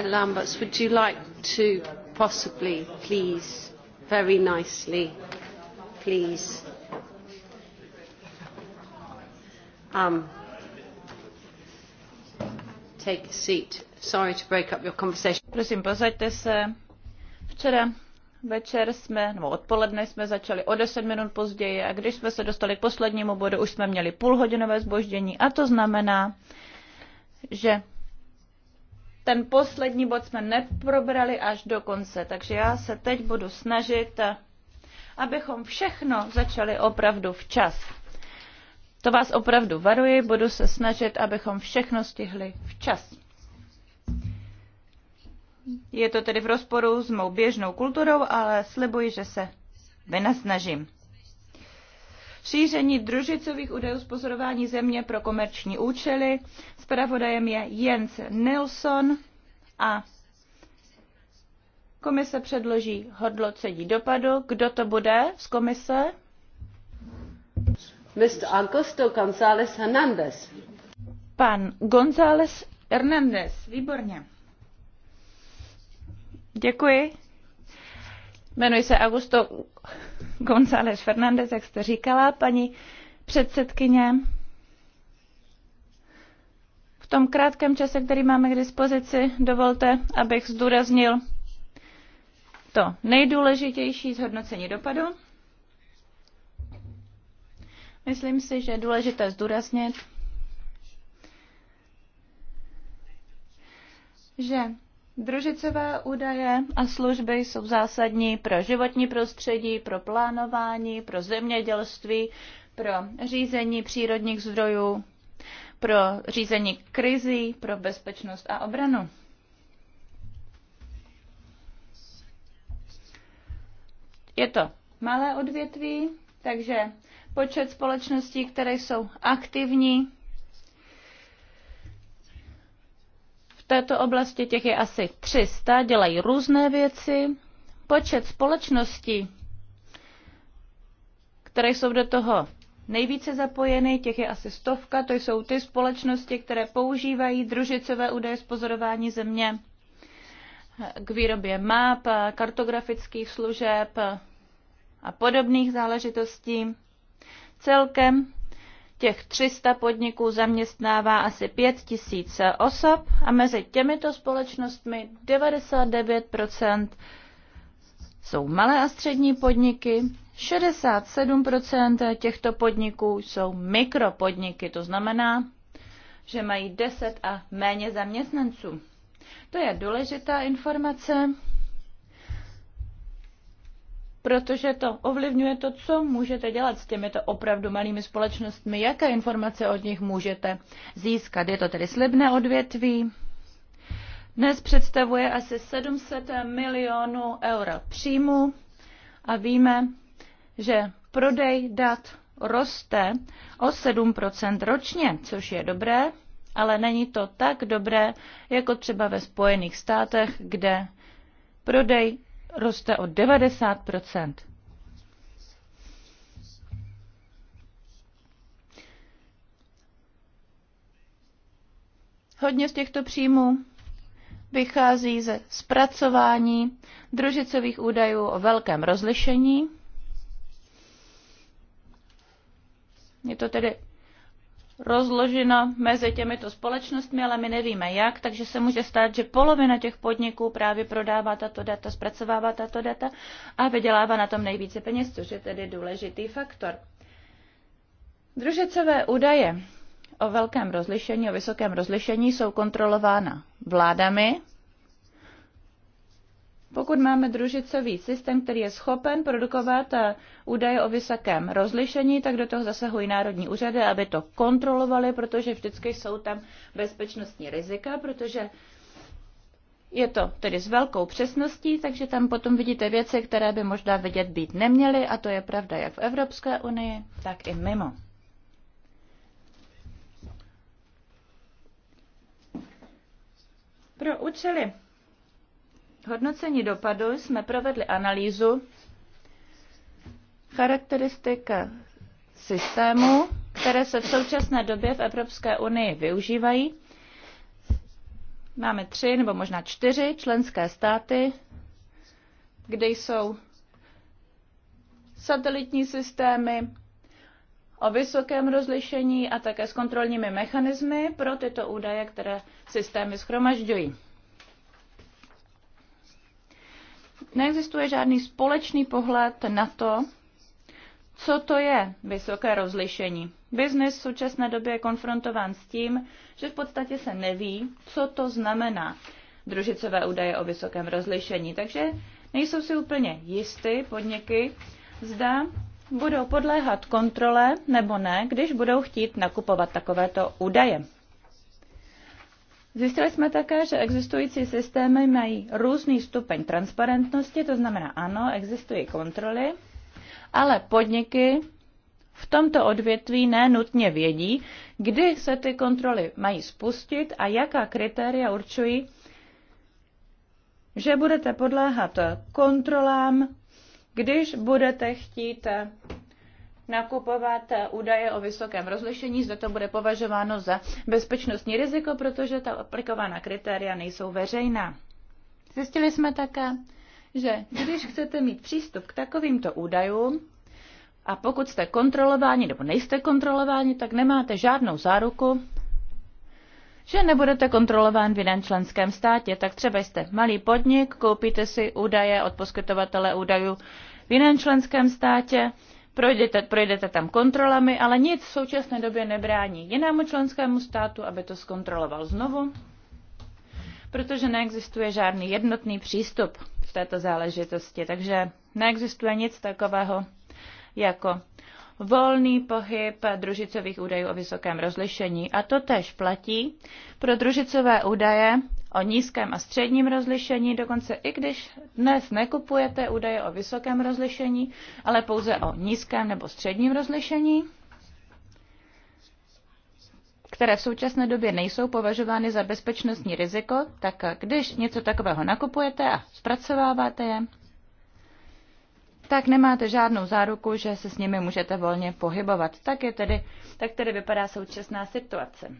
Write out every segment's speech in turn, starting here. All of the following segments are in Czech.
Lamberts, would you like to possibly, please, very nicely, please? Um, take a seat. Sorry to break up your conversation. Prosím, posaďte se. Včera večer jsme, nebo odpoledne jsme začali o 10 minut později a když jsme se dostali k poslednímu bodu, už jsme měli půlhodinové zboždění a to znamená, že ten poslední bod jsme neprobrali až do konce, takže já se teď budu snažit, abychom všechno začali opravdu včas. To vás opravdu varuji, budu se snažit, abychom všechno stihli včas. Je to tedy v rozporu s mou běžnou kulturou, ale slibuji, že se vynasnažím šíření družicových údajů z pozorování země pro komerční účely. Spravodajem je Jens Nilsson a komise předloží hodnocení dopadu. Kdo to bude z komise? Mr. Augusto González Hernández. Pan González Hernández, výborně. Děkuji. Jmenuji se Augusto González Fernández, jak jste říkala, paní předsedkyně. V tom krátkém čase, který máme k dispozici, dovolte, abych zdůraznil to nejdůležitější zhodnocení dopadu. Myslím si, že je důležité zdůraznit, že Družicové údaje a služby jsou zásadní pro životní prostředí, pro plánování, pro zemědělství, pro řízení přírodních zdrojů, pro řízení krizí, pro bezpečnost a obranu. Je to malé odvětví, takže počet společností, které jsou aktivní této oblasti, těch je asi 300, dělají různé věci. Počet společností, které jsou do toho nejvíce zapojeny, těch je asi stovka, to jsou ty společnosti, které používají družicové údaje z pozorování země k výrobě map, kartografických služeb a podobných záležitostí. Celkem Těch 300 podniků zaměstnává asi 5 tisíc osob a mezi těmito společnostmi 99% jsou malé a střední podniky, 67% těchto podniků jsou mikropodniky, to znamená, že mají 10 a méně zaměstnanců. To je důležitá informace, protože to ovlivňuje to, co můžete dělat s těmito opravdu malými společnostmi, jaké informace od nich můžete získat. Je to tedy slibné odvětví. Dnes představuje asi 700 milionů euro příjmu a víme, že prodej dat roste o 7 ročně, což je dobré, ale není to tak dobré, jako třeba ve Spojených státech, kde prodej roste o 90 Hodně z těchto příjmů vychází ze zpracování družicových údajů o velkém rozlišení. Je to tedy rozložena mezi těmito společnostmi, ale my nevíme jak, takže se může stát, že polovina těch podniků právě prodává tato data, zpracovává tato data a vydělává na tom nejvíce peněz, což je tedy důležitý faktor. Družicové údaje o velkém rozlišení, o vysokém rozlišení jsou kontrolována vládami, pokud máme družicový systém, který je schopen produkovat eh, údaje o vysokém rozlišení, tak do toho zasahují národní úřady, aby to kontrolovali, protože vždycky jsou tam bezpečnostní rizika, protože je to tedy s velkou přesností, takže tam potom vidíte věci, které by možná vidět být neměly, a to je pravda jak v Evropské unii, tak i mimo. Pro účely hodnocení dopadu jsme provedli analýzu charakteristika systému, které se v současné době v Evropské unii využívají. Máme tři nebo možná čtyři členské státy, kde jsou satelitní systémy o vysokém rozlišení a také s kontrolními mechanismy pro tyto údaje, které systémy schromažďují. neexistuje žádný společný pohled na to, co to je vysoké rozlišení. Biznis v současné době je konfrontován s tím, že v podstatě se neví, co to znamená družicové údaje o vysokém rozlišení. Takže nejsou si úplně jisty podniky, zda budou podléhat kontrole nebo ne, když budou chtít nakupovat takovéto údaje. Zjistili jsme také, že existující systémy mají různý stupeň transparentnosti, to znamená ano, existují kontroly, ale podniky v tomto odvětví nenutně vědí, kdy se ty kontroly mají spustit a jaká kritéria určují, že budete podléhat kontrolám, když budete chtít nakupovat údaje o vysokém rozlišení, zda to bude považováno za bezpečnostní riziko, protože ta aplikovaná kritéria nejsou veřejná. Zjistili jsme také, že když chcete mít přístup k takovýmto údajům, a pokud jste kontrolováni nebo nejste kontrolováni, tak nemáte žádnou záruku, že nebudete kontrolován v jiném členském státě. Tak třeba jste malý podnik, koupíte si údaje od poskytovatele údajů v jiném členském státě projdete, projdete tam kontrolami, ale nic v současné době nebrání jinému členskému státu, aby to zkontroloval znovu, protože neexistuje žádný jednotný přístup v této záležitosti, takže neexistuje nic takového jako volný pohyb družicových údajů o vysokém rozlišení. A to tež platí pro družicové údaje o nízkém a středním rozlišení, dokonce i když dnes nekupujete údaje o vysokém rozlišení, ale pouze o nízkém nebo středním rozlišení, které v současné době nejsou považovány za bezpečnostní riziko, tak když něco takového nakupujete a zpracováváte je, tak nemáte žádnou záruku, že se s nimi můžete volně pohybovat. Tak, je tedy, tak tedy vypadá současná situace.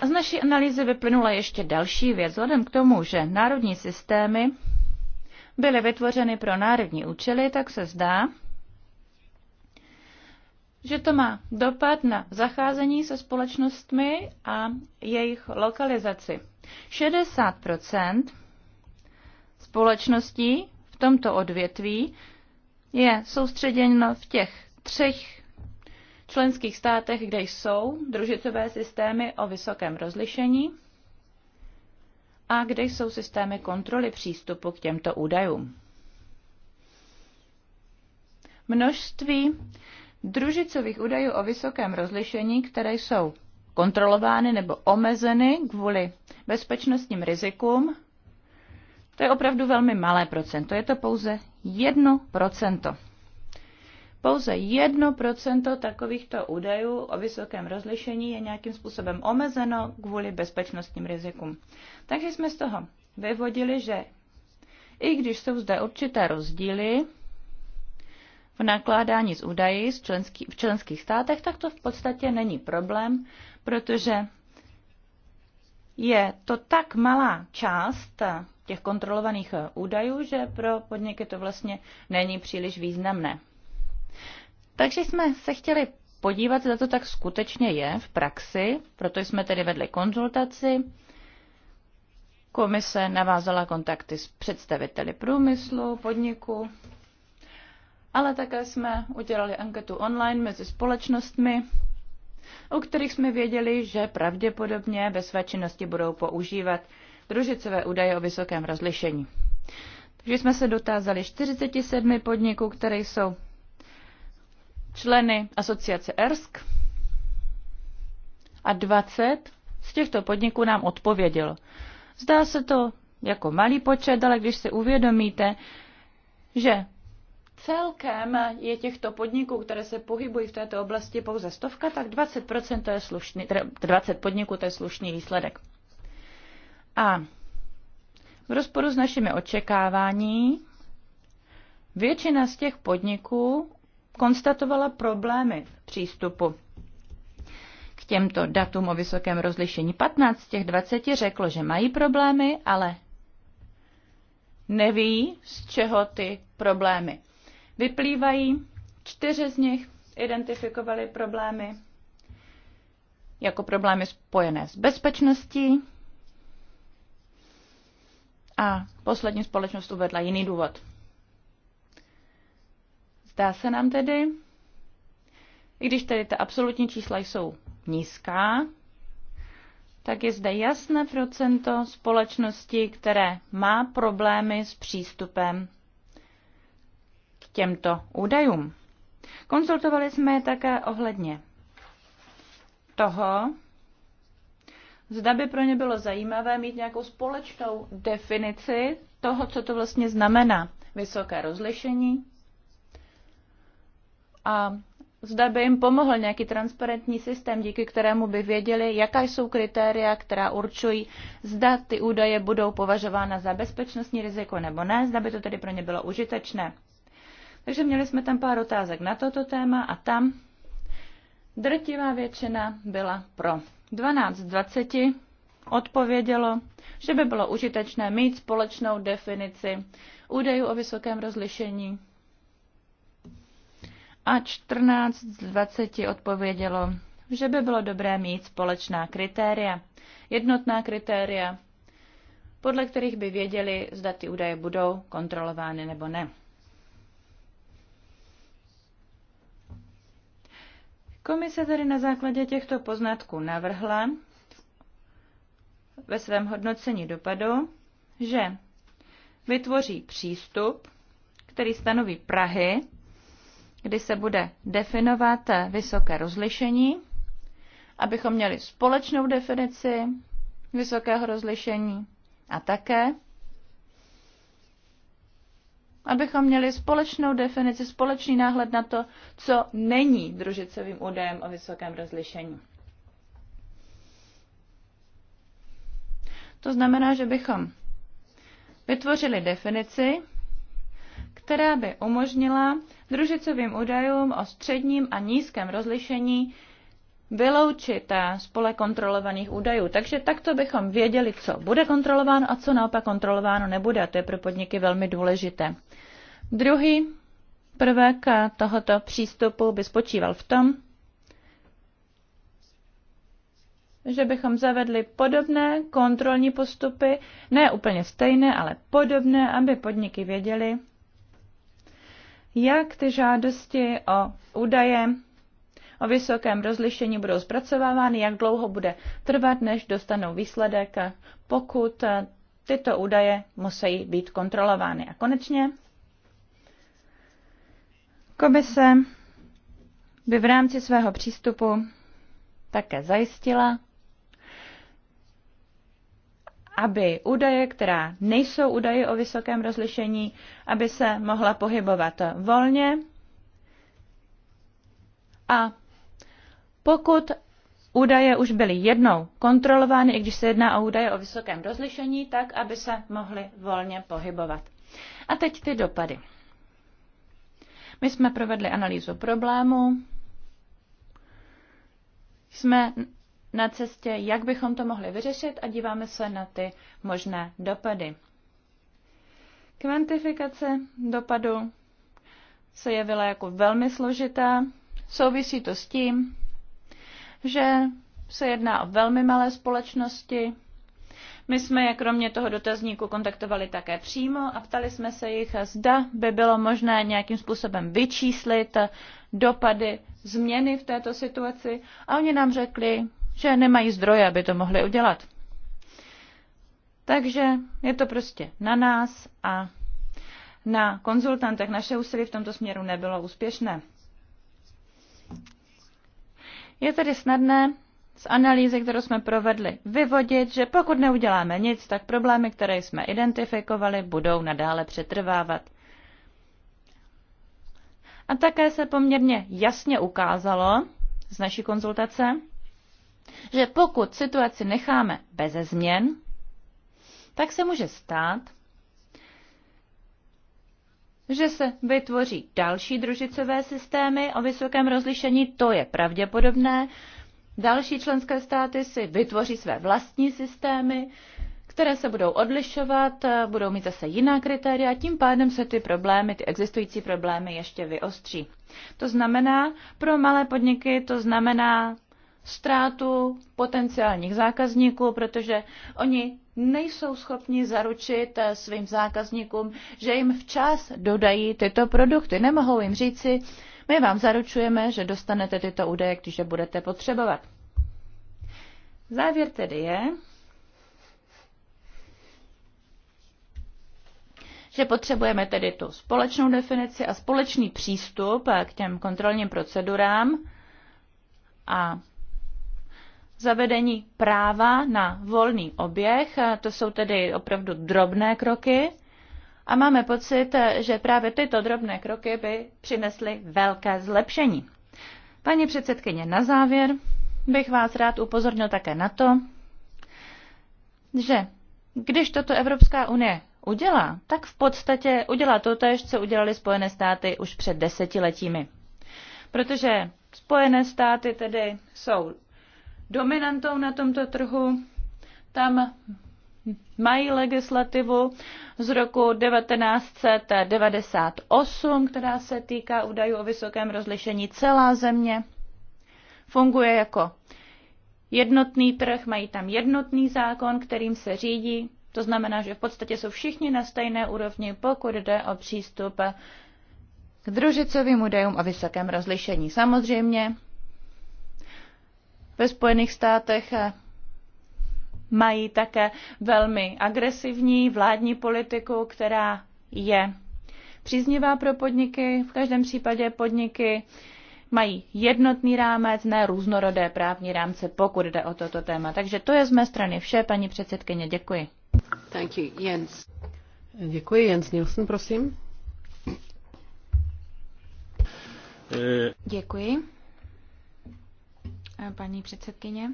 A z naší analýzy vyplynula ještě další věc, vzhledem k tomu, že národní systémy byly vytvořeny pro národní účely, tak se zdá, že to má dopad na zacházení se společnostmi a jejich lokalizaci. 60 společností v tomto odvětví je soustředěno v těch třech členských státech, kde jsou družicové systémy o vysokém rozlišení a kde jsou systémy kontroly přístupu k těmto údajům. Množství družicových údajů o vysokém rozlišení, které jsou kontrolovány nebo omezeny kvůli bezpečnostním rizikům, to je opravdu velmi malé procento, je to pouze jedno procento, Pouze jedno procento takovýchto údajů o vysokém rozlišení je nějakým způsobem omezeno kvůli bezpečnostním rizikům. Takže jsme z toho vyvodili, že i když jsou zde určité rozdíly v nakládání s údaji z členský, v členských státech, tak to v podstatě není problém, protože je to tak malá část těch kontrolovaných eh, údajů, že pro podniky to vlastně není příliš významné. Takže jsme se chtěli podívat, zda to tak skutečně je v praxi, proto jsme tedy vedli konzultaci. Komise navázala kontakty s představiteli průmyslu, podniku, ale také jsme udělali anketu online mezi společnostmi, o kterých jsme věděli, že pravděpodobně ve své činnosti budou používat družicové údaje o vysokém rozlišení. Takže jsme se dotázali 47 podniků, které jsou členy asociace ERSK a 20 z těchto podniků nám odpovědělo. Zdá se to jako malý počet, ale když si uvědomíte, že celkem je těchto podniků, které se pohybují v této oblasti pouze stovka, tak 20, to je slušný, 20 podniků to je slušný výsledek. A v rozporu s našimi očekávání většina z těch podniků konstatovala problémy v přístupu k těmto datům o vysokém rozlišení. 15 z těch 20 řeklo, že mají problémy, ale neví, z čeho ty problémy vyplývají. Čtyři z nich identifikovali problémy jako problémy spojené s bezpečností, a poslední společnost uvedla jiný důvod. Zdá se nám tedy, i když tedy ta absolutní čísla jsou nízká, tak je zde jasné procento společnosti, které má problémy s přístupem k těmto údajům. Konzultovali jsme je také ohledně toho, Zda by pro ně bylo zajímavé mít nějakou společnou definici toho, co to vlastně znamená vysoké rozlišení a zda by jim pomohl nějaký transparentní systém, díky kterému by věděli, jaká jsou kritéria, která určují, zda ty údaje budou považována za bezpečnostní riziko nebo ne, zda by to tedy pro ně bylo užitečné. Takže měli jsme tam pár otázek na toto téma a tam drtivá většina byla pro. 12:20 odpovědělo, že by bylo užitečné mít společnou definici údajů o vysokém rozlišení. A 14:20 odpovědělo, že by bylo dobré mít společná kritéria, jednotná kritéria, podle kterých by věděli, zda ty údaje budou kontrolovány nebo ne. Komise tedy na základě těchto poznatků navrhla ve svém hodnocení dopadu, že vytvoří přístup, který stanoví Prahy, kdy se bude definovat vysoké rozlišení, abychom měli společnou definici vysokého rozlišení a také abychom měli společnou definici, společný náhled na to, co není družicovým údajem o vysokém rozlišení. To znamená, že bychom vytvořili definici, která by umožnila družicovým údajům o středním a nízkém rozlišení vyloučit eh, z pole kontrolovaných údajů. Takže takto bychom věděli, co bude kontrolováno a co naopak kontrolováno nebude. A to je pro podniky velmi důležité. Druhý prvek eh, tohoto přístupu by spočíval v tom, že bychom zavedli podobné kontrolní postupy, ne úplně stejné, ale podobné, aby podniky věděly, jak ty žádosti o údaje o vysokém rozlišení budou zpracovávány, jak dlouho bude trvat, než dostanou výsledek, pokud eh, tyto údaje musí být kontrolovány. A konečně komise by v rámci svého přístupu také zajistila, aby údaje, která nejsou údaje o vysokém rozlišení, aby se mohla pohybovat volně a pokud údaje už byly jednou kontrolovány, i když se jedná o údaje o vysokém rozlišení, tak aby se mohly volně pohybovat. A teď ty dopady. My jsme provedli analýzu problému, jsme na cestě, jak bychom to mohli vyřešit a díváme se na ty možné dopady. Kvantifikace dopadu se jevila jako velmi složitá. Souvisí to s tím, že se jedná o velmi malé společnosti. My jsme je kromě toho dotazníku kontaktovali také přímo a ptali jsme se jich, zda by bylo možné nějakým způsobem vyčíslit dopady změny v této situaci a oni nám řekli, že nemají zdroje, aby to mohli udělat. Takže je to prostě na nás a na konzultantech. Naše úsilí v tomto směru nebylo úspěšné. Je tedy snadné z analýzy, kterou jsme provedli, vyvodit, že pokud neuděláme nic, tak problémy, které jsme identifikovali, budou nadále přetrvávat. A také se poměrně jasně ukázalo z naší konzultace, že pokud situaci necháme bez změn, tak se může stát, že se vytvoří další družicové systémy o vysokém rozlišení, to je pravděpodobné. Další členské státy si vytvoří své vlastní systémy, které se budou odlišovat, budou mít zase jiná kritéria, a tím pádem se ty problémy, ty existující problémy ještě vyostří. To znamená, pro malé podniky to znamená ztrátu potenciálních zákazníků, protože oni nejsou schopni zaručit eh, svým zákazníkům, že jim včas dodají tyto produkty. Nemohou jim říci, my vám zaručujeme, že dostanete tyto údaje, když je budete potřebovat. Závěr tedy je, že potřebujeme tedy tu společnou definici a společný přístup eh, k těm kontrolním procedurám a zavedení práva na volný oběh, to jsou tedy opravdu drobné kroky, a máme pocit, že právě tyto drobné kroky by přinesly velké zlepšení. Paní předsedkyně, na závěr bych vás rád upozornil také na to, že když toto Evropská unie udělá, tak v podstatě udělá to tež, co udělali Spojené státy už před desetiletími. Protože Spojené státy tedy jsou dominantou na tomto trhu. Tam mají legislativu z roku 1998, která se týká údajů o vysokém rozlišení celá země. Funguje jako jednotný trh, mají tam jednotný zákon, kterým se řídí. To znamená, že v podstatě jsou všichni na stejné úrovni, pokud jde o přístup k družicovým údajům o vysokém rozlišení. Samozřejmě ve Spojených státech eh, mají také velmi agresivní vládní politiku, která je příznivá pro podniky. V každém případě podniky mají jednotný rámec, ne různorodé právní rámce, pokud jde o toto téma. Takže to je z mé strany vše, paní předsedkyně, děkuji. Thank you. Jens. Děkuji. Jens Nielsen, prosím. Eh. Děkuji paní předsedkyně.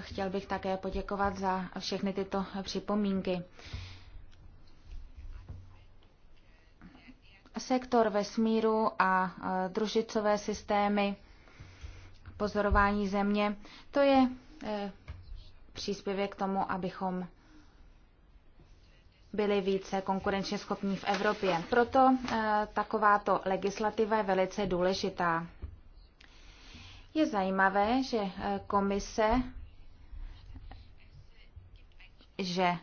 Chtěl bych také poděkovat za všechny tyto připomínky. Sektor vesmíru a družicové systémy pozorování země, to je e, příspěvek k tomu, abychom byli více konkurenčně schopní v Evropě. Proto e, takováto legislativa je velice důležitá. Je zajímavé, že eh, komise, že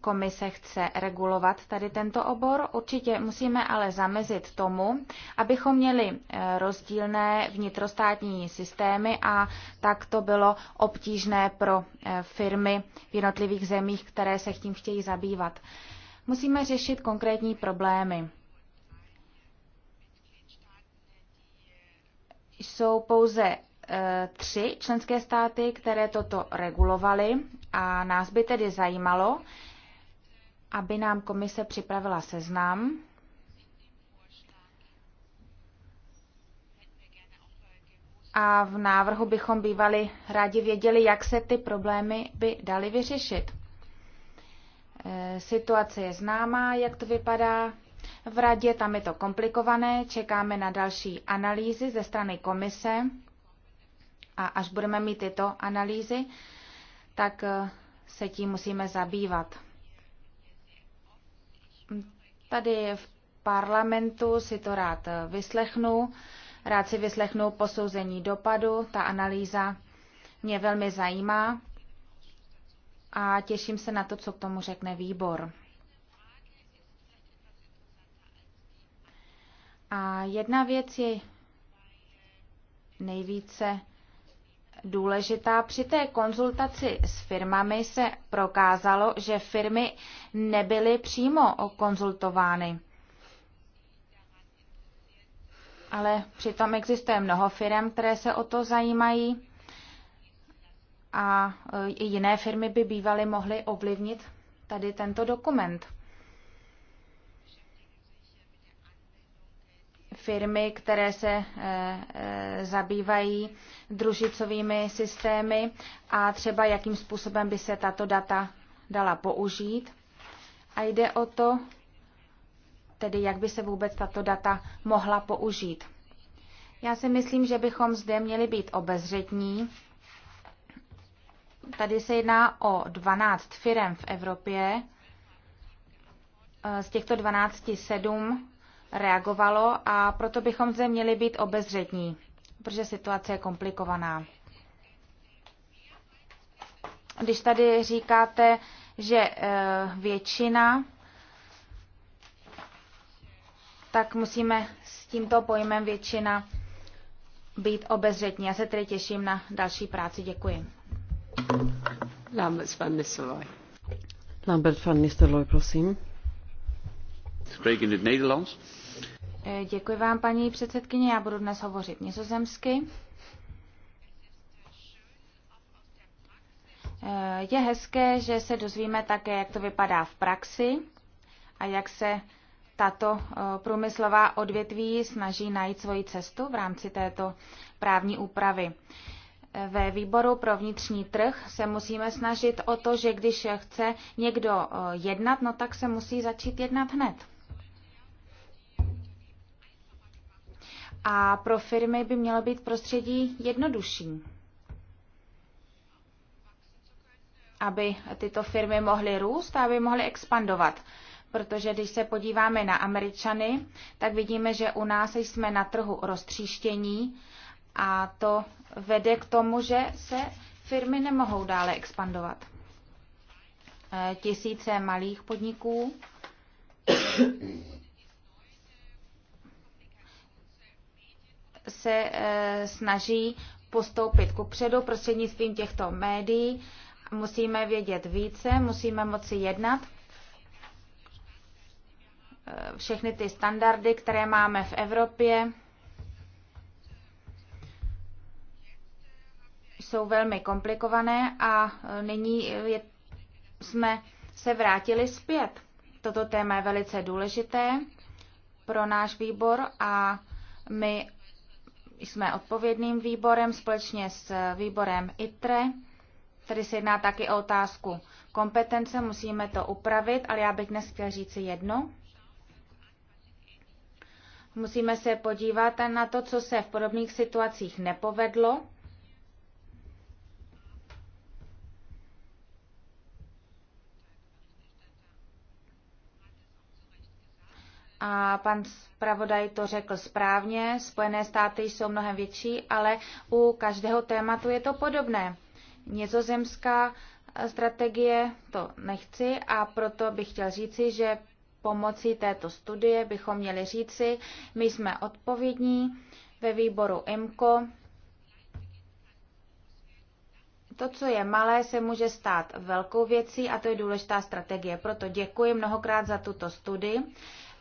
komise chce regulovat tady tento obor. Určitě musíme ale zamezit tomu, abychom měli eh, rozdílné vnitrostátní systémy a tak to bylo obtížné pro eh, firmy v jednotlivých zemích, které se tím chtějí zabývat. Musíme řešit konkrétní problémy. jsou pouze e, tři členské státy, které toto regulovaly a nás by tedy zajímalo, aby nám komise připravila seznam a v návrhu bychom bývali rádi věděli, jak se ty problémy by daly vyřešit. E, situace je známá, jak to vypadá v radě tam je to komplikované, čekáme na další analýzy ze strany komise a až budeme mít tyto analýzy, tak eh, se tím musíme zabývat. Tady v parlamentu si to rád eh, vyslechnu, rád si vyslechnu posouzení dopadu, ta analýza mě velmi zajímá a těším se na to, co k tomu řekne výbor. A jedna věc je nejvíce důležitá. Při té konzultaci s firmami se prokázalo, že firmy nebyly přímo konzultovány. Ale přitom existuje mnoho firm, které se o to zajímají a i jiné firmy by bývaly mohly ovlivnit tady tento dokument. firmy, které se eh, eh, zabývají družicovými systémy a třeba jakým způsobem by se tato data dala použít. A jde o to, tedy jak by se vůbec tato data mohla použít. Já si myslím, že bychom zde měli být obezřetní. Tady se jedná o 12 firm v Evropě. Eh, z těchto 12 7 reagovalo a proto bychom zde měli být obezřetní, protože situace je komplikovaná. Když tady říkáte, že eh, většina, tak musíme s tímto pojmem většina být obezřetní. Já se tedy těším na další práci. Děkuji. Lambert van Nistelrooy. Lambert van Nistelrooy, prosím. Spreken in het Nederlands. Eh, děkuji vám, paní předsedkyně. Já budu dnes hovořit nizozemsky. Eh, je hezké, že se dozvíme také, jak to vypadá v praxi a jak se tato eh, průmyslová odvětví snaží najít svoji cestu v rámci této právní úpravy. Ve výboru pro vnitřní trh se musíme snažit o to, že když chce někdo jednat, no tak se musí začít jednat hned. a pro firmy by mělo být prostředí jednodušší, aby tyto firmy mohly růst a aby mohly expandovat. Protože když se podíváme na Američany, tak vidíme, že u nás jsme na trhu roztříštění a to vede k tomu, že se firmy nemohou dále expandovat. Eh, tisíce malých podniků se eh, snaží postoupit ku předu prostřednictvím těchto médií. Musíme vědět více, musíme moci jednat. Eh, všechny ty standardy, které máme v Evropě, jsou velmi komplikované a eh, nyní je, jsme se vrátili zpět. Toto téma je velice důležité pro náš výbor a my jsme odpovědným výborem společně s výborem ITRE. Tady se jedná taky o otázku kompetence, musíme to upravit, ale já bych dnes chtěl říci jedno. Musíme se podívat na to, co se v podobných situacích nepovedlo a pan zpravodaj to řekl správně, Spojené státy jsou mnohem větší, ale u každého tématu je to podobné. Nězozemská strategie to nechci a proto bych chtěl říci, že pomocí této studie bychom měli říci, my jsme odpovědní ve výboru IMCO. To, co je malé, se může stát velkou věcí a to je důležitá strategie. Proto děkuji mnohokrát za tuto studii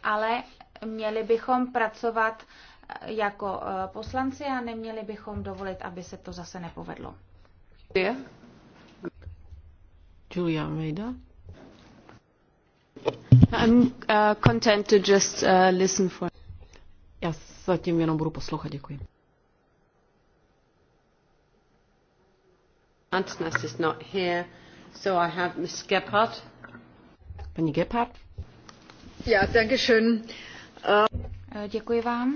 ale měli bychom pracovat eh, jako eh, poslanci a neměli bychom dovolit, aby se to zase nepovedlo. Julia Meida. I'm uh, content to just uh, listen for. Já zatím jenom budu poslouchat, děkuji. Antonas is not here, so I have Ms. Gephardt. Paní Gephardt. Äh, eh, děkuji vám.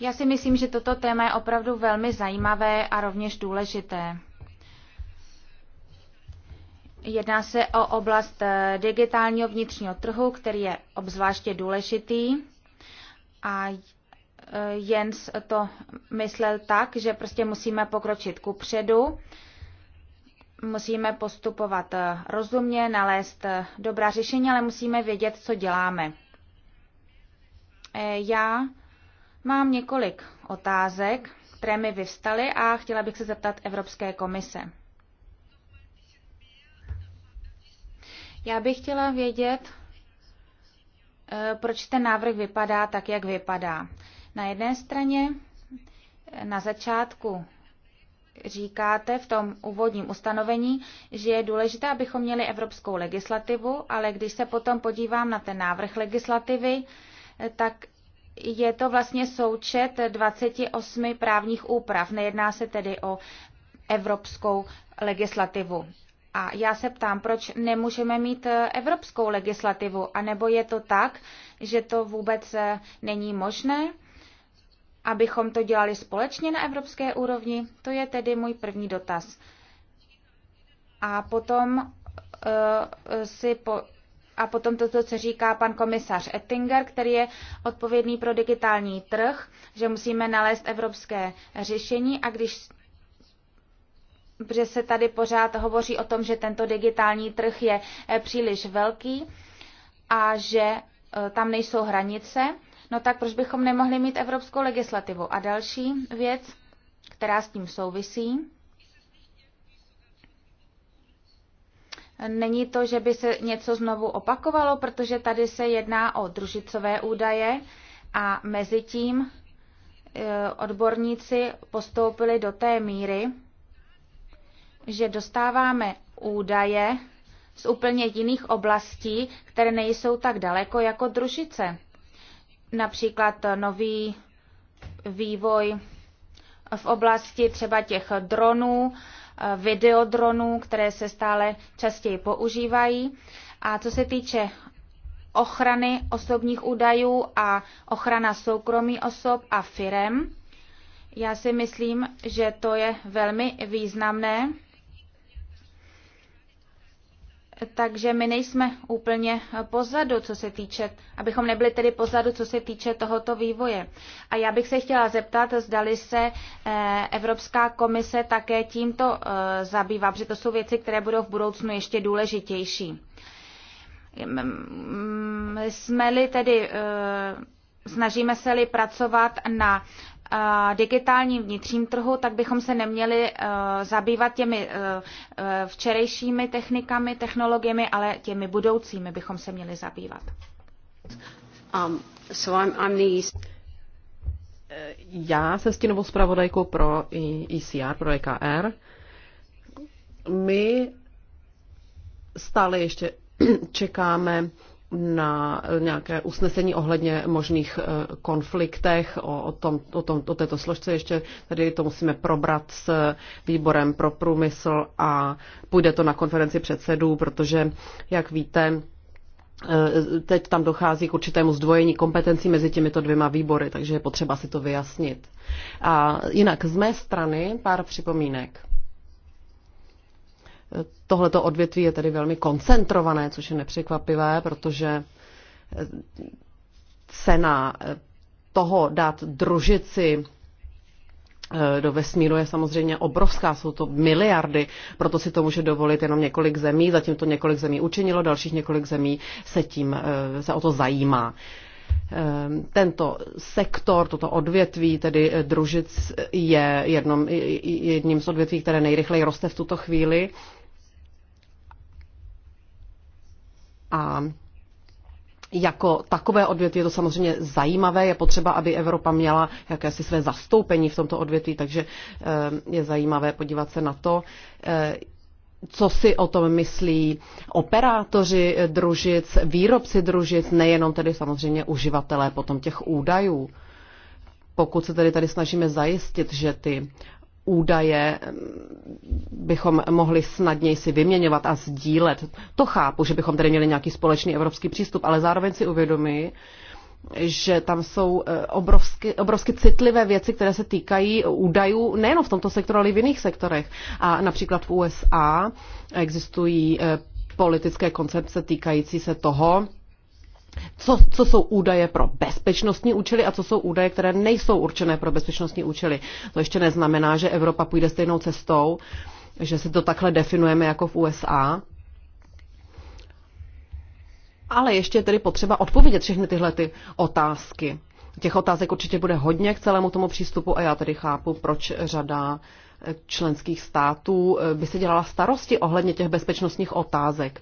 Já si myslím, že toto téma je opravdu velmi zajímavé a rovněž důležité. Jedná se o oblast eh, digitálního vnitřního trhu, který je obzvláště důležitý. A eh, Jens to myslel tak, že prostě musíme pokročit kupředu musíme postupovat eh, rozumně, nalézt eh, dobrá řešení, ale musíme vědět, co děláme. Eh, já mám několik otázek, které mi vyvstaly a chtěla bych se zeptat Evropské komise. Já bych chtěla vědět, proč ten návrh vypadá tak, jak vypadá. Na jedné straně na začátku říkáte v tom úvodním ustanovení, že je důležité, abychom měli evropskou legislativu, ale když se potom podívám na ten návrh legislativy, tak je to vlastně součet 28 právních úprav. Nejedná se tedy o evropskou legislativu. A já se ptám, proč nemůžeme mít evropskou legislativu, anebo je to tak, že to vůbec není možné? abychom to dělali společně na evropské úrovni? To je tedy můj první dotaz. A potom uh, si po, a potom toto, co říká pan komisař Ettinger, který je odpovědný pro digitální trh, že musíme nalézt evropské řešení a když se tady pořád hovoří o tom, že tento digitální trh je eh, příliš velký a že eh, tam nejsou hranice, no tak proč bychom nemohli mít evropskou legislativu? A další věc, která s tím souvisí, Není to, že by se něco znovu opakovalo, protože tady se jedná o družicové údaje a mezi tím e, odborníci postoupili do té míry, že dostáváme údaje z úplně jiných oblastí, které nejsou tak daleko jako družice například nový vývoj v oblasti třeba těch dronů, videodronů, které se stále častěji používají. A co se týče ochrany osobních údajů a ochrana soukromí osob a firem, já si myslím, že to je velmi významné takže my nejsme úplně pozadu, co se týče, abychom nebyli tedy pozadu, co se týče tohoto vývoje. A já bych se chtěla zeptat, zdali se eh, Evropská komise také tímto eh, zabývá, protože to jsou věci, které budou v budoucnu ještě důležitější. Mm, jsme-li tedy eh, snažíme se-li pracovat na digitálním vnitřním trhu, tak bychom se neměli eh, zabývat těmi eh, eh, včerejšími technikami, technologiemi, ale těmi budoucími bychom se měli zabývat. Um, so I'm, I'm the... E já se tím zpravodajkou pro ECR, pro EKR. My stále ještě čekáme na nějaké usnesení ohledně možných e, konfliktech o, o, tom, o, tom, o této složce. Ještě tady to musíme probrat s výborem pro průmysl a půjde to na konferenci předsedů, protože, jak víte, e, teď tam dochází k určitému zdvojení kompetencí mezi těmito dvěma výbory, takže je potřeba si to vyjasnit. A jinak z mé strany pár připomínek. Tohleto odvětví je tedy velmi koncentrované, což je nepřekvapivé, protože eh, cena eh, toho dát družici eh, do vesmíru je samozřejmě obrovská, jsou to miliardy, proto si to může dovolit jenom několik zemí, zatím to několik zemí učinilo, dalších několik zemí se tím se o to zajímá. Tento sektor, toto odvětví, tedy družic, je jedním z odvětví, které nejrychleji roste v tuto chvíli A jako takové odvětví je to samozřejmě zajímavé, je potřeba, aby Evropa měla jakési své zastoupení v tomto odvětví, takže eh, je zajímavé podívat se na to, eh, co si o tom myslí operátoři družic, výrobci družic, nejenom tedy samozřejmě uživatelé potom těch údajů. Pokud se tedy tady snažíme zajistit, že ty údaje bychom mohli snadněji si vyměňovat a sdílet. To chápu, že bychom tady měli nějaký společný evropský přístup, ale zároveň si uvědomí, že tam jsou eh, obrovsky, obrovsky citlivé věci, které se týkají údajů nejen v tomto sektoru, ale i v jiných sektorech. A například v USA existují eh, politické koncepce týkající se toho, co, co jsou údaje pro bezpečnostní účely a co jsou údaje, které nejsou určené pro bezpečnostní účely. To ještě neznamená, že Evropa půjde stejnou cestou, že si to takhle definujeme jako v USA. Ale ještě je tedy potřeba odpovědět všechny tyhle ty otázky. Těch otázek určitě bude hodně k celému tomu přístupu a já tedy chápu, proč řada eh, členských států eh, by se dělala starosti ohledně těch bezpečnostních otázek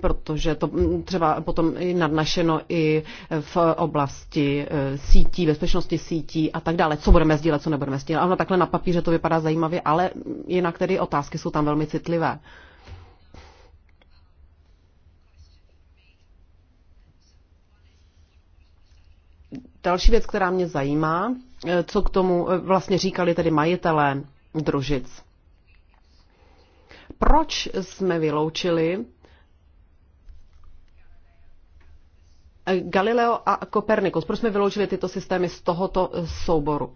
protože to mm, třeba potom i nadnašeno i v oblasti e, sítí, bezpečnosti sítí a tak dále, co budeme sdílet, co nebudeme sdílet. Ano, takhle na papíře to vypadá zajímavě, ale jinak tedy otázky jsou tam velmi citlivé. Další věc, která mě zajímá, e, co k tomu e, vlastně říkali tedy majitelé družic. Proč jsme vyloučili Galileo a Kopernikus. Proč jsme vyloučili tyto systémy z tohoto eh, souboru?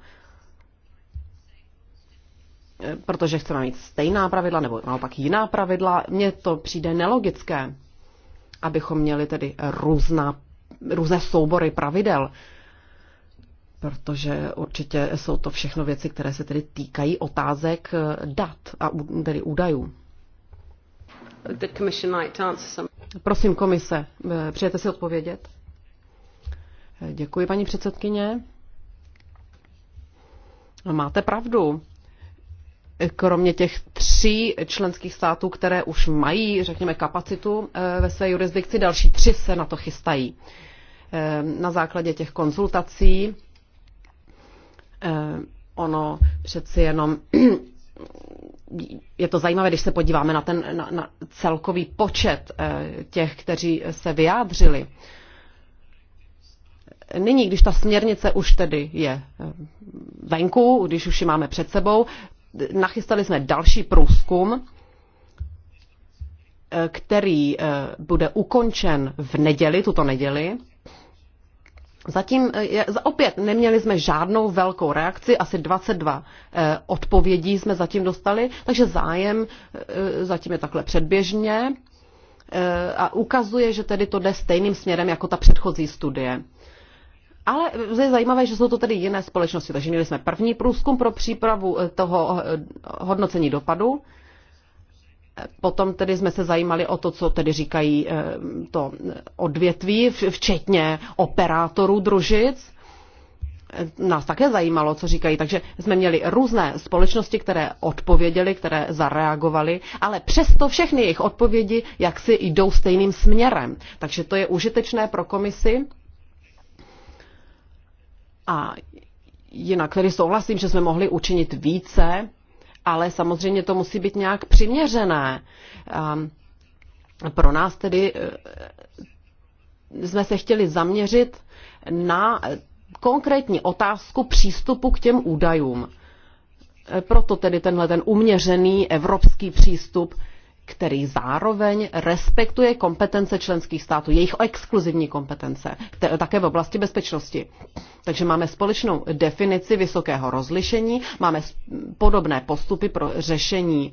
Eh, protože chceme mít stejná pravidla nebo naopak jiná pravidla, mně to přijde nelogické, abychom měli tedy různá, různé soubory pravidel, protože určitě jsou to všechno věci, které se tedy týkají otázek eh, dat a tedy údajů. Prosím komise, přijete si odpovědět? Děkuji, paní předsedkyně. No, máte pravdu. Kromě těch tří členských států, které už mají, řekněme, kapacitu eh, ve své jurisdikci, další tři se na to chystají. Eh, na základě těch konzultací eh, ono přeci jenom je to zajímavé, když se podíváme na ten na, na celkový počet těch, kteří se vyjádřili. Nyní, když ta směrnice už tedy je eh, venku, když už ji máme před sebou, nachystali jsme další průzkum, eh, který eh, bude ukončen v neděli, tuto neděli. Zatím opět neměli jsme žádnou velkou reakci, asi 22 odpovědí jsme zatím dostali, takže zájem zatím je takhle předběžně a ukazuje, že tedy to jde stejným směrem jako ta předchozí studie. Ale je zajímavé, že jsou to tedy jiné společnosti. Takže měli jsme první průzkum pro přípravu eh, toho eh, hodnocení dopadu. Potom tedy jsme se zajímali o to, co tedy říkají eh, to odvětví, včetně operátorů družic. Nás také zajímalo, co říkají, takže jsme měli různé společnosti, které odpověděly, které zareagovaly, ale přesto všechny jejich odpovědi jaksi jdou stejným směrem. Takže to je užitečné pro komisi, a jinak tedy souhlasím, že jsme mohli učinit více, ale samozřejmě to musí být nějak přiměřené. Pro nás tedy e, jsme se chtěli zaměřit na konkrétní otázku přístupu k těm údajům. E, proto tedy tenhle ten uměřený evropský přístup který zároveň respektuje kompetence členských států, jejich exkluzivní kompetence, které, také v oblasti bezpečnosti. Takže máme společnou definici vysokého rozlišení, máme podobné postupy pro řešení e,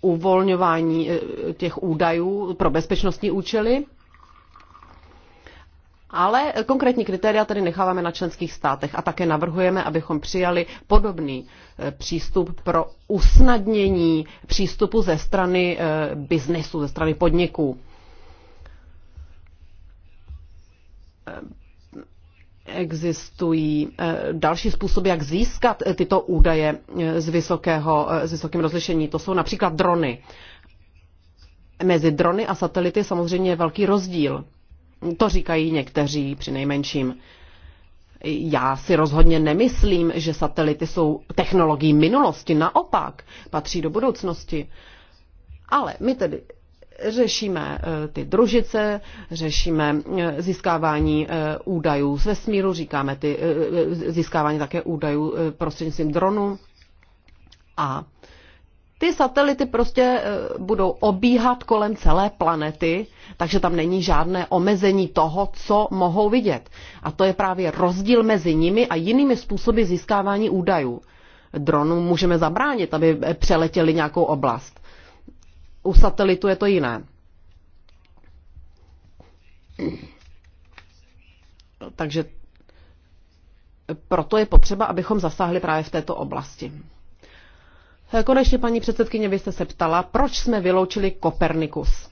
uvolňování e, těch údajů pro bezpečnostní účely ale konkrétní kritéria tedy necháváme na členských státech a také navrhujeme, abychom přijali podobný e, přístup pro usnadnění přístupu ze strany e, biznesu, ze strany podniků. E, existují další způsoby, jak získat tyto údaje z, vysokého, z vysokým rozlišení. To jsou například drony. Mezi drony a satelity je samozřejmě velký rozdíl to říkají někteří při nejmenším. Já si rozhodně nemyslím, že satelity jsou technologií minulosti, naopak, patří do budoucnosti. Ale my tedy řešíme eh, ty družice, řešíme eh, získávání eh, údajů z vesmíru, říkáme ty, získávání také údajů prostřednictvím dronů a ty satelity prostě eh, budou obíhat kolem celé planety, takže tam není žádné omezení toho, co mohou vidět. A to je právě rozdíl mezi nimi a jinými způsoby získávání údajů. Dronu můžeme zabránit, aby eh, přeletěli nějakou oblast. U satelitu je to jiné. Takže proto je potřeba, abychom zasáhli právě v této oblasti. Konečně, paní předsedkyně, vy jste se ptala, proč jsme vyloučili Kopernikus.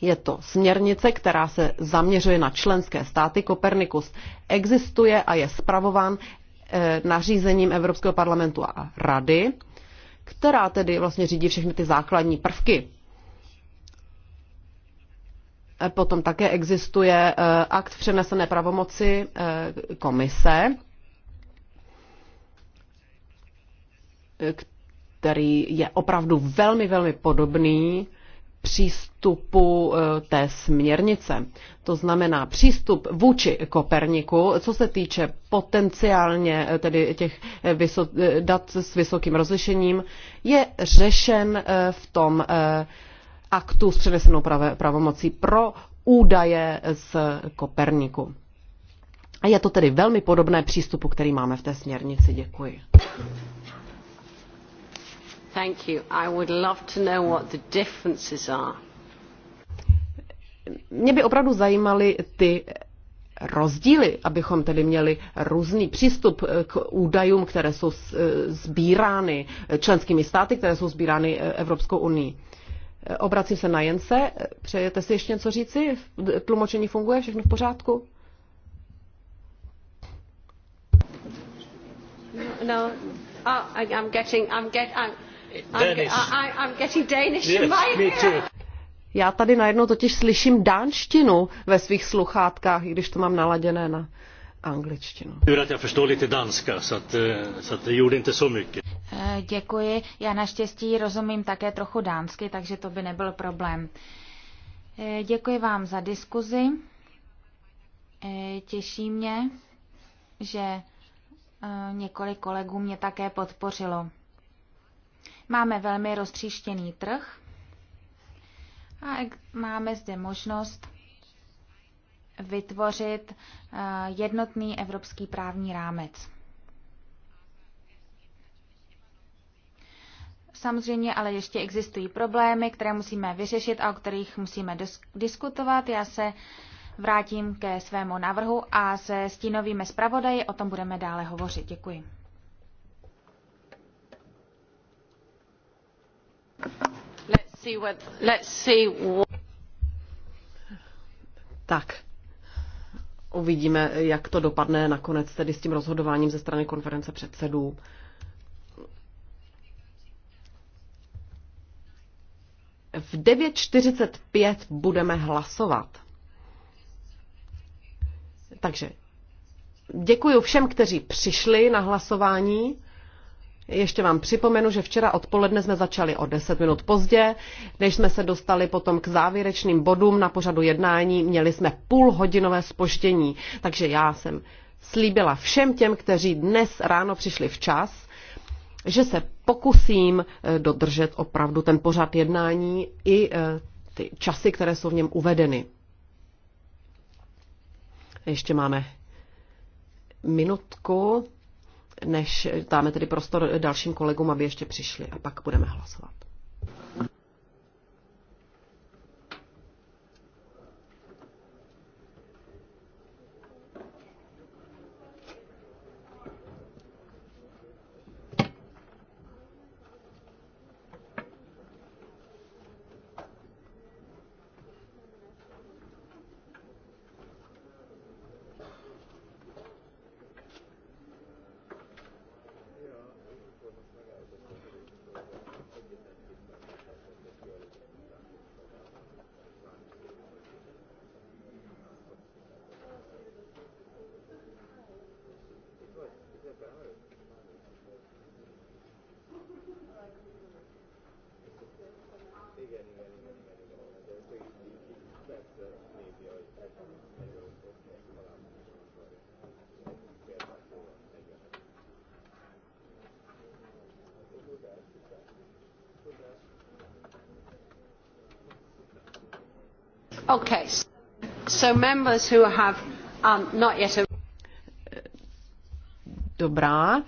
Je to směrnice, která se zaměřuje na členské státy. Kopernikus existuje a je spravován eh, nařízením Evropského parlamentu a rady, která tedy vlastně řídí všechny ty základní prvky. Eh, potom také existuje eh, akt přenesené pravomoci komise, který je opravdu velmi, velmi podobný přístupu eh, té směrnice. To znamená přístup vůči Koperniku, co se týče potenciálně eh, tedy těch eh, vyso- dat s vysokým rozlišením, je řešen v tom aktu s přenesenou pravomocí pro údaje z Koperniku. A je to tedy velmi podobné přístupu, který máme v té směrnici. Děkuji. Thank you. I would love to know what the differences are. Mě by opravdu zajímaly ty rozdíly, abychom tedy měli různý přístup k údajům, které jsou e, sbírány členskými státy, které jsou sbírány e, Evropskou unii. Obracím se na Jence. Přejete si ještě něco říci? Tlumočení funguje? Všechno v pořádku? No, no. Oh, I'm getting, I'm getting, I'm I'm getting Danish yes, in my me too. Já tady najednou totiž slyším dánštinu ve svých sluchátkách, i když to mám naladěné na angličtinu. Eh, eh, děkuji, já naštěstí rozumím také trochu dánsky, takže to by nebyl problém. Eh, děkuji vám za diskuzi. Těší mě, že několik kolegů mě také podpořilo. Máme velmi roztříštěný trh a máme zde možnost vytvořit eh, jednotný evropský právní rámec. Samozřejmě ale ještě existují problémy, které musíme vyřešit a o kterých musíme diskutovat. Já se vrátím ke svému návrhu a se stínovými zpravodaji o tom budeme dále hovořit. Děkuji. Tak, uvidíme, jak to dopadne nakonec tedy s tím rozhodováním ze strany konference předsedů. V 9.45 budeme hlasovat. Takže děkuji všem, kteří přišli na hlasování. Ještě vám připomenu, že včera odpoledne jsme začali o 10 minut pozdě. Než jsme se dostali potom k závěrečným bodům na pořadu jednání, měli jsme půlhodinové spoždění. Takže já jsem slíbila všem těm, kteří dnes ráno přišli včas, že se pokusím eh, dodržet opravdu ten pořad jednání i eh, ty časy, které jsou v něm uvedeny. Ještě máme minutku než dáme tedy prostor dalším kolegům, aby ještě přišli a pak budeme hlasovat. Okay. So members who have um, not yet Dobrá.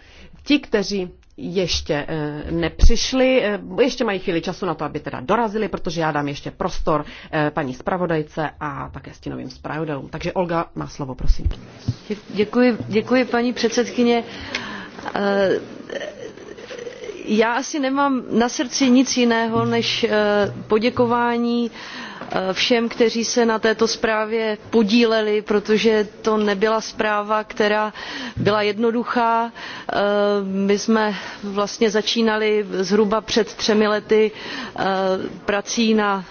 Ti, kteří ještě eh, nepřišli, eh, ještě mají chvíli času na to, aby teda dorazili, protože já dám ještě prostor eh, paní zpravodajce a také stínovým zpravodajům. Takže Olga má slovo, prosím. Děkuji, děkuji paní předsedkyně. Já asi nemám na srdci nic jiného než poděkování uh, Eh, všem kteří se na této zprávě podíleli protože to nebyla zpráva která byla jednoduchá. Eh, my jsme vlastně začínali zhruba před třemi lety eh, prací na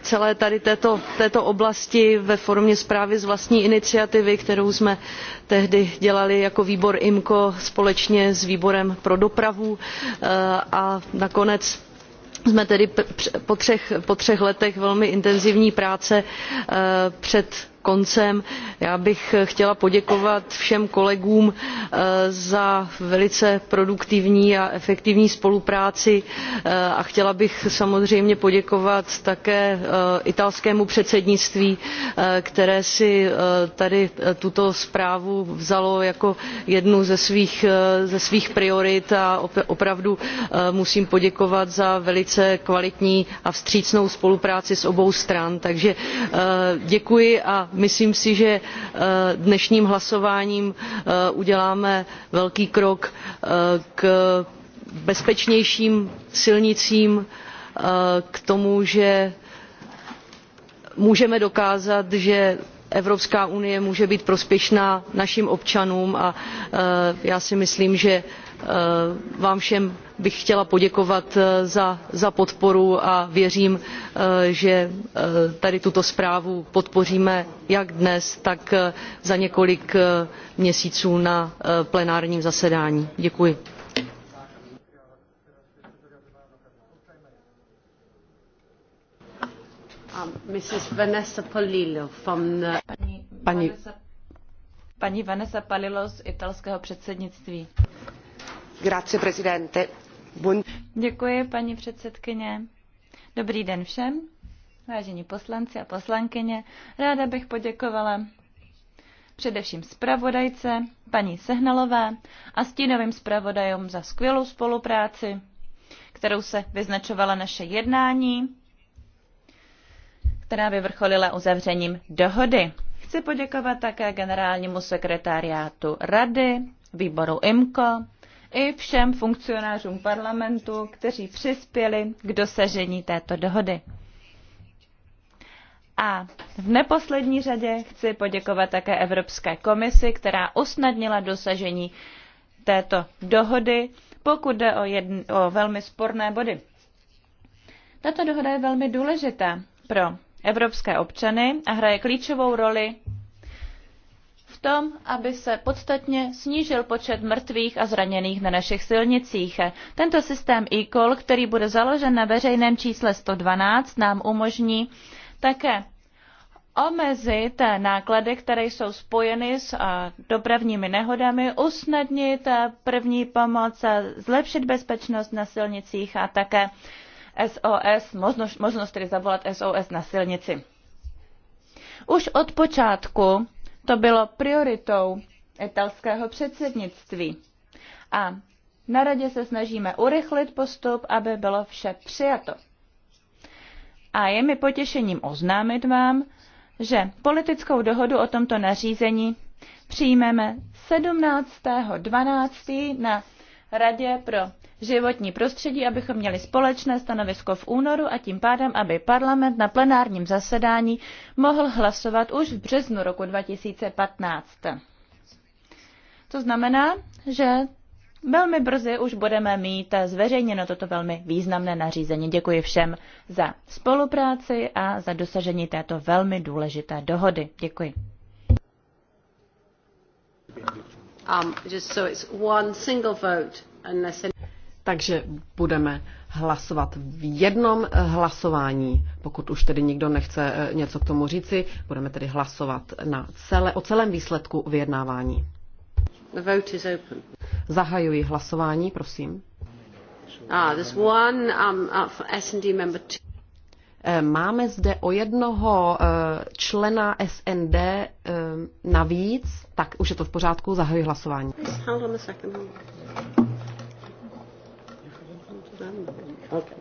celé tady této, této oblasti ve formě zprávy z vlastní iniciativy kterou jsme tehdy dělali jako výbor imco společně s výborem pro dopravu a nakonec jsme tedy po třech, letech velmi intenzivní práce eh, před koncem. já bych chtěla poděkovat všem kolegům eh, za velice produktivní a efektivní spolupráci eh, a chtěla bych samozřejmě poděkovat také eh, italskému předsednictví které si tady tuto zprávu vzalo jako jednu ze svých, priorit a opravdu musím poděkovat za velice kvalitní a vstřícnou spolupráci z obou stran. takže děkuji a myslím si že eh, dnešním hlasováním eh, uděláme velký krok eh, k bezpečnějším silnicím k tomu že můžeme dokázat že evropská unie může být prospěšná našim občanům a já si myslím že Eh, vám všem bych chtěla poděkovat eh, za, podporu a věřím eh, že tady tuto zprávu podpoříme jak dnes tak za několik měsíců na plenárním zasedání. děkuji. Paní, paní, paní Vanessa Palillo z italského předsednictví. Děkuji, paní předsedkyně. Dobrý den všem, vážení poslanci a poslankyně. Ráda bych poděkovala především zpravodajce, paní Sehnalové a stínovým zpravodajům za skvělou spolupráci, kterou se vyznačovala naše jednání, která vyvrcholila uzavřením dohody. Chci poděkovat také generálnímu sekretariátu Rady, výboru IMCO, i všem funkcionářům parlamentu, kteří přispěli k dosažení této dohody. A v neposlední řadě chci poděkovat také Evropské komisi, která usnadnila dosažení této dohody, pokud jde o, jedn, o velmi sporné body. Tato dohoda je velmi důležitá pro evropské občany a hraje klíčovou roli tom, aby se podstatně snížil počet mrtvých a zraněných na našich silnicích. Tento systém e-call, který bude založen na veřejném čísle 112, nám umožní také omezit náklady, které jsou spojeny s dopravními nehodami, usnadnit první pomoc, zlepšit bezpečnost na silnicích a také SOS, možnost, možnost tedy zavolat SOS na silnici. Už od počátku to bylo prioritou italského předsednictví. A na radě se snažíme urychlit postup, aby bylo vše přijato. A je mi potěšením oznámit vám, že politickou dohodu o tomto nařízení přijmeme 17.12. na Radě pro životní prostředí, abychom měli společné stanovisko v únoru a tím pádem, aby parlament na plenárním zasedání mohl hlasovat už v březnu roku 2015. To znamená, že velmi brzy už budeme mít zveřejněno toto velmi významné nařízení. Děkuji všem za spolupráci a za dosažení této velmi důležité dohody. Děkuji. Um, just so it's one single vote unless any takže budeme hlasovat v jednom eh, hlasování. Pokud už tedy nikdo nechce eh, něco k tomu říci, budeme tedy hlasovat na celé, o celém výsledku vyjednávání. The vote is open. Zahajuji hlasování, prosím. Ah, one um, uh, S&D two. Eh, máme zde o jednoho člena SND navíc, tak už je to v pořádku, zahajuji hlasování. Hold on a second. Okay.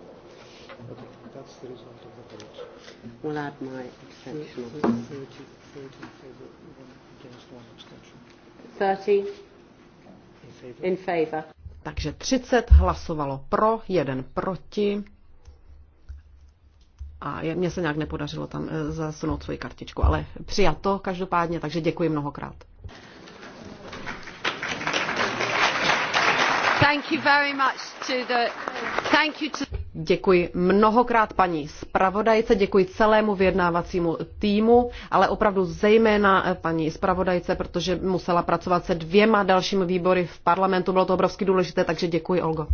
That's the result of the We'll add my 30, 30, against, 30 in Takže 30 hlasovalo pro, jeden proti. A mně se nějak nepodařilo tam eh, zasunout svoji kartičku, ale přijato každopádně, takže děkuji mnohokrát. Děkuji mnohokrát paní zpravodajce, děkuji celému vyjednávacímu týmu, ale opravdu zejména eh, paní zpravodajce, protože musela pracovat se dvěma dalšími výbory v parlamentu, bylo to obrovsky důležité, takže děkuji Olgo.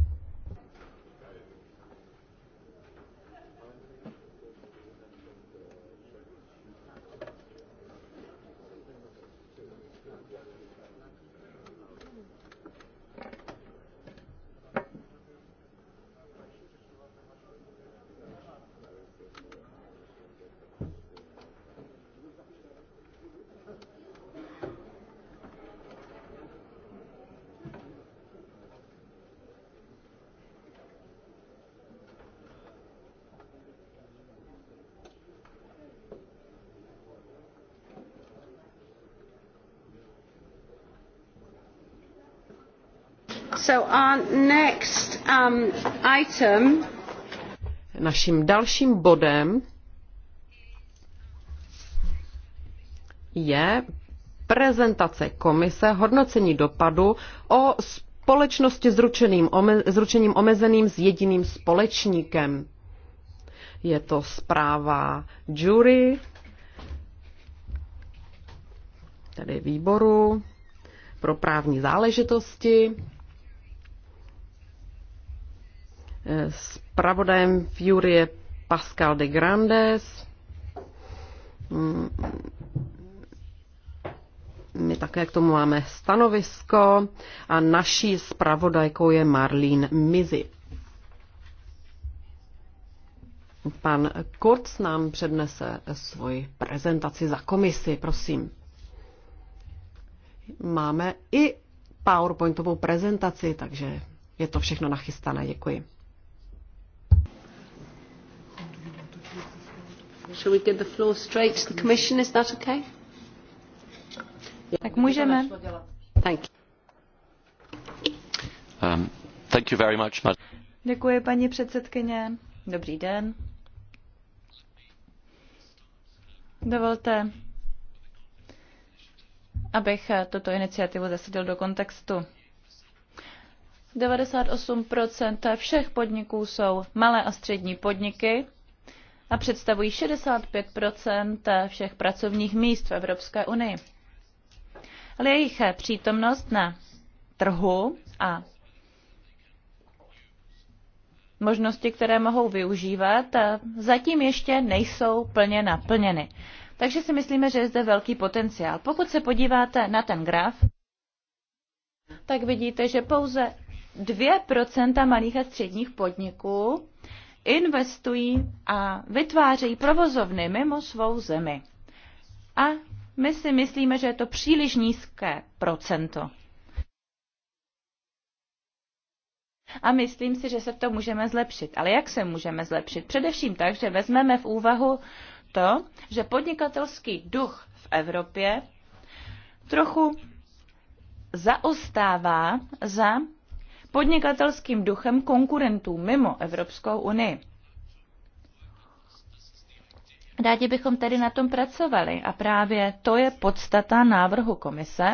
Um, Naším dalším bodem je prezentace komise hodnocení dopadu o společnosti s ome, ručením omezeným s jediným společníkem. Je to zpráva jury, tedy výboru pro právní záležitosti. Spravodajem v Jurie Pascal de Grandes. Mm, my také k tomu máme stanovisko a naší spravodajkou je Marlín Mizi. Pan Kurz nám přednese svoji prezentaci za komisi, prosím. Máme i PowerPointovou prezentaci, takže je to všechno nachystané. Děkuji. Shall we give the floor straight to the Commission? Is that okay? Tak můžeme. Thank you. Um, thank you very much, madam. Děkuji, paní předsedkyně. Dobrý den. Dovolte, abych tuto iniciativu zasadil do kontextu. 98 všech podniků jsou malé a střední podniky a představují 65 všech pracovních míst v Evropské unii. Ale jejich přítomnost na trhu a možnosti, které mohou využívat, zatím ještě nejsou plně naplněny. Takže si myslíme, že je zde velký potenciál. Pokud se podíváte na ten graf, tak vidíte, že pouze 2% malých a středních podniků investují a vytvářejí provozovny mimo svou zemi. A my si myslíme, že je to příliš nízké procento. A myslím si, že se v tom můžeme zlepšit. Ale jak se můžeme zlepšit? Především tak, že vezmeme v úvahu to, že podnikatelský duch v Evropě trochu zaostává za podnikatelským duchem konkurentů mimo Evropskou unii. Rádi bychom tedy na tom pracovali a právě to je podstata návrhu komise.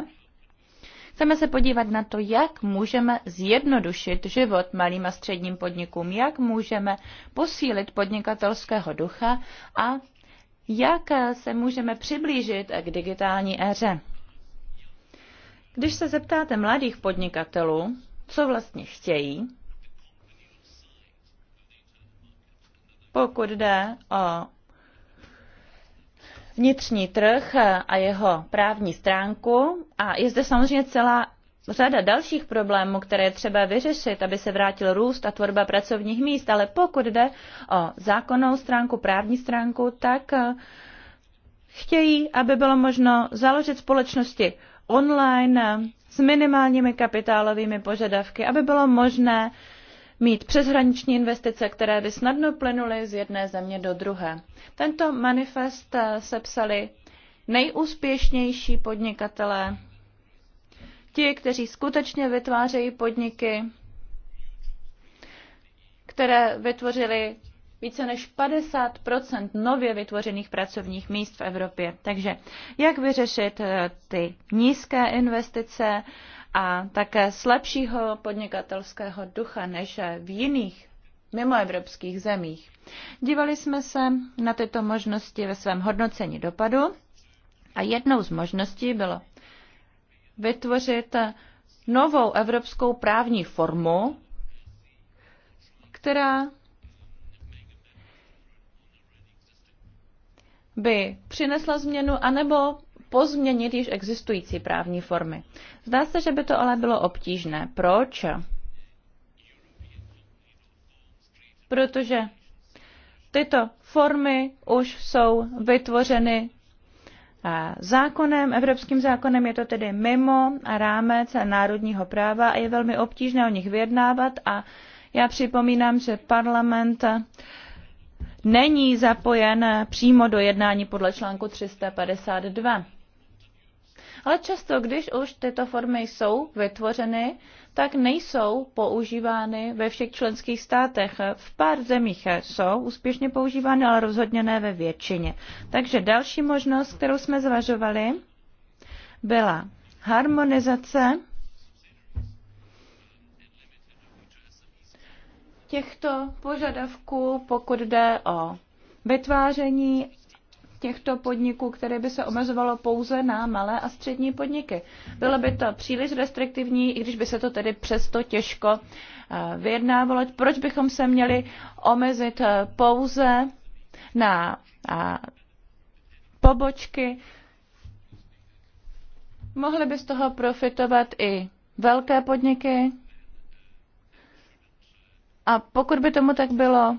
Chceme se podívat na to, jak můžeme zjednodušit život malým a středním podnikům, jak můžeme posílit podnikatelského ducha a jak se můžeme přiblížit k digitální éře. Když se zeptáte mladých podnikatelů, co vlastně chtějí, pokud jde o vnitřní trh a jeho právní stránku. A je zde samozřejmě celá řada dalších problémů, které je třeba vyřešit, aby se vrátil růst a tvorba pracovních míst, ale pokud jde o zákonnou stránku, právní stránku, tak chtějí, aby bylo možno založit společnosti online s minimálními kapitálovými požadavky, aby bylo možné mít přeshraniční investice, které by snadno plynuly z jedné země do druhé. Tento manifest sepsali nejúspěšnější podnikatelé, ti, kteří skutečně vytvářejí podniky, které vytvořili více než 50 nově vytvořených pracovních míst v Evropě. Takže jak vyřešit eh, ty nízké investice a také slabšího podnikatelského ducha než eh, v jiných mimoevropských zemích. Dívali jsme se na tyto možnosti ve svém hodnocení dopadu a jednou z možností bylo vytvořit eh, novou evropskou právní formu, která by přinesla změnu, anebo pozměnit již existující právní formy. Zdá se, že by to ale bylo obtížné. Proč? Protože tyto formy už jsou vytvořeny eh, zákonem, evropským zákonem je to tedy mimo rámec národního práva a je velmi obtížné o nich vyjednávat a já připomínám, že parlament není zapojen přímo do jednání podle článku 352. Ale často, když už tyto formy jsou vytvořeny, tak nejsou používány ve všech členských státech. V pár zemích jsou úspěšně používány, ale rozhodně ne ve většině. Takže další možnost, kterou jsme zvažovali, byla harmonizace těchto požadavků, pokud jde o vytváření těchto podniků, které by se omezovalo pouze na malé a střední podniky. Bylo by to příliš restriktivní, i když by se to tedy přesto těžko eh, vyjednávalo. Proč bychom se měli omezit eh, pouze na eh, pobočky? Mohly by z toho profitovat i velké podniky, a pokud by tomu tak bylo,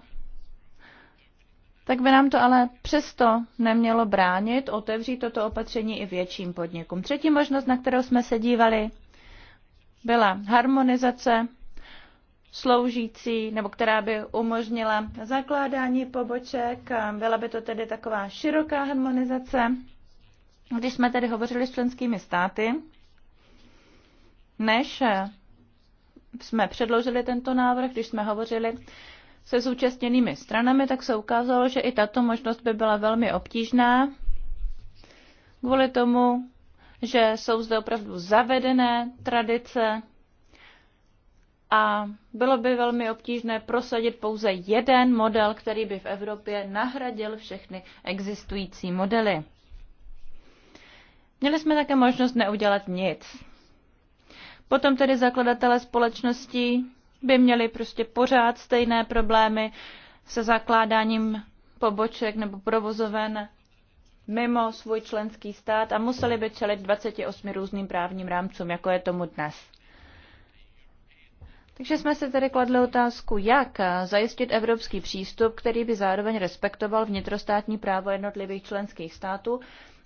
tak by nám to ale přesto nemělo bránit otevřít toto opatření i větším podnikům. Třetí možnost, na kterou jsme se dívali, byla harmonizace sloužící, nebo která by umožnila zakládání poboček. Byla by to tedy taková široká harmonizace. Když jsme tedy hovořili s členskými státy, než jsme předložili tento návrh, když jsme hovořili se zúčastněnými stranami, tak se ukázalo, že i tato možnost by byla velmi obtížná kvůli tomu, že jsou zde opravdu zavedené tradice a bylo by velmi obtížné prosadit pouze jeden model, který by v Evropě nahradil všechny existující modely. Měli jsme také možnost neudělat nic. Potom tedy zakladatelé společnosti by měli prostě pořád stejné problémy se zakládáním poboček nebo provozoven mimo svůj členský stát a museli by čelit 28 různým právním rámcům, jako je tomu dnes. Takže jsme se tedy kladli otázku, jak zajistit evropský přístup, který by zároveň respektoval vnitrostátní právo jednotlivých členských států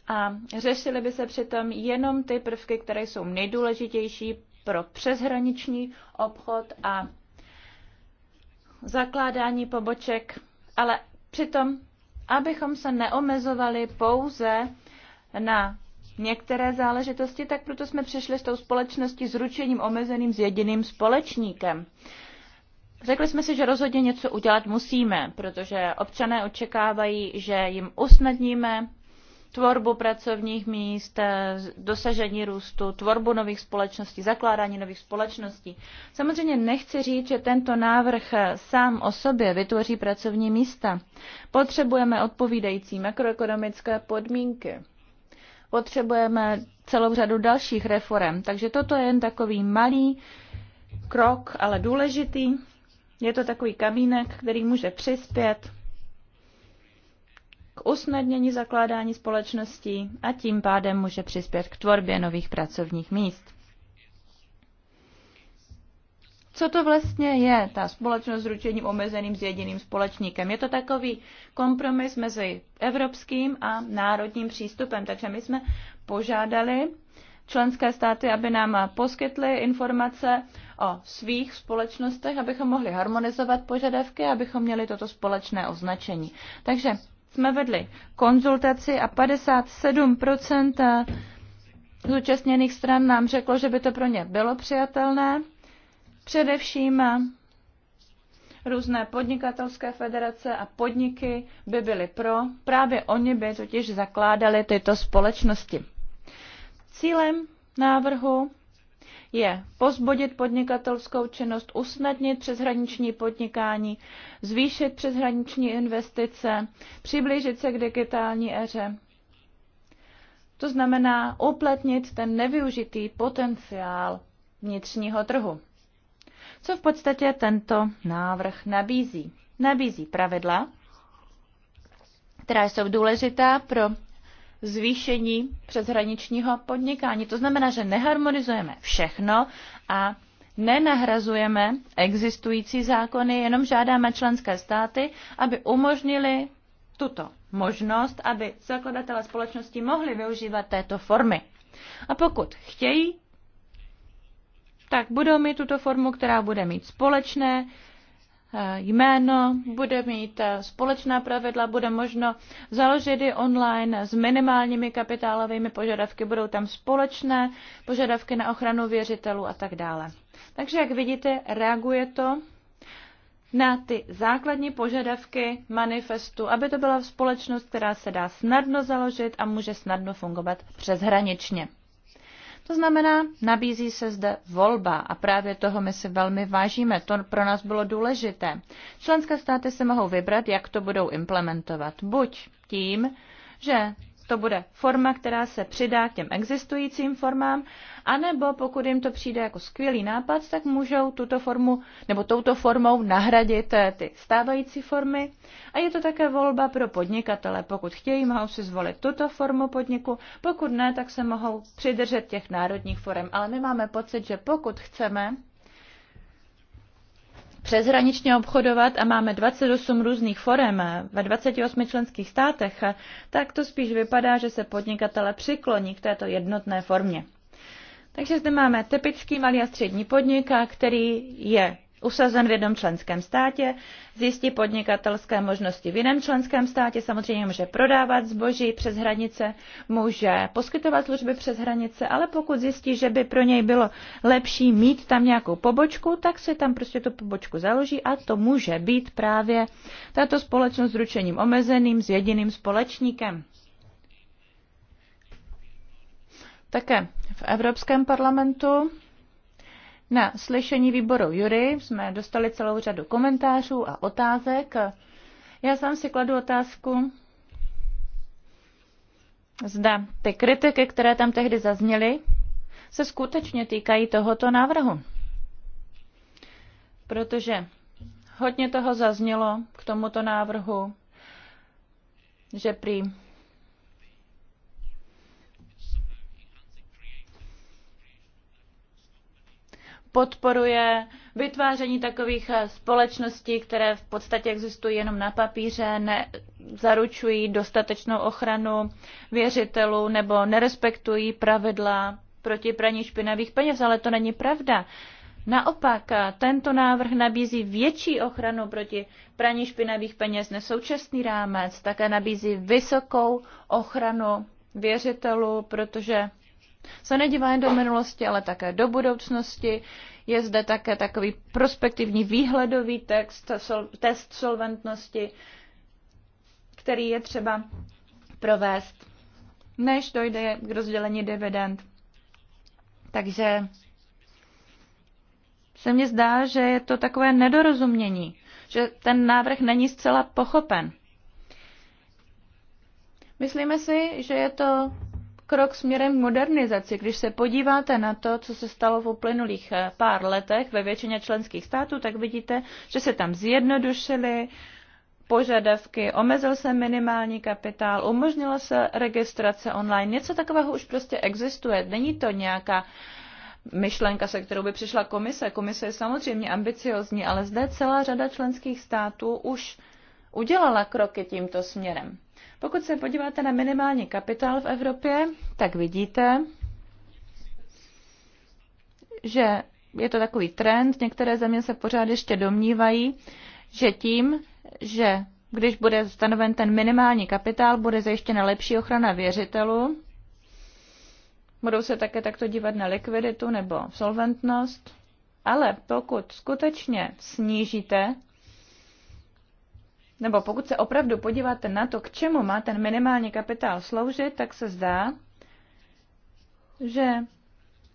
a řešily by se přitom jenom ty prvky, které jsou nejdůležitější pro přeshraniční obchod a zakládání poboček, ale přitom, abychom se neomezovali pouze na některé záležitosti, tak proto jsme přišli s tou společností s ručením omezeným s jediným společníkem. Řekli jsme si, že rozhodně něco udělat musíme, protože občané očekávají, že jim usnadníme tvorbu pracovních míst, eh, dosažení růstu, tvorbu nových společností, zakládání nových společností. Samozřejmě nechci říct, že tento návrh eh, sám o sobě vytvoří pracovní místa. Potřebujeme odpovídající makroekonomické podmínky. Potřebujeme celou řadu dalších reform, takže toto je jen takový malý krok, ale důležitý. Je to takový kamínek, který může přispět k usnadnění zakládání společností a tím pádem může přispět k tvorbě nových pracovních míst. Co to vlastně je, ta společnost s ručením omezeným s jediným společníkem? Je to takový kompromis mezi evropským a národním přístupem. Takže my jsme požádali členské státy, aby nám poskytly informace o svých společnostech, abychom mohli harmonizovat požadavky, abychom měli toto společné označení. Takže jsme vedli konzultaci a 57 zúčastněných stran nám řeklo, že by to pro ně bylo přijatelné. Především různé podnikatelské federace a podniky by byly pro. Právě oni by totiž zakládali tyto společnosti. Cílem návrhu je pozbodit podnikatelskou činnost, usnadnit přeshraniční podnikání, zvýšit přeshraniční investice, přiblížit se k digitální éře. To znamená uplatnit ten nevyužitý potenciál vnitřního trhu. Co v podstatě tento návrh nabízí? Nabízí pravidla, která jsou důležitá pro zvýšení přeshraničního podnikání. To znamená, že neharmonizujeme všechno a nenahrazujeme existující zákony, jenom žádáme členské státy, aby umožnili tuto možnost, aby zakladatelé společnosti mohli využívat této formy. A pokud chtějí, tak budou mít tuto formu, která bude mít společné Eh, jméno, bude mít eh, společná pravidla, bude možno založit i online s minimálními kapitálovými požadavky, budou tam společné požadavky na ochranu věřitelů a tak dále. Takže jak vidíte, reaguje to na ty základní požadavky manifestu, aby to byla společnost, která se dá snadno založit a může snadno fungovat přeshraničně. To znamená, nabízí se zde volba a právě toho my si velmi vážíme. To pro nás bylo důležité. Členské státy se mohou vybrat, jak to budou implementovat. Buď tím, že to bude forma, která se přidá k těm existujícím formám, anebo pokud jim to přijde jako skvělý nápad, tak můžou tuto formu nebo touto formou nahradit eh, ty stávající formy. A je to také volba pro podnikatele. Pokud chtějí, mohou si zvolit tuto formu podniku, pokud ne, tak se mohou přidržet těch národních forem. Ale my máme pocit, že pokud chceme přeshraničně obchodovat a máme 28 různých forem ve 28 členských státech, tak to spíš vypadá, že se podnikatele přikloní k této jednotné formě. Takže zde máme typický malý a střední podnik, který je usazen v jednom členském státě, zjistí podnikatelské možnosti v jiném členském státě, samozřejmě může prodávat zboží přes hranice, může poskytovat služby přes hranice, ale pokud zjistí, že by pro něj bylo lepší mít tam nějakou pobočku, tak si tam prostě tu pobočku založí a to může být právě tato společnost s ručením omezeným, s jediným společníkem. Také v Evropském parlamentu na slyšení výboru Jury jsme dostali celou řadu komentářů a otázek. Já sám si kladu otázku, zda ty kritiky, které tam tehdy zazněly, se skutečně týkají tohoto návrhu. Protože hodně toho zaznělo k tomuto návrhu, že prý podporuje vytváření takových eh, společností, které v podstatě existují jenom na papíře, nezaručují dostatečnou ochranu věřitelů nebo nerespektují pravidla proti praní špinavých peněz, ale to není pravda. Naopak, eh, tento návrh nabízí větší ochranu proti praní špinavých peněz než současný rámec, také nabízí vysokou ochranu věřitelů, protože se nedívá jen do minulosti, ale také do budoucnosti. Je zde také takový prospektivní výhledový text, sol, test solventnosti, který je třeba provést, než dojde k rozdělení dividend. Takže se mně zdá, že je to takové nedorozumění, že ten návrh není zcela pochopen. Myslíme si, že je to krok směrem k modernizaci. Když se podíváte na to, co se stalo v uplynulých eh, pár letech ve většině členských států, tak vidíte, že se tam zjednodušily požadavky, omezil se minimální kapitál, umožnila se registrace online. Něco takového už prostě existuje. Není to nějaká myšlenka, se kterou by přišla komise. Komise je samozřejmě ambiciozní, ale zde celá řada členských států už udělala kroky tímto směrem. Pokud se podíváte na minimální kapitál v Evropě, tak vidíte, že je to takový trend. Některé země se pořád ještě domnívají, že tím, že když bude stanoven ten minimální kapitál, bude zajištěna lepší ochrana věřitelů. Budou se také takto dívat na likviditu nebo solventnost. Ale pokud skutečně snížíte nebo pokud se opravdu podíváte na to, k čemu má ten minimální kapitál sloužit, tak se zdá, že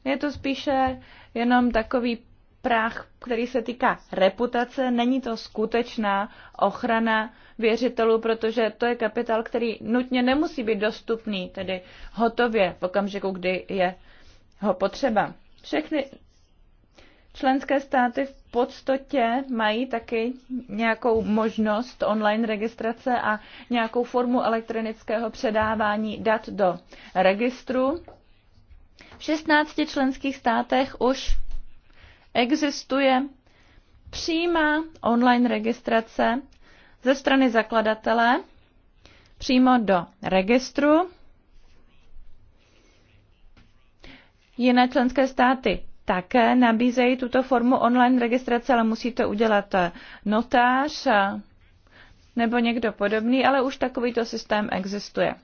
je to spíše jenom takový práh, který se týká reputace, není to skutečná ochrana věřitelů, protože to je kapitál, který nutně nemusí být dostupný, tedy hotově v okamžiku, kdy je ho potřeba. Všechny Členské státy v podstatě mají taky nějakou možnost online registrace a nějakou formu elektronického předávání dat do registru. V 16 členských státech už existuje přímá online registrace ze strany zakladatele přímo do registru. Jiné členské státy také nabízejí tuto formu online registrace, ale musí to udělat eh, notář eh, nebo někdo podobný, ale už takovýto systém existuje.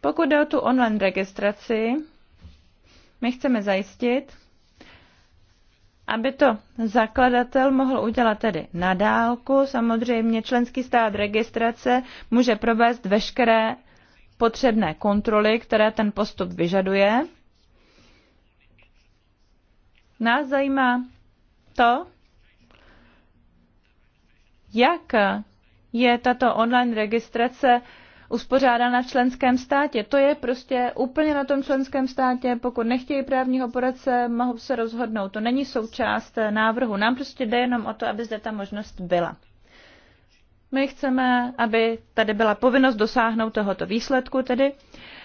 Pokud jde o tu online registraci, my chceme zajistit, aby to zakladatel mohl udělat tedy na dálku. Samozřejmě členský stát registrace může provést veškeré potřebné kontroly, které ten postup vyžaduje. Nás zajímá to, jak je tato online registrace uspořádána v členském státě. To je prostě úplně na tom členském státě. Pokud nechtějí právního poradce, mohou se rozhodnout. To není součást návrhu. Nám prostě jde jenom o to, aby zde ta možnost byla. My chceme, aby tady byla povinnost dosáhnout tohoto výsledku, tedy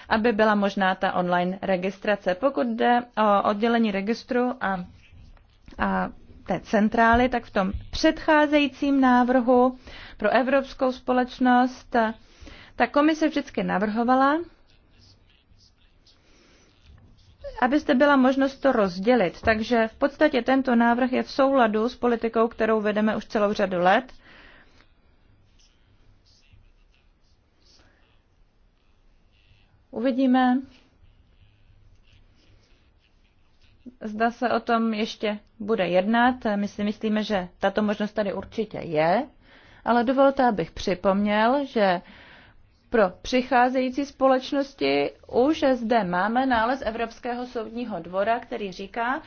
aby byla možná ta online registrace. Pokud jde o oddělení registru a, a té centrály, tak v tom předcházejícím návrhu pro evropskou společnost ta komise vždycky navrhovala, abyste byla možnost to rozdělit. Takže v podstatě tento návrh je v souladu s politikou, kterou vedeme už celou řadu let – Uvidíme, zda se o tom ještě bude jednat. My si myslíme, že tato možnost tady určitě je, ale dovolte, abych připomněl, že pro přicházející společnosti už zde máme nález Evropského soudního dvora, který říká,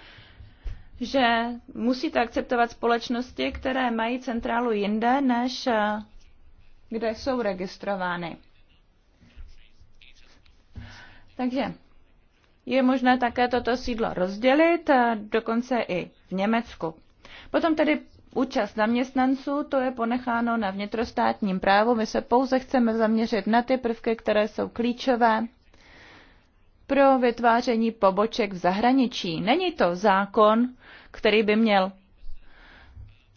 že musíte akceptovat společnosti, které mají centrálu jinde, než kde jsou registrovány. Takže je možné také toto sídlo rozdělit, eh, dokonce i v Německu. Potom tedy účast zaměstnanců, to je ponecháno na vnitrostátním právu. My se pouze chceme zaměřit na ty prvky, které jsou klíčové pro vytváření poboček v zahraničí. Není to zákon, který by měl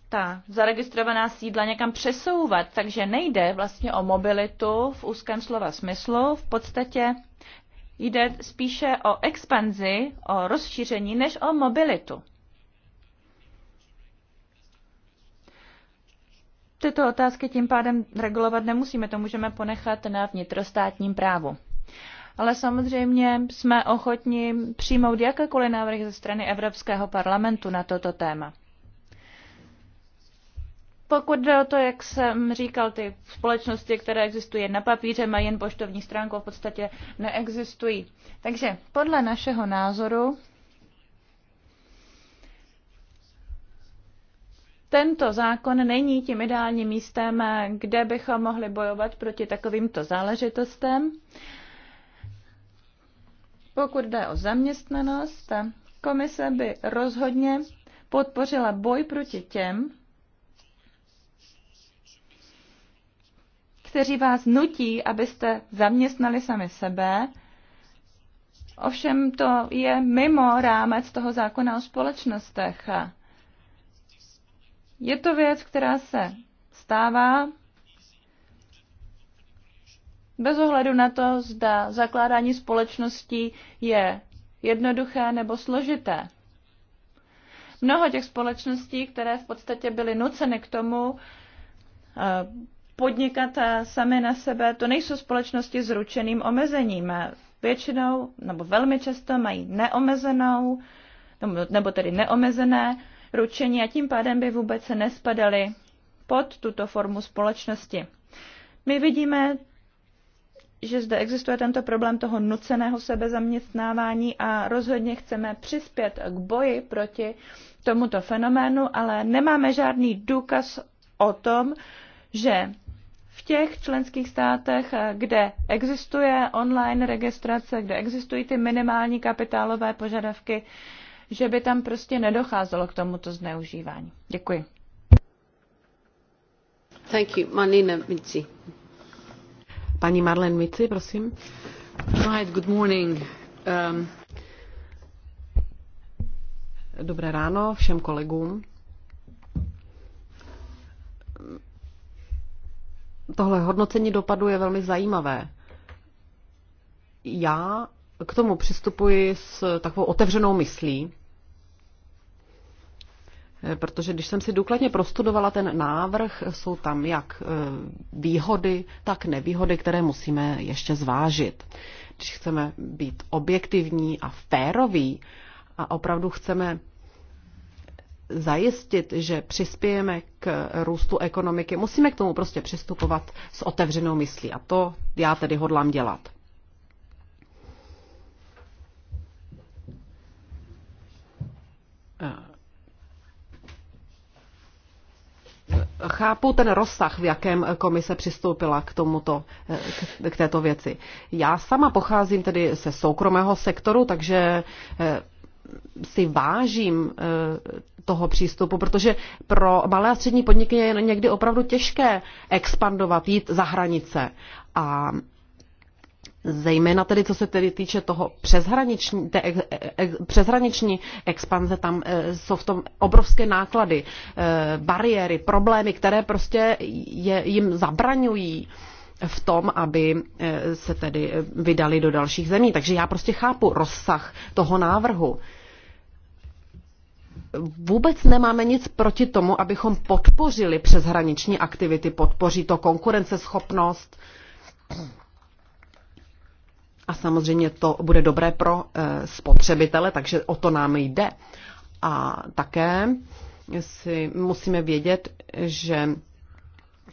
ta zaregistrovaná sídla někam přesouvat, takže nejde vlastně o mobilitu v úzkém slova smyslu. V podstatě Jde spíše o expanzi, o rozšíření, než o mobilitu. Tyto otázky tím pádem regulovat nemusíme, to můžeme ponechat na vnitrostátním právu. Ale samozřejmě jsme ochotni přijmout jakékoliv návrhy ze strany Evropského parlamentu na toto téma. Pokud jde o to, jak jsem říkal, ty společnosti, které existují na papíře, mají jen poštovní stránku, v podstatě neexistují. Takže podle našeho názoru tento zákon není tím ideálním místem, kde bychom mohli bojovat proti takovýmto záležitostem. Pokud jde o zaměstnanost, komise by rozhodně podpořila boj proti těm, kteří vás nutí, abyste zaměstnali sami sebe. Ovšem to je mimo rámec toho zákona o společnostech. Je to věc, která se stává bez ohledu na to, zda zakládání společností je jednoduché nebo složité. Mnoho těch společností, které v podstatě byly nuceny k tomu eh, podnikat eh, sami na sebe. To nejsou společnosti s ručeným omezením. Většinou nebo velmi často mají neomezenou nebo tedy neomezené ručení a tím pádem by vůbec se nespadaly pod tuto formu společnosti. My vidíme, že zde existuje tento problém toho nuceného sebezaměstnávání a rozhodně chceme přispět k boji proti tomuto fenoménu, ale nemáme žádný důkaz o tom, že v těch členských státech, eh, kde existuje online registrace, kde existují ty minimální kapitálové požadavky, že by tam prostě nedocházelo k tomuto zneužívání. Děkuji. Thank you. Marlene Mici. Paní Marlene Mici, prosím. Right, good morning. Um... Dobré ráno všem kolegům. tohle hodnocení dopadu je velmi zajímavé. Já k tomu přistupuji s takovou otevřenou myslí, protože když jsem si důkladně prostudovala ten návrh, jsou tam jak e, výhody, tak nevýhody, které musíme ještě zvážit. Když chceme být objektivní a féroví a opravdu chceme zajistit, že přispějeme k růstu ekonomiky, musíme k tomu prostě přistupovat s otevřenou myslí. A to já tedy hodlám dělat. Chápu ten rozsah, v jakém komise přistoupila k tomuto, k této věci. Já sama pocházím tedy se soukromého sektoru, takže eh, si vážím eh, toho přístupu, protože pro malé a střední podniky je někdy opravdu těžké expandovat, jít za hranice. A zejména tedy, co se tedy týče toho přeshraniční, té ex, ex, e, přeshraniční expanze, tam e, jsou v tom obrovské náklady, e, bariéry, problémy, které prostě je, jim zabraňují v tom, aby se tedy vydali do dalších zemí. Takže já prostě chápu rozsah toho návrhu. E, vůbec nemáme nic proti tomu, abychom podpořili přeshraniční aktivity. Podpoří to konkurenceschopnost a samozřejmě to bude dobré pro eh, spotřebitele, takže o to nám jde. A také si musíme vědět, že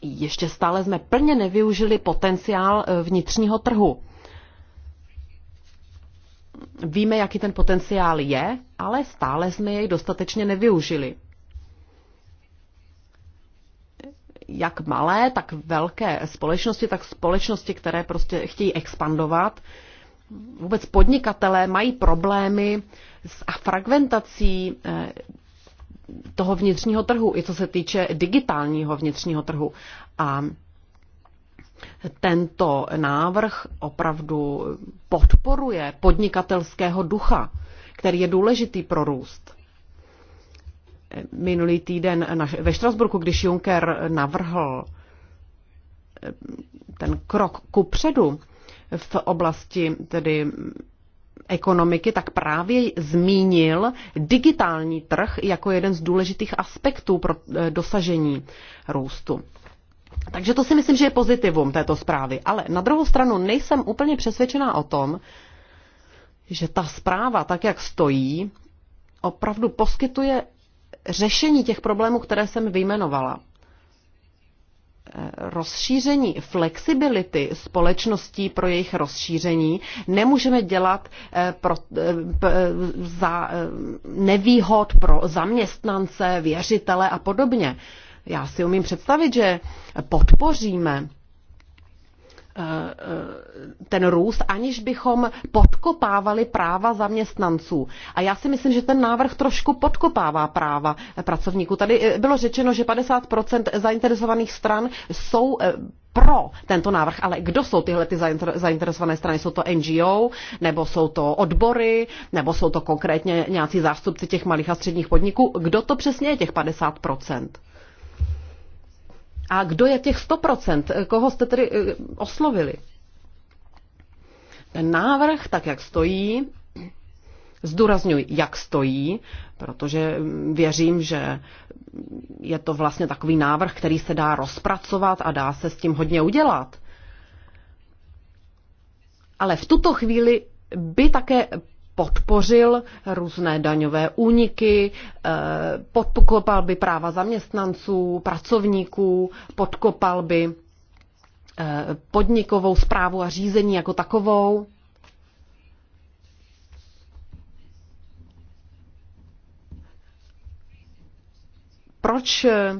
ještě stále jsme plně nevyužili potenciál eh, vnitřního trhu. Víme, jaký ten potenciál je, ale stále jsme jej dostatečně nevyužili. Jak malé, tak velké společnosti, tak společnosti, které prostě chtějí expandovat. Vůbec podnikatelé mají problémy s fragmentací eh, toho vnitřního trhu, i co se týče digitálního vnitřního trhu. A tento návrh opravdu podporuje podnikatelského ducha, který je důležitý pro růst. Minulý týden ve Štrasburku, když Juncker navrhl eh, ten krok ku předu v oblasti tedy ekonomiky, tak právě zmínil digitální trh jako jeden z důležitých aspektů pro eh, dosažení růstu. Takže to si myslím, že je pozitivum této zprávy. Ale na druhou stranu nejsem úplně přesvědčená o tom, že ta zpráva, tak jak stojí, opravdu poskytuje řešení těch problémů, které jsem vyjmenovala. Eh, rozšíření flexibility společností pro jejich rozšíření nemůžeme dělat eh, pro, eh, za nevýhod pro zaměstnance, věřitele a podobně já si umím představit, že podpoříme eh, eh, ten růst, aniž bychom podkopávali práva zaměstnanců. A já si myslím, že ten návrh trošku podkopává práva pracovníků. Tady eh, bylo řečeno, že 50% zainteresovaných stran jsou pro tento návrh, ale kdo jsou tyhle ty zainteresované strany? Jsou to NGO, nebo jsou to odbory, nebo jsou to konkrétně nějací zástupci těch malých a středních podniků? Kdo to přesně je těch 50%? A kdo je těch 100%? Koho jste tedy eh, oslovili? Ten návrh, tak jak stojí, zdůrazňuji, jak stojí, protože mm, věřím, že je to vlastně takový návrh, který se dá rozpracovat a dá se s tím hodně udělat. Ale v tuto chvíli by také podpořil různé daňové úniky, eh, podkopal by práva zaměstnanců, pracovníků, podkopal by eh, podnikovou zprávu a řízení jako takovou. Proč eh,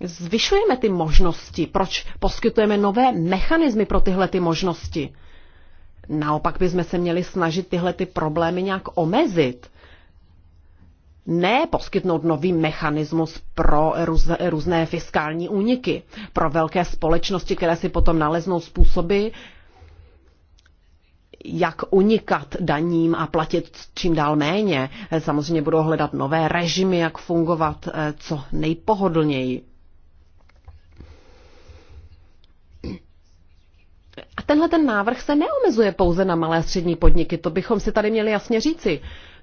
zvyšujeme ty možnosti? Proč poskytujeme nové mechanismy pro tyhle ty možnosti? Naopak bychom se měli snažit tyhle ty problémy nějak omezit. Ne poskytnout nový mechanismus pro růz, různé fiskální úniky, pro velké společnosti, které si potom naleznou způsoby, jak unikat daním a platit čím dál méně. Samozřejmě budou hledat nové režimy, jak fungovat eh, co nejpohodlněji. A tenhle ten návrh se neomezuje pouze na malé střední podniky, to bychom si tady měli jasně říci.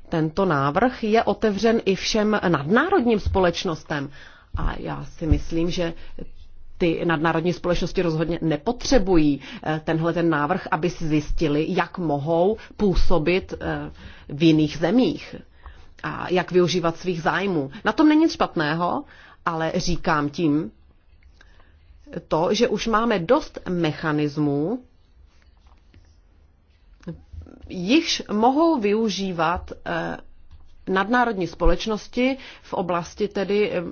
Tento návrh je otevřen i všem nadnárodním společnostem. A já si myslím, že ty nadnárodní společnosti rozhodně nepotřebují eh, tenhle ten návrh, aby si zjistili, jak mohou působit eh, v jiných zemích a jak využívat svých zájmů. Na tom není nic špatného, ale říkám tím, to, že už máme dost mechanismů, jichž mohou využívat eh, nadnárodní společnosti v oblasti tedy eh,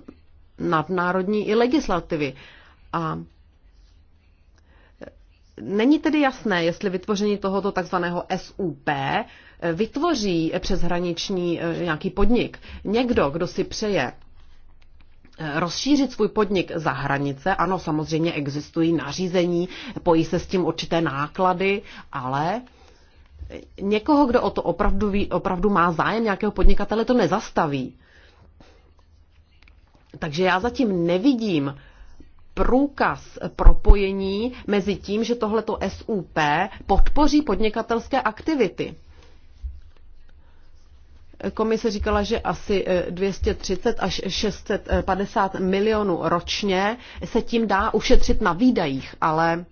nadnárodní i legislativy. A eh, není tedy jasné, jestli vytvoření tohoto takzvaného SUP vytvoří přeshraniční nějaký podnik. Někdo, kdo si přeje rozšířit svůj podnik za hranice. Ano, samozřejmě existují nařízení, pojí se s tím určité náklady, ale někoho, kdo o to opravdu, ví, opravdu má zájem, nějakého podnikatele, to nezastaví. Takže já zatím nevidím průkaz propojení mezi tím, že tohleto SUP podpoří podnikatelské aktivity. Komise říkala, že asi 230 e, až 650 milionů ročně se tím dá ušetřit na výdajích, ale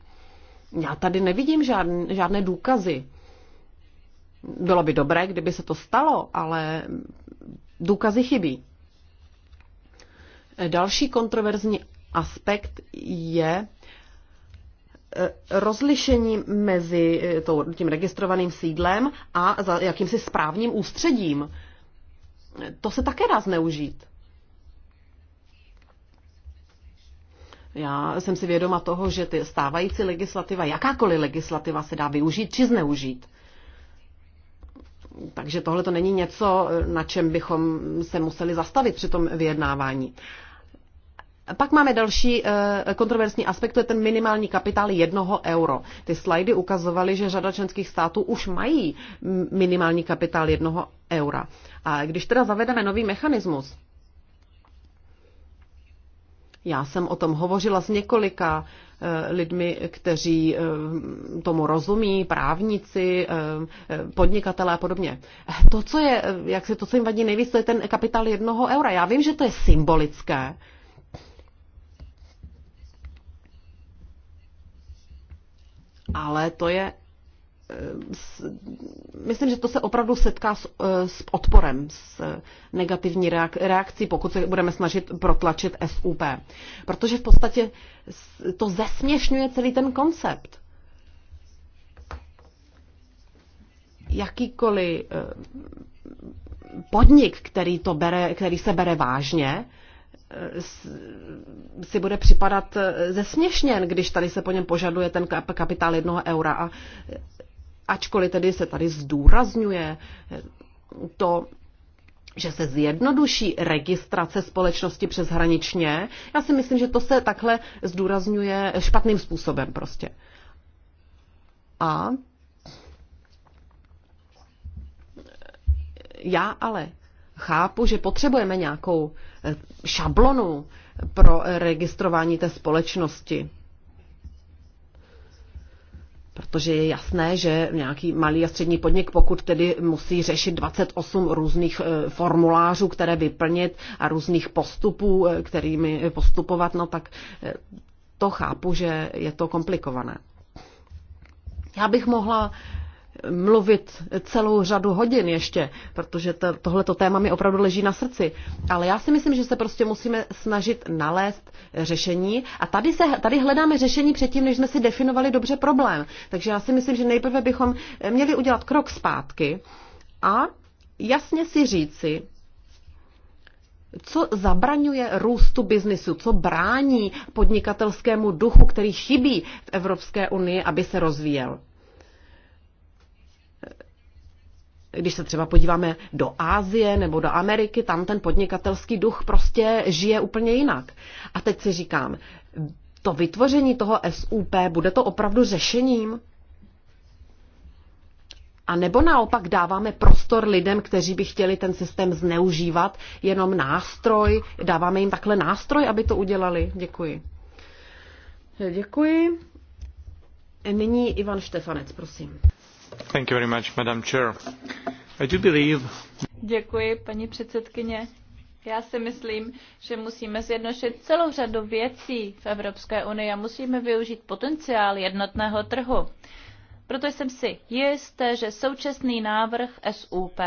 já tady nevidím žádné, žádné důkazy. Bylo by dobré, kdyby se to stalo, ale důkazy chybí. E, další kontroverzní aspekt je Eh, rozlišení mezi eh, tím registrovaným sídlem a za jakýmsi správním ústředím. To se také dá zneužít. Já jsem si vědoma toho, že ty stávající legislativa, jakákoliv legislativa se dá využít či zneužít. Takže tohle to není něco, eh, na čem bychom se museli zastavit při tom vyjednávání. Pak máme další eh, kontroverzní aspekt, to je ten minimální kapitál jednoho euro. Ty slajdy ukazovaly, že řada členských států už mají minimální kapitál jednoho eura. A když teda zavedeme nový mechanismus, já jsem o tom hovořila s několika eh, lidmi, kteří eh, tomu rozumí, právníci, podnikatelé a podobně. To, co je, jak se to, co jim vadí nejvíc, to je ten kapitál jednoho eura. Já vím, že to je symbolické, ale to je eh, myslím, že to se opravdu setká s, eh, s odporem, s eh, negativní reakcí, pokud se budeme snažit protlačit SUP. Protože v podstatě to zesměšňuje celý ten koncept. Jakýkoliv podnik, který, to bere, který se bere vážně, si bude připadat eh, zesměšněn, když tady se po něm požaduje ten kapitál jednoho eura. A eh, ačkoliv tedy se tady zdůrazňuje eh, to, že se zjednoduší registrace společnosti přeshraničně, já si myslím, že to se takhle zdůrazňuje špatným způsobem prostě. A já ale chápu, že potřebujeme nějakou šablonu pro registrování té společnosti. Protože je jasné, že nějaký malý a střední podnik, pokud tedy musí řešit 28 různých e, formulářů, které vyplnit a různých postupů, e, kterými postupovat, no tak e, to chápu, že je to komplikované. Já bych mohla mluvit celou řadu hodin ještě, protože to, tohleto téma mi opravdu leží na srdci. Ale já si myslím, že se prostě musíme snažit nalézt řešení a tady, se, tady hledáme řešení předtím, než jsme si definovali dobře problém. Takže já si myslím, že nejprve bychom měli udělat krok zpátky a jasně si říci, co zabraňuje růstu biznisu, co brání podnikatelskému duchu, který chybí v Evropské unii, aby se rozvíjel. když se třeba podíváme do Ázie nebo do Ameriky, tam ten podnikatelský duch prostě žije úplně jinak. A teď si říkám, to vytvoření toho SUP, bude to opravdu řešením? A nebo naopak dáváme prostor lidem, kteří by chtěli ten systém zneužívat, jenom nástroj, dáváme jim takhle nástroj, aby to udělali? Děkuji. Děkuji. Nyní Ivan Štefanec, prosím. Děkuji, paní předsedkyně. Já si myslím, že musíme zjednodušit celou řadu věcí v Evropské unii a musíme využít potenciál jednotného trhu. Proto jsem si jista že současný návrh SUP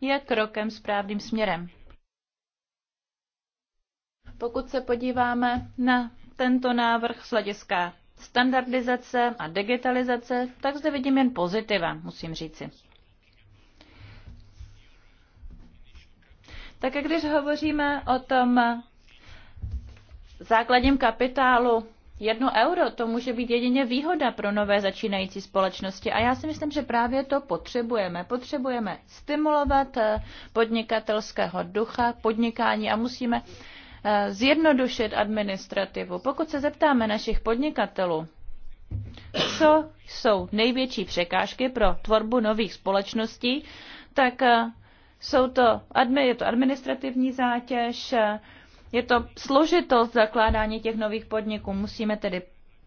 je krokem správným směrem. Pokud se podíváme na tento návrh z hlediska standardizace a digitalizace, tak zde vidím jen pozitiva, musím říci. Tak když hovoříme o tom základním kapitálu jedno euro, to může být jedině výhoda pro nové začínající společnosti. A já si myslím, že právě to potřebujeme. Potřebujeme stimulovat podnikatelského ducha, podnikání a musíme Eh, zjednodušit administrativu. Pokud se zeptáme našich podnikatelů, co jsou největší překážky pro tvorbu nových společností, tak eh, jsou to, je to administrativní zátěž, eh, je to složitost zakládání těch nových podniků. Musíme tedy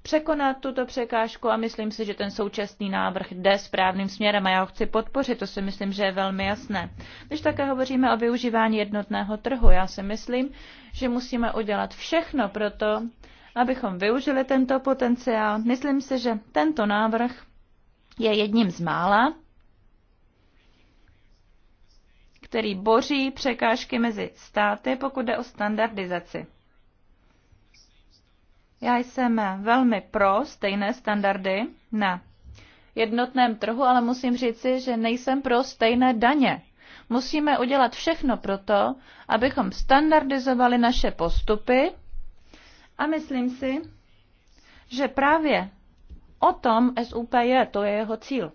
překonat tuto překážku a myslím si, že ten současný návrh jde správným směrem a já ho chci podpořit, to si myslím, že je velmi jasné. Když také hovoříme o využívání jednotného trhu, já si myslím, že musíme udělat všechno pro to, abychom využili tento potenciál. Myslím si, že tento návrh je jedním z mála, který boří překážky mezi státy, pokud jde o standardizaci. Já jsem velmi pro stejné standardy na jednotném trhu, ale musím říci, že nejsem pro stejné daně. Musíme udělat všechno pro to, abychom standardizovali naše postupy a myslím si, že právě o tom SUP je, to je jeho cíl.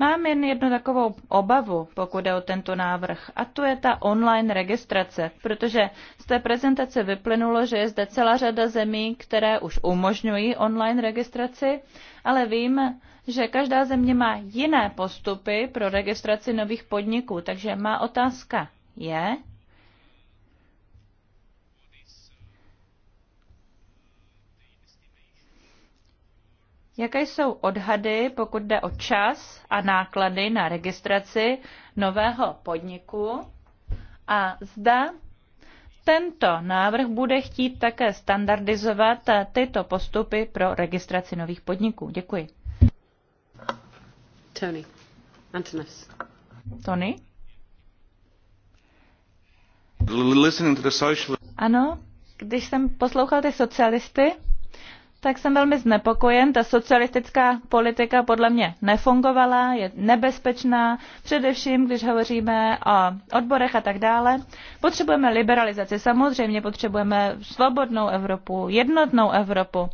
Mám jen jednu takovou obavu, pokud je o tento návrh, a to je ta online registrace, protože z té prezentace vyplynulo, že je zde celá řada zemí, které už umožňují online registraci, ale vím, že každá země má jiné postupy pro registraci nových podniků, takže má otázka je, Jaké jsou odhady, pokud jde o čas a náklady na registraci nového podniku? A zda tento návrh bude chtít také standardizovat tyto postupy pro registraci nových podniků. Děkuji. Tony. Antonis. Tony? Ano, když jsem poslouchal ty socialisty, tak jsem velmi znepokojen. Ta socialistická politika podle mě nefungovala, je nebezpečná, především když hovoříme o odborech a tak dále. Potřebujeme liberalizaci, samozřejmě potřebujeme svobodnou Evropu, jednotnou Evropu.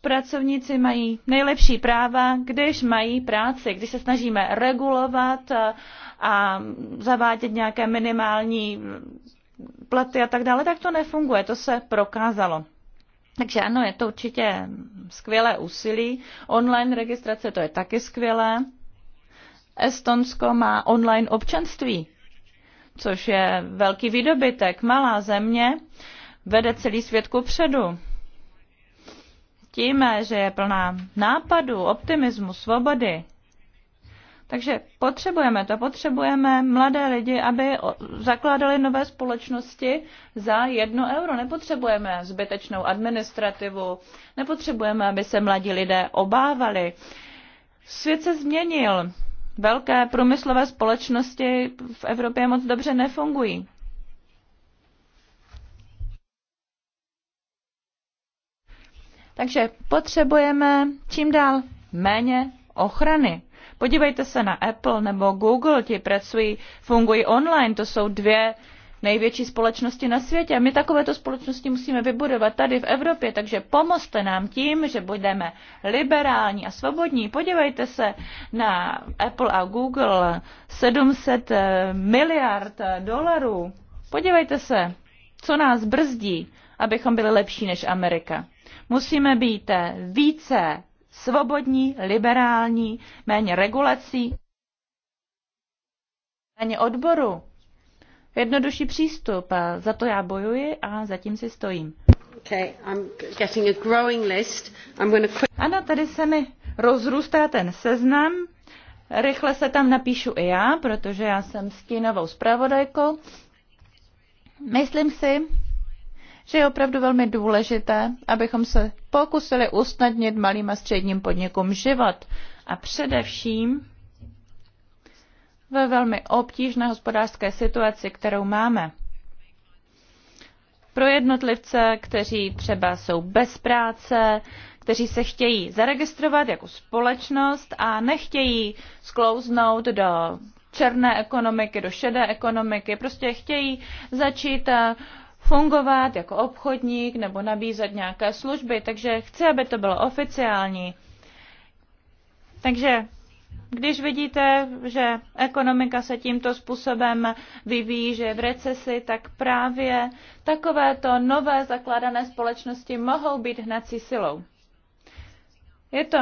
Pracovníci mají nejlepší práva, když mají práci, když se snažíme regulovat a zavádět nějaké minimální platy a tak dále, tak to nefunguje, to se prokázalo. Takže ano, je to určitě skvělé úsilí. Online registrace to je taky skvělé. Estonsko má online občanství, což je velký výdobytek. Malá země vede celý svět ku předu. Tím, že je plná nápadů, optimismu, svobody, takže potřebujeme to, potřebujeme mladé lidi, aby zakládali nové společnosti za jedno euro. Nepotřebujeme zbytečnou administrativu, nepotřebujeme, aby se mladí lidé obávali. Svět se změnil. Velké průmyslové společnosti v Evropě moc dobře nefungují. Takže potřebujeme čím dál méně ochrany Podívejte se na Apple nebo Google, ti pracují, fungují online, to jsou dvě největší společnosti na světě. A my takovéto společnosti musíme vybudovat tady v Evropě, takže pomozte nám tím, že budeme liberální a svobodní. Podívejte se na Apple a Google 700 eh, miliard eh, dolarů. Podívejte se, co nás brzdí, abychom byli lepší než Amerika. Musíme být eh, více svobodní, liberální, méně regulací, méně odboru. Jednodušší přístup. A za to já bojuji a zatím si stojím. Okay, I'm getting a growing list. I'm gonna... Ano, tady se mi rozrůstá ten seznam. Rychle se tam napíšu i já, protože já jsem stínovou zpravodajkou. Myslím si, že je opravdu velmi důležité, abychom se pokusili usnadnit malým a středním podnikům život a především ve velmi obtížné hospodářské situaci, kterou máme. Pro jednotlivce, kteří třeba jsou bez práce, kteří se chtějí zaregistrovat jako společnost a nechtějí sklouznout do černé ekonomiky, do šedé ekonomiky, prostě chtějí začít eh, fungovat jako obchodník nebo nabízet nějaké služby, takže chci, aby to bylo oficiální. Takže když vidíte, že ekonomika se tímto způsobem vyvíjí, že je v recesi, tak právě takovéto nové zakládané společnosti mohou být hnací silou. Je to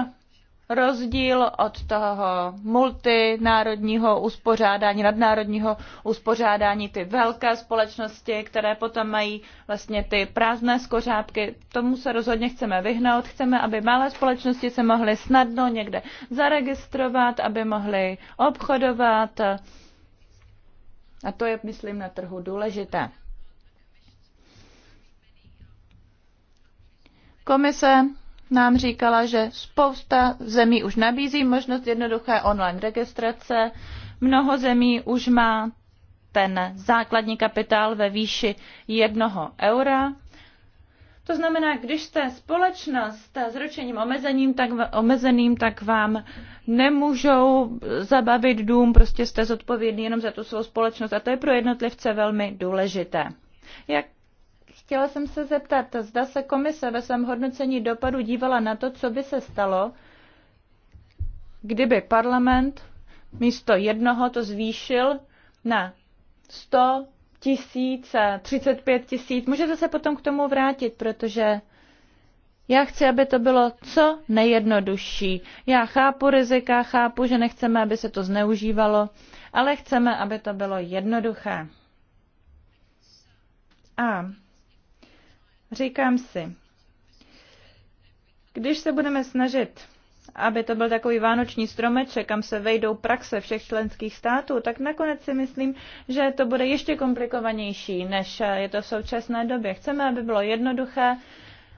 rozdíl od toho multinárodního uspořádání, nadnárodního uspořádání, ty velké společnosti, které potom mají vlastně ty prázdné skořápky. Tomu se rozhodně chceme vyhnout. Chceme, aby malé společnosti se mohly snadno někde zaregistrovat, aby mohly obchodovat. A to je, myslím, na trhu důležité. Komise nám říkala, že spousta zemí už nabízí možnost jednoduché online registrace. Mnoho zemí už má ten základní kapitál ve výši jednoho eura. To znamená, když jste společnost s ročením omezením, tak, omezeným, tak vám nemůžou zabavit dům, prostě jste zodpovědný jenom za tu svou společnost a to je pro jednotlivce velmi důležité. Jak Chtěla jsem se zeptat, zda se komise ve svém hodnocení dopadu dívala na to, co by se stalo, kdyby parlament místo jednoho to zvýšil na 100 tisíc, 35 tisíc. Můžete se potom k tomu vrátit, protože já chci, aby to bylo co nejjednodušší. Já chápu rizika, chápu, že nechceme, aby se to zneužívalo, ale chceme, aby to bylo jednoduché. A Říkám si, když se budeme snažit, aby to byl takový vánoční stromeček, kam se vejdou praxe všech členských států, tak nakonec si myslím, že to bude ještě komplikovanější, než je to v současné době. Chceme, aby bylo jednoduché,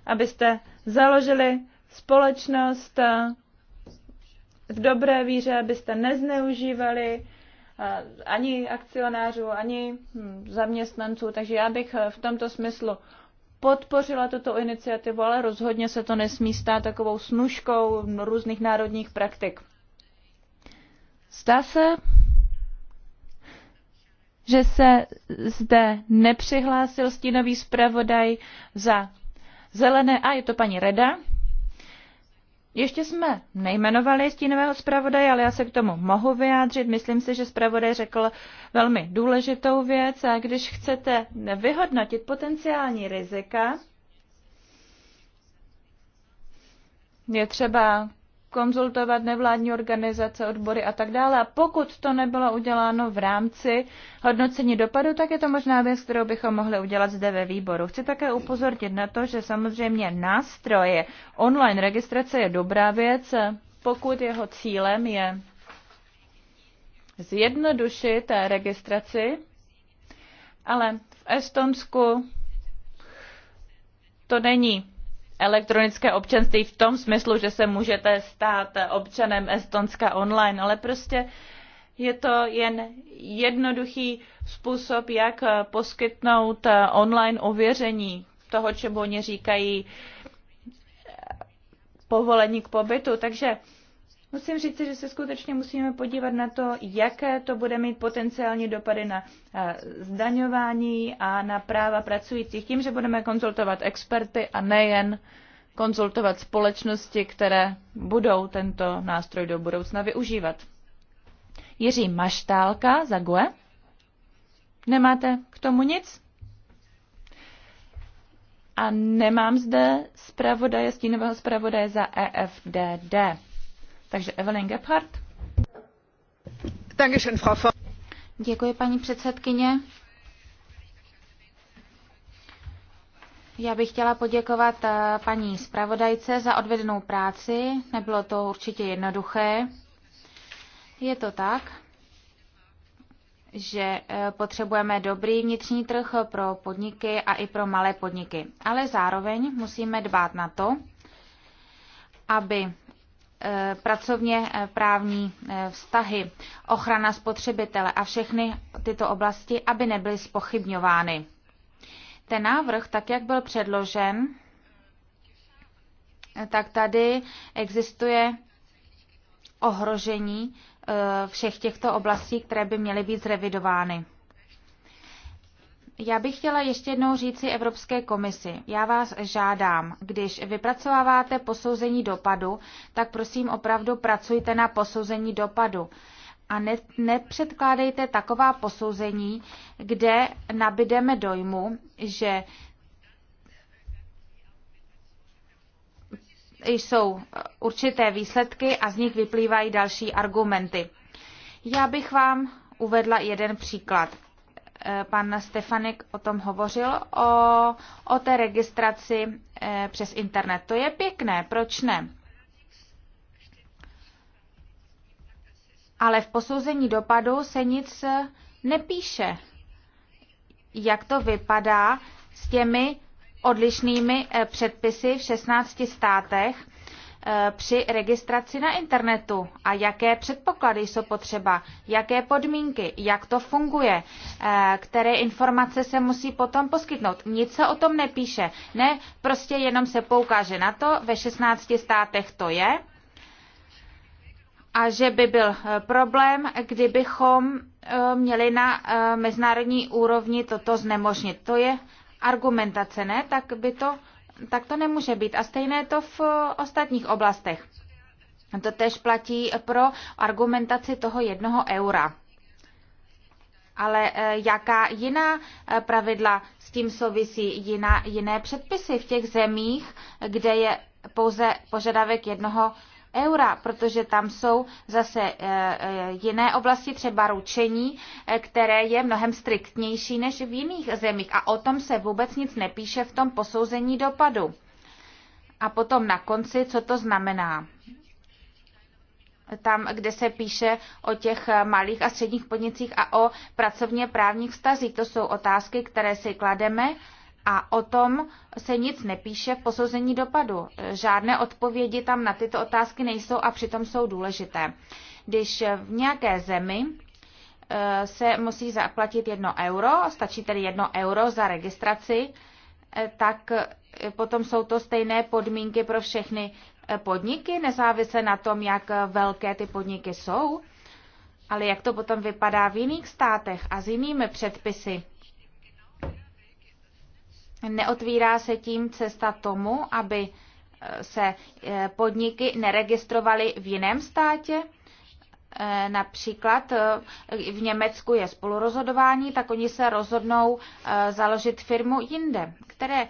abyste založili společnost eh, v dobré víře, abyste nezneužívali eh, ani akcionářů, ani hm, zaměstnanců. Takže já bych eh, v tomto smyslu podpořila tuto iniciativu, ale rozhodně se to nesmí stát takovou snužkou různých národních praktik. Zdá se, že se zde nepřihlásil stínový zpravodaj za zelené a je to paní Reda. Ještě jsme nejmenovali stínového zpravodaje, ale já se k tomu mohu vyjádřit. Myslím si, že zpravodaj řekl velmi důležitou věc a když chcete vyhodnotit potenciální rizika, je třeba konzultovat nevládní organizace, odbory a tak dále. A pokud to nebylo uděláno v rámci hodnocení dopadu, tak je to možná věc, kterou bychom mohli udělat zde ve výboru. Chci také upozornit na to, že samozřejmě nástroje online registrace je dobrá věc, pokud jeho cílem je zjednodušit registraci, ale v Estonsku to není elektronické občanství v tom smyslu, že se můžete stát občanem Estonska online, ale prostě je to jen jednoduchý způsob, jak poskytnout online ověření toho, čemu oni říkají povolení k pobytu. Takže Musím říct, že se skutečně musíme podívat na to, jaké to bude mít potenciální dopady na eh, zdaňování a na práva pracujících, tím, že budeme konzultovat experty a nejen konzultovat společnosti, které budou tento nástroj do budoucna využívat. Jiří Maštálka za GUE. Nemáte k tomu nic? A nemám zde zpravodaje, stínového zpravodaje za EFDD. Takže Evelyn Gebhardt. Děkuji, paní předsedkyně. Já bych chtěla poděkovat eh, paní zpravodajce za odvedenou práci. Nebylo to určitě jednoduché. Je to tak, že eh, potřebujeme dobrý vnitřní trh pro podniky a i pro malé podniky. Ale zároveň musíme dbát na to, aby Eh, pracovně eh, právní eh, vztahy, ochrana spotřebitele a všechny tyto oblasti, aby nebyly spochybňovány. Ten návrh, tak jak byl předložen, tak tady existuje ohrožení všech těchto oblastí, které by měly být zrevidovány. Já bych chtěla ještě jednou říci Evropské komisi. Já vás žádám, když vypracováváte posouzení dopadu, tak prosím opravdu pracujte na posouzení dopadu a ne, nepředkládejte taková posouzení, kde nabideme dojmu, že jsou určité výsledky a z nich vyplývají další argumenty. Já bych vám uvedla jeden příklad. Eh, pan Stefanik o tom hovořil, o, o té registraci eh, přes internet. To je pěkné, proč ne? Ale v posouzení dopadu se nic eh, nepíše. Jak to vypadá s těmi odlišnými předpisy v 16 státech? Eh, při registraci na internetu a jaké předpoklady jsou potřeba, jaké podmínky, jak to funguje, eh, které informace se musí potom poskytnout. Nic se o tom nepíše. Ne, prostě jenom se poukáže na to, ve 16 státech to je a že by byl eh, problém, kdybychom měli na mezinárodní úrovni toto znemožnit. To je argumentace, ne? Tak by to tak to nemůže být. A stejné to v ostatních oblastech. To tež platí pro argumentaci toho jednoho eura. Ale eh, jaká jiná eh, pravidla s tím souvisí, jiná, jiné předpisy v těch zemích, kde je pouze požadavek jednoho eura? eura, protože tam jsou zase eh, eh, jiné oblasti, třeba ručení, eh, které je mnohem striktnější než v jiných zemích a o tom se vůbec nic nepíše v tom posouzení dopadu. A potom na konci, co to znamená tam, kde se píše o těch malých a středních podnicích a o pracovně právních vztazích. To jsou otázky, které si klademe a o tom se nic nepíše v posouzení dopadu. Žádné odpovědi tam na tyto otázky nejsou a přitom jsou důležité. Když v nějaké zemi eh, se musí zaplatit jedno euro, stačí tedy jedno euro za registraci, eh, tak eh, potom jsou to stejné podmínky pro všechny podniky, nezávisle na tom, jak velké ty podniky jsou. Ale jak to potom vypadá v jiných státech a s jinými předpisy? neotvírá se tím cesta tomu, aby eh, se eh, podniky neregistrovaly v jiném státě? Eh, například v Německu je spolurozhodování, tak oni se rozhodnou založit firmu jinde. Které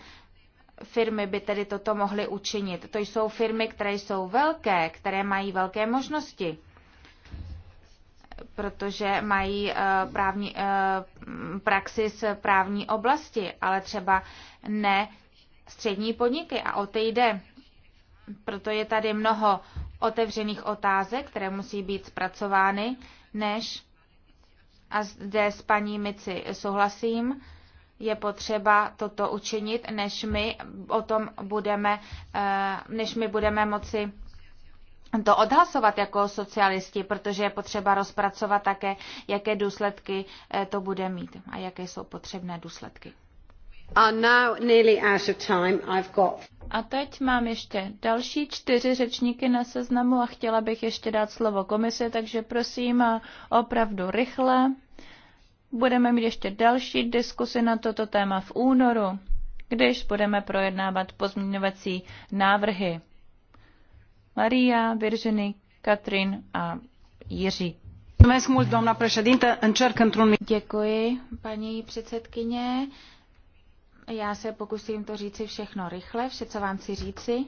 firmy by tedy toto mohly učinit? To jsou firmy, které jsou velké, které mají velké možnosti protože mají eh, právní, eh, praxi z právní oblasti, ale třeba ne střední podniky a o té jde. Proto je tady mnoho otevřených otázek, které musí být zpracovány, než, a zde s paní Mici souhlasím, je potřeba toto učinit, než my o tom budeme, eh, než my budeme moci to odhlasovat jako socialisti, protože je potřeba rozpracovat také, jaké důsledky eh, to bude mít a jaké jsou potřebné důsledky. A teď mám ještě další čtyři řečníky na seznamu a chtěla bych ještě dát slovo komisi, takže prosím eh, opravdu rychle. Budeme mít ještě další diskusy na toto téma v únoru, když budeme projednávat pozměňovací návrhy. Maria, Virginie, Katrin a Jiří. Děkuji, paní předsedkyně. Já se pokusím to říci všechno rychle, vše, co vám chci říci.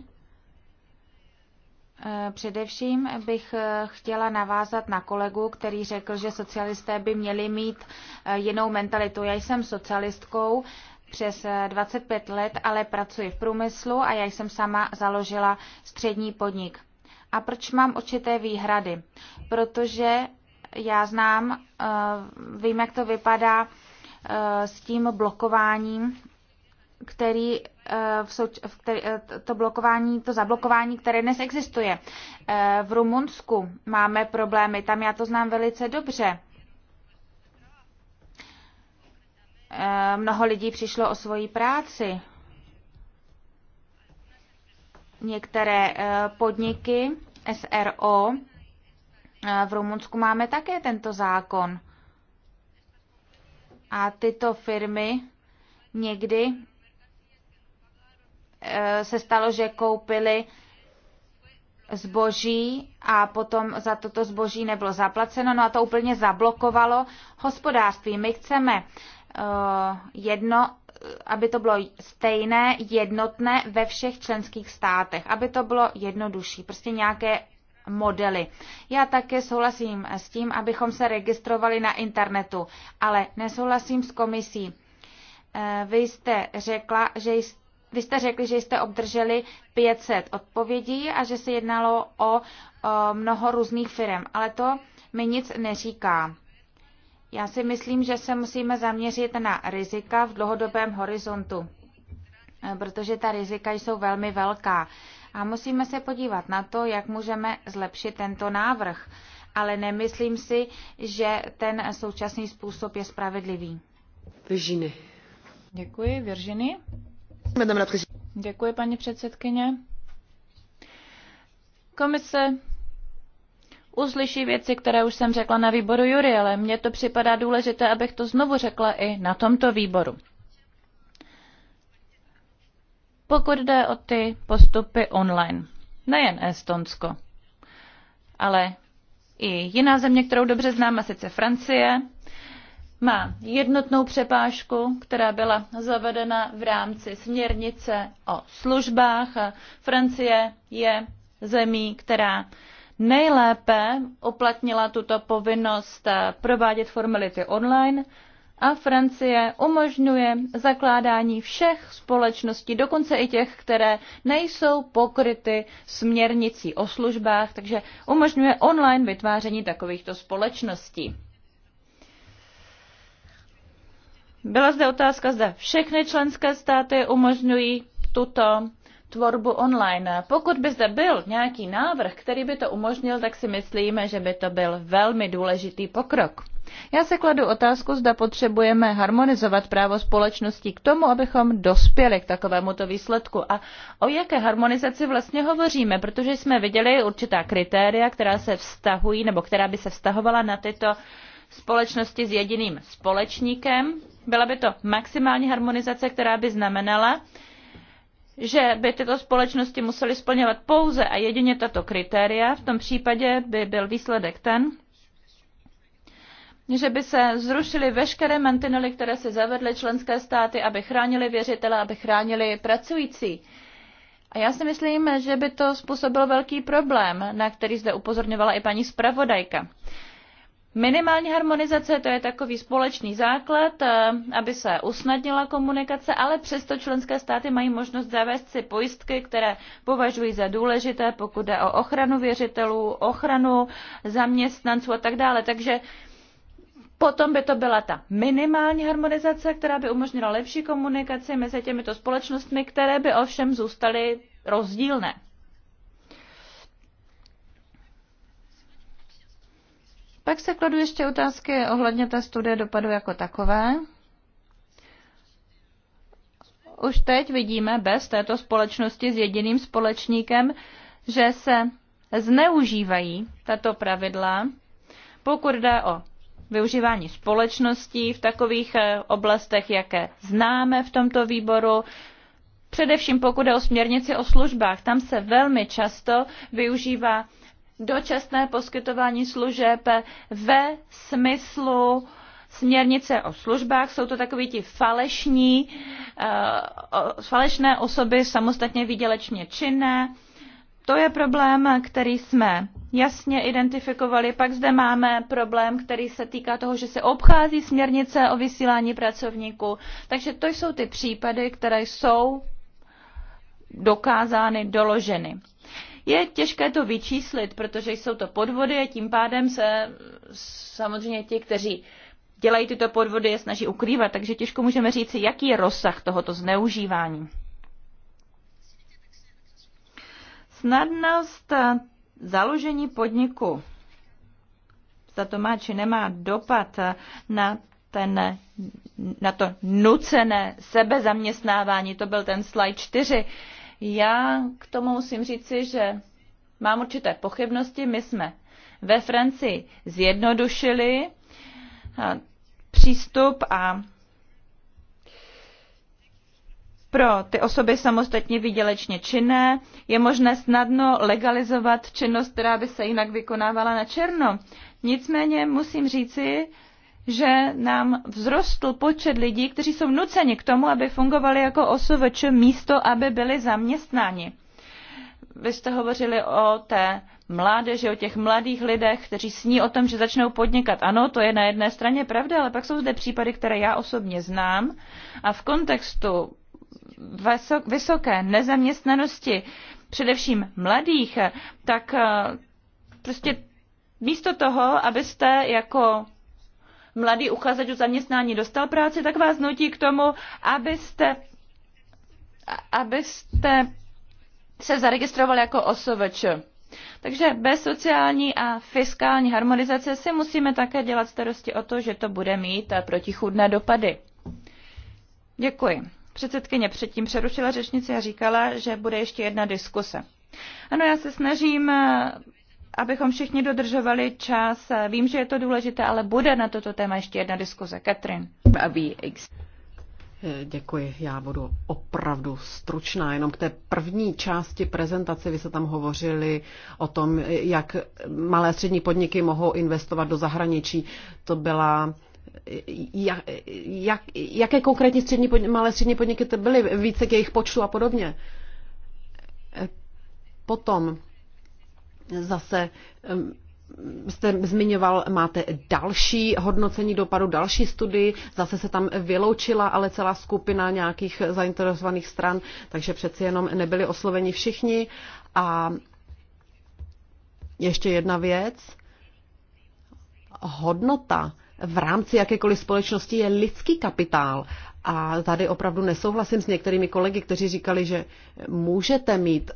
Eh, především bych eh, chtěla navázat na kolegu, který řekl, že socialisté by měli mít eh, jinou mentalitu. Já jsem socialistkou, přes 25 eh, let, ale pracuji v průmyslu a já jsem sama založila střední podnik. A proč mám určité výhrady? Protože já znám, eh, vím, jak to vypadá eh, s tím blokováním, který, v souč- v který to blokování, to zablokování, které dnes existuje. V Rumunsku máme problémy, tam já to znám velice dobře. Eh, mnoho lidí přišlo o svoji práci. Některé eh, podniky SRO eh, v Rumunsku máme také tento zákon. A tyto firmy někdy se stalo, že koupili zboží a potom za toto zboží nebylo zaplaceno, no a to úplně zablokovalo hospodářství. My chceme Eh, jedno, aby to bylo stejné, jednotné ve všech členských státech, aby to bylo jednodušší, prostě nějaké modely. Já také souhlasím s tím, abychom se registrovali na internetu, ale nesouhlasím s komisí. Eh, vy jste řekla, že jste vy jste řekli, že jste obdrželi 500 odpovědí a že se jednalo o, o mnoho různých firm, ale to mi nic neříká. Já si myslím, že se musíme zaměřit na rizika v dlouhodobém horizontu, eh, protože ta rizika jsou velmi velká. A musíme se podívat na to, jak můžeme zlepšit tento návrh. Ale nemyslím si, že ten současný způsob je spravedlivý. Virginie. Děkuji, Virginie. Madame la Děkuji, paní předsedkyně. Komise uslyší věci, které už jsem řekla na výboru Jury, ale mně to připadá důležité, abych to znovu řekla i na tomto výboru. Pokud jde o ty postupy online, nejen Estonsko, ale i jiná země, kterou dobře znám, a sice Francie, má jednotnou přepážku, která byla zavedena v rámci směrnice o službách. Francie je zemí, která nejlépe uplatnila tuto povinnost eh, provádět formality online a Francie umožňuje zakládání všech společností, dokonce i těch, které nejsou pokryty směrnicí o službách, takže umožňuje online vytváření takovýchto společností. Byla zde otázka, zda všechny členské státy umožňují tuto tvorbu online. Pokud by zde byl nějaký návrh, který by to umožnil, tak si myslíme, že by to byl velmi důležitý pokrok. Já se kladu otázku, zda potřebujeme harmonizovat právo společnosti k tomu, abychom dospěli k takovémuto výsledku. A o jaké harmonizaci vlastně hovoříme, protože jsme viděli určitá kritéria, která se vztahují, nebo která by se vztahovala na tyto společnosti s jediným společníkem. Byla by to maximální harmonizace, která by znamenala, že by tyto společnosti musely splňovat pouze a jedině tato kritéria. V tom případě by byl výsledek ten, že by se zrušily veškeré mantinely, které se zavedly členské státy, aby chránili věřitele, aby chránili pracující. A já si myslím, že by to způsobilo velký problém, na který zde upozorňovala i paní zpravodajka. Minimální harmonizace to je takový společný základ, eh, aby se usnadnila komunikace, ale přesto členské státy mají možnost zavést si pojistky, které považují za důležité, pokud jde o ochranu věřitelů, ochranu zaměstnanců a tak dále. Takže Potom by to byla ta minimální harmonizace, která by umožnila lepší komunikaci mezi těmito společnostmi, které by ovšem zůstaly rozdílné. Pak se kladu ještě otázky ohledně té studie dopadu jako takové. Už teď vidíme bez této společnosti s jediným společníkem, že se zneužívají tato pravidla, pokud jde o využívání společností v takových eh, oblastech, jaké známe v tomto výboru, Především pokud je o směrnici o službách, tam se velmi často využívá dočasné poskytování služeb ve smyslu směrnice o službách. Jsou to takové ti falešní, eh, falešné osoby samostatně výdělečně činné. To je problém, který jsme jasně identifikovali. Pak zde máme problém, který se týká toho, že se obchází směrnice o vysílání pracovníků. Takže to jsou ty případy, které jsou dokázány, doloženy. Je těžké to vyčíslit, protože jsou to podvody a tím pádem se samozřejmě ti, kteří dělají tyto podvody, je snaží ukrývat, takže těžko můžeme říci, jaký je rozsah tohoto zneužívání. Snadnost založení podniku, za to má či nemá dopad na, ten, na to nucené sebezaměstnávání, to byl ten slide 4, já k tomu musím říci, že mám určité pochybnosti. My jsme ve Francii zjednodušili přístup a pro ty osoby samostatně výdělečně činné je možné snadno legalizovat činnost, která by se jinak vykonávala na černo. Nicméně musím říci, že nám vzrostl počet lidí, kteří jsou nuceni k tomu, aby fungovali jako osoveč místo, aby byli zaměstnáni. Vy jste hovořili o té mládeži, o těch mladých lidech, kteří sní o tom, že začnou podnikat. Ano, to je na jedné straně pravda, ale pak jsou zde případy, které já osobně znám a v kontextu vysoké nezaměstnanosti, především mladých, tak eh, prostě místo toho, abyste jako mladý uchazeč o zaměstnání dostal práci, tak vás nutí k tomu, abyste, abyste se zaregistroval jako osoveč. Takže bez sociální a fiskální harmonizace si musíme také dělat starosti o to, že to bude mít protichůdné dopady. Děkuji. Předsedkyně předtím přerušila řečnici a říkala, že bude ještě jedna diskuse. Ano, já se snažím abychom všichni dodržovali čas. Vím, že je to důležité, ale bude na toto téma ještě jedna diskuze. Katrin. Eh, děkuji, já budu opravdu stručná. Jenom k té první části prezentace vy se tam hovořili o tom, jak malé a střední podniky mohou investovat do zahraničí. To byla eh, jak, jak, jaké konkrétní střední podniky, malé střední podniky to byly, více k jejich počtu a podobně. Eh, potom zase jste zmiňoval, máte další hodnocení dopadu, další studii, zase se tam vyloučila ale celá skupina nějakých zainteresovaných stran, takže přeci jenom nebyli osloveni všichni. A ještě jedna věc. Hodnota v rámci jakékoliv společnosti je lidský kapitál. A tady opravdu nesouhlasím s některými kolegy, kteří říkali, že můžete mít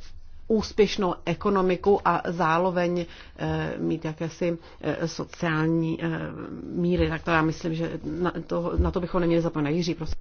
úspěšnou ekonomiku a zároveň eh, mít jakési eh, sociální eh, míry. Tak to já myslím, že na to, na to bychom neměli zapomenout. Jiří, prosím.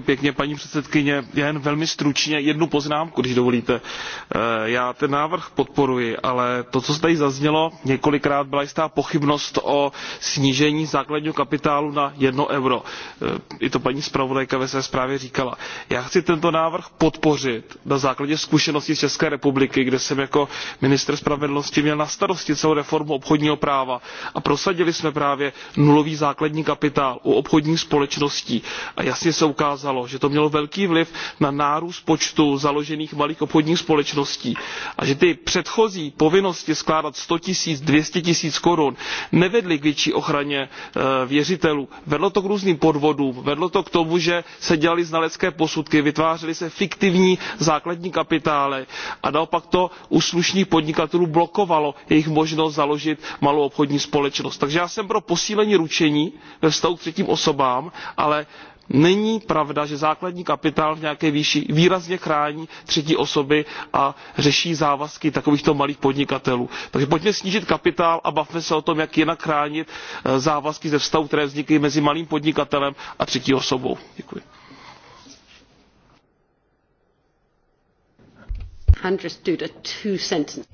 Pěkně, paní předsedající já jen velmi stručně jednu poznámku když dovolíte. Eh, já ten návrh podporuji ale to co tady zaznělo několikrát byla jistá pochybnost o snížení základního kapitálu na jedno euro. Eh, i to paní zpravodajka ve své zprávě říkala. já chci tento návrh podpořit na základě zkušeností z české republiky kde jsem jako ministr spravedlnosti měl na starosti celou reformu obchodního práva a prosadili jsme právě nulový základní kapitál u obchodních společností a jasně se ukázalo že to mělo velký vliv na nárůst počtu založených malých obchodních společností a že ty předchozí povinnosti skládat sto tisíc dvě stě tisíc korun nevedly k větší ochraně eh, věřitelů. vedlo to k různým podvodům vedlo to k tomu že se dělaly znalecké posudky vytvářely se fiktivní základní kapitály a naopak to u slušných podnikatelů blokovalo jejich možnost založit malou obchodní společnost. takže já jsem pro posílení ručení ve vztahu k třetím osobám ale není pravda že základní kapitál v nějaké výši výrazně chrání třetí osoby a řeší závazky takovýchto malých podnikatelů. takže pojďme snížit kapitál a bavme se o tom jak jinak chránit eh, závazky ze vztahů které vznikly mezi malým podnikatelem a třetí osobou. Děkuji.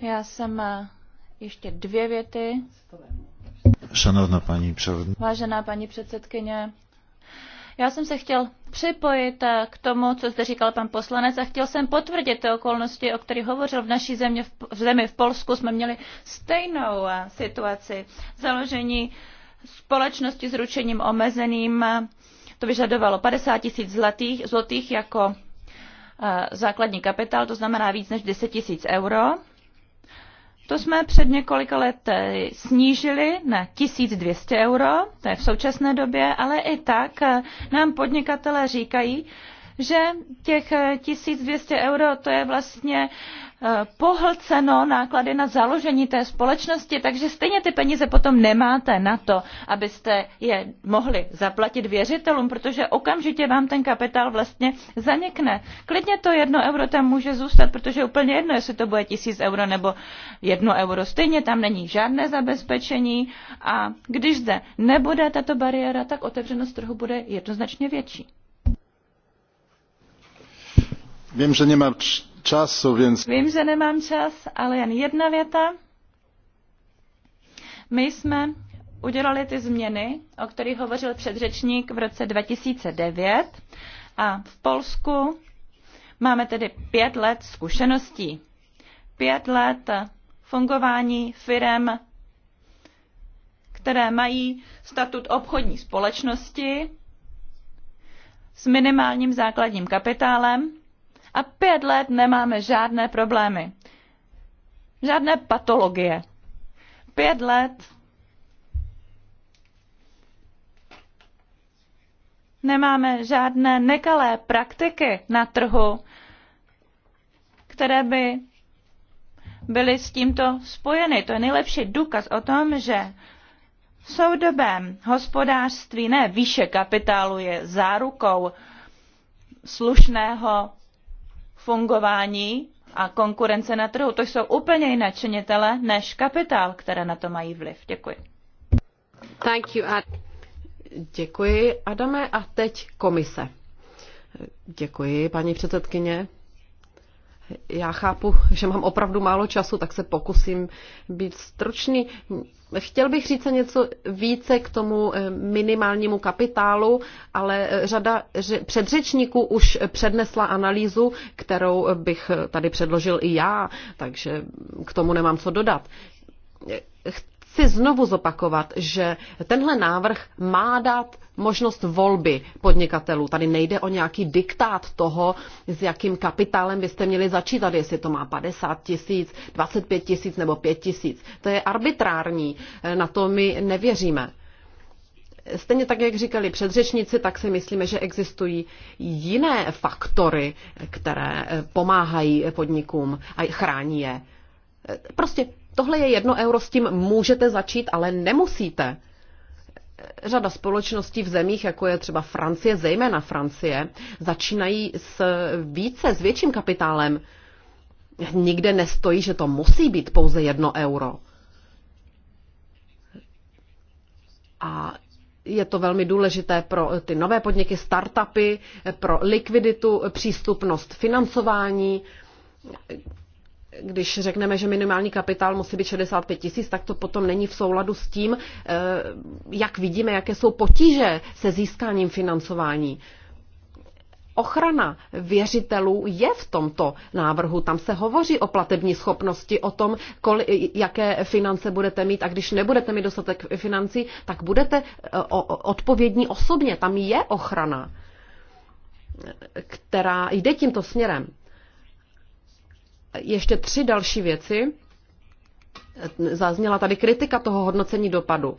Já jsem eh, ještě dvě věty. Šanovná paní předsedkyně, vážená paní předsedkyně, já jsem se chtěl připojit eh, k tomu, co zde říkal pan poslanec a chtěl jsem potvrdit ty okolnosti, o kterých hovořil v naší země, v zemi v Polsku. Jsme měli stejnou eh, situaci založení společnosti s ručením omezeným. To vyžadovalo 50 tisíc zlatých, zlotých jako eh, základní kapitál, to znamená víc než 10 tisíc euro to jsme před několika lety snížili na 1200 euro, to je v současné době, ale i tak eh, nám podnikatelé říkají, že těch 1200 eh, euro to je vlastně eh, pohlceno náklady na založení té společnosti, takže stejně ty peníze potom nemáte na to, abyste je mohli zaplatit věřitelům, protože okamžitě vám ten kapitál vlastně zanikne. Klidně to jedno euro tam může zůstat, protože je úplně jedno, jestli to bude tisíc euro nebo jedno euro. Stejně tam není žádné zabezpečení a když zde nebude tato bariéra, tak otevřenost trhu bude jednoznačně větší. Vím, že nemám času, więc... Vím, že nemám čas, ale jen jedna věta. My jsme udělali ty změny, o kterých hovořil předřečník v roce 2009 a v Polsku máme tedy pět let zkušeností. Pět let fungování firem, které mají statut obchodní společnosti s minimálním základním kapitálem a pět let nemáme žádné problémy. Žádné patologie. Pět let nemáme žádné nekalé praktiky na trhu, které by byly s tímto spojeny. To je nejlepší důkaz o tom, že v soudobém hospodářství ne výše kapitálu je zárukou slušného fungování a konkurence na trhu. To jsou úplně jiné činitele než kapitál, které na to mají vliv. Děkuji. Thank you, Ad- Děkuji, Adame. A teď komise. Děkuji, paní předsedkyně. Já chápu, že mám opravdu málo času, tak se pokusím být stručný. Chtěl bych říct něco více k tomu eh, minimálnímu kapitálu, ale eh, řada předřečníků už přednesla analýzu, kterou bych eh, tady předložil i já, takže k tomu nemám co dodat chci znovu zopakovat, že tenhle návrh má dát možnost volby podnikatelů. Tady nejde o nějaký diktát toho, s jakým kapitálem byste měli začítat, jestli to má 50 tisíc, 25 tisíc nebo 5 tisíc. To je arbitrární, eh, na to my nevěříme. Stejně tak, jak říkali předřečníci, tak si myslíme, že existují jiné faktory, které eh, pomáhají podnikům a chrání je. Eh, prostě Tohle je jedno euro, s tím můžete začít, ale nemusíte. Řada společností v zemích, jako je třeba Francie, zejména Francie, začínají s více, s větším kapitálem. Nikde nestojí, že to musí být pouze jedno euro. A je to velmi důležité pro ty nové podniky, startupy, pro likviditu, přístupnost financování když řekneme, že minimální kapitál musí být 65 tisíc, tak to potom není v souladu s tím, eh, jak vidíme, jaké jsou potíže se získáním financování. Ochrana věřitelů je v tomto návrhu. Tam se hovoří o platební schopnosti, o tom, koli, jaké finance budete mít a když nebudete mít dostatek financí, tak budete eh, odpovědní osobně. Tam je ochrana, eh, která jde tímto směrem ještě tři další věci. Zazněla tady kritika toho hodnocení dopadu.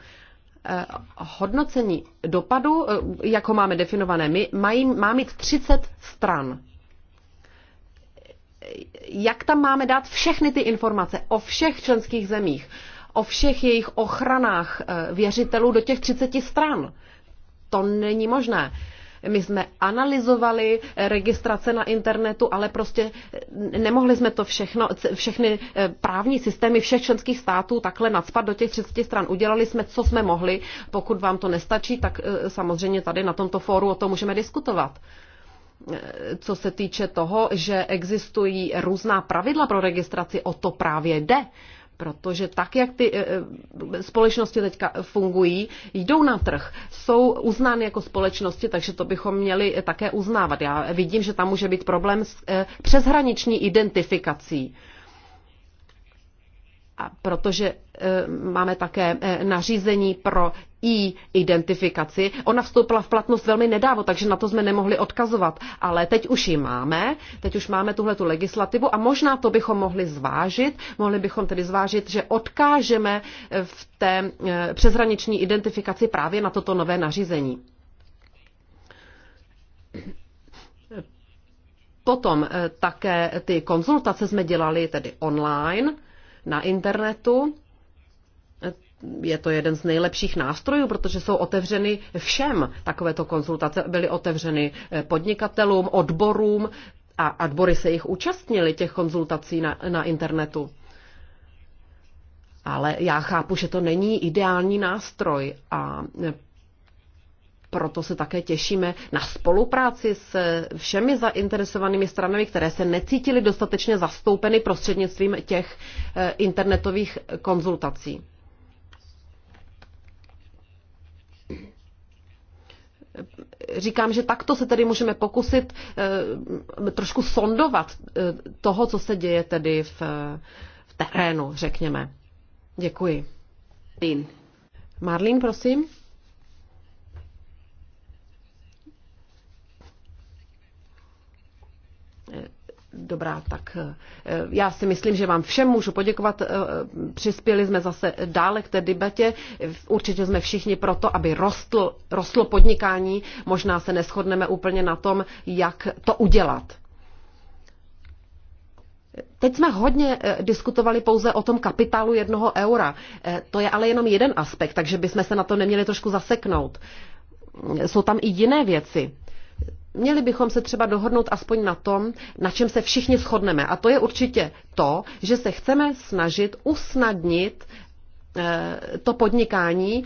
Eh, hodnocení dopadu, eh, jak ho máme definované my, mají, má mít 30 stran. Jak tam máme dát všechny ty informace o všech členských zemích, o všech jejich ochranách eh, věřitelů do těch 30 stran? To není možné my jsme analyzovali registrace na internetu, ale prostě nemohli jsme to všechno, všechny eh, právní systémy všech členských států takhle nadspat do těch 30 stran. Udělali jsme, co jsme mohli. Pokud vám to nestačí, tak eh, samozřejmě tady na tomto fóru o tom můžeme diskutovat eh, co se týče toho, že existují různá pravidla pro registraci, o to právě jde. Protože tak, jak ty eh, eh, společnosti teďka fungují, jdou na trh, jsou uznány jako společnosti, takže to bychom měli také uznávat. Já vidím, že tam může být problém s eh, přeshraniční identifikací a protože e, máme také e, nařízení pro i identifikaci. Ona vstoupila v platnost velmi nedávno, takže na to jsme nemohli odkazovat. Ale teď už ji máme, teď už máme tuhle tu legislativu a možná to bychom mohli zvážit. Mohli bychom tedy zvážit, že odkážeme e, v té přeshraniční identifikaci právě na toto nové nařízení. Potom také ty konzultace jsme dělali tedy online na internetu. Je to jeden z nejlepších nástrojů, protože jsou otevřeny všem. Takovéto konzultace byly otevřeny eh, podnikatelům, odborům a odbory se jich účastnili, těch konzultací na, na internetu. Ale já chápu, že to není ideální nástroj a proto se také těšíme na spolupráci s všemi zainteresovanými stranami, které se necítily dostatečně zastoupeny prostřednictvím těch eh, internetových konzultací. Říkám, že takto se tedy můžeme pokusit eh, trošku sondovat eh, toho, co se děje tedy v, v terénu, řekněme. Děkuji. Marlín, prosím. Dobrá, tak eh, já si myslím, že vám všem můžu poděkovat. Eh, přispěli jsme zase dále k té debatě. Určitě jsme všichni proto, aby rostl, rostlo podnikání. Možná se neschodneme úplně na tom, jak to udělat. Teď jsme hodně eh, diskutovali pouze o tom kapitálu jednoho eura. To je ale jenom jeden aspekt, takže bychom se na to neměli trošku zaseknout. Jsou tam i jiné věci měli bychom se třeba dohodnout aspoň na tom, na čem se všichni shodneme. A to je určitě to, že se chceme snažit usnadnit eh, to podnikání,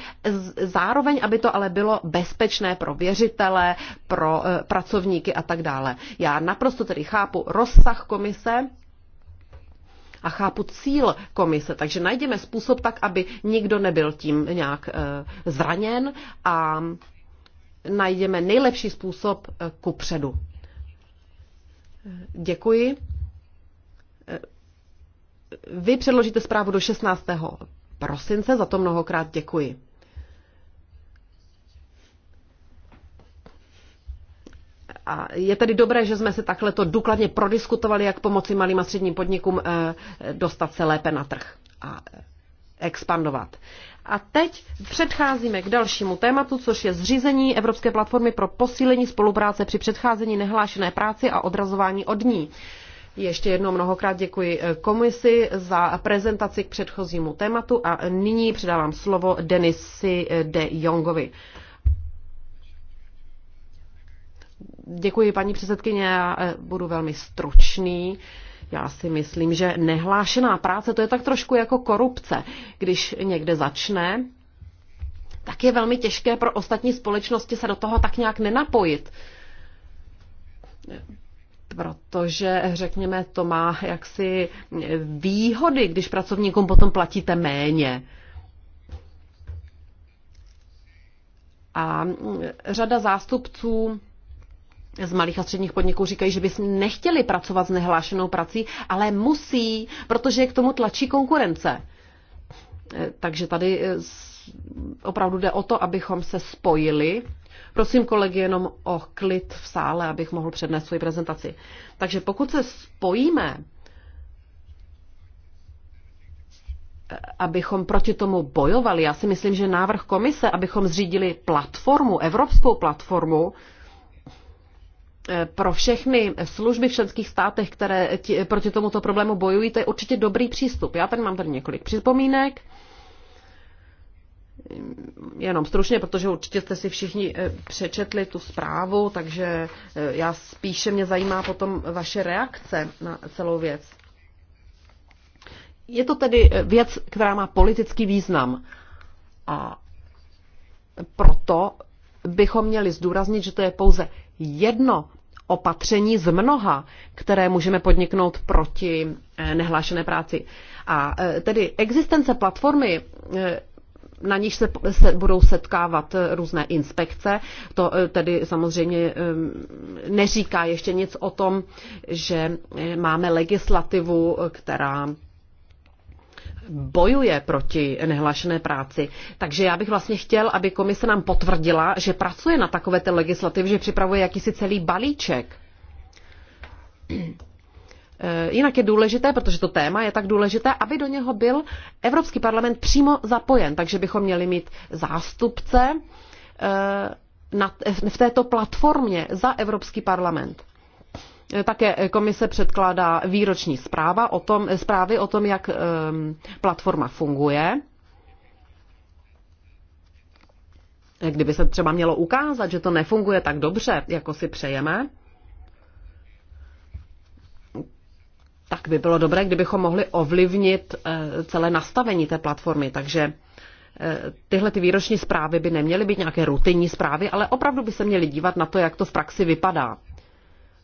zároveň, aby to ale bylo bezpečné pro věřitele, pro eh, pracovníky a tak dále. Já naprosto tedy chápu rozsah komise, a chápu cíl komise. Takže najdeme způsob tak, aby nikdo nebyl tím nějak eh, zraněn a najdeme nejlepší způsob eh, ku předu. Děkuji. Eh, vy předložíte zprávu do 16. prosince, za to mnohokrát děkuji. A je tedy dobré, že jsme si takhle to důkladně prodiskutovali, jak pomoci malým a středním podnikům eh, dostat se lépe na trh a expandovat. A teď předcházíme k dalšímu tématu, což je zřízení Evropské platformy pro posílení spolupráce při předcházení nehlášené práci a odrazování od ní. Ještě jednou mnohokrát děkuji eh, komisi za prezentaci k předchozímu tématu a nyní předávám slovo Denisi eh, de Jongovi. Děkuji, paní předsedkyně, já eh, budu velmi stručný. Já si myslím, že nehlášená práce to je tak trošku jako korupce. Když někde začne, tak je velmi těžké pro ostatní společnosti se do toho tak nějak nenapojit. Protože, řekněme, to má jaksi výhody, když pracovníkům potom platíte méně. A řada zástupců z malých a středních podniků říkají, že by nechtěli pracovat s nehlášenou prací, ale musí, protože je k tomu tlačí konkurence. Eh, takže tady eh, opravdu jde o to, abychom se spojili. Prosím kolegy jenom o klid v sále, abych mohl přednést svoji prezentaci. Takže pokud se spojíme, eh, abychom proti tomu bojovali, já si myslím, že návrh komise, abychom zřídili platformu, evropskou platformu, pro všechny služby v členských státech, které tě, proti tomuto problému bojují, to je určitě dobrý přístup. Já tady mám tady několik připomínek, jenom stručně, protože určitě jste si všichni eh, přečetli tu zprávu, takže eh, já spíše mě zajímá potom vaše reakce na celou věc. Je to tedy eh, věc, která má politický význam a proto bychom měli zdůraznit, že to je pouze jedno opatření z mnoha, které můžeme podniknout proti eh, nehlášené práci. A eh, tedy existence platformy eh, na níž se, se budou setkávat různé inspekce. To tedy samozřejmě neříká ještě nic o tom, že máme legislativu, která bojuje proti nehlášené práci. Takže já bych vlastně chtěl, aby komise nám potvrdila, že pracuje na takové té legislativě, že připravuje jakýsi celý balíček. Eh, jinak je důležité, protože to téma je tak důležité, aby do něho byl Evropský parlament přímo zapojen, takže bychom měli mít zástupce eh, v této platformě za Evropský parlament. Eh, také eh, komise předkládá výroční zpráva o tom, eh, zprávy o tom, jak ehm, platforma funguje. Kdyby se třeba mělo ukázat, že to nefunguje tak dobře, jako si přejeme, tak by bylo dobré, kdybychom mohli ovlivnit celé nastavení té platformy. Takže tyhle ty výroční zprávy by neměly být nějaké rutinní zprávy, ale opravdu by se měly dívat na to, jak to v praxi vypadá.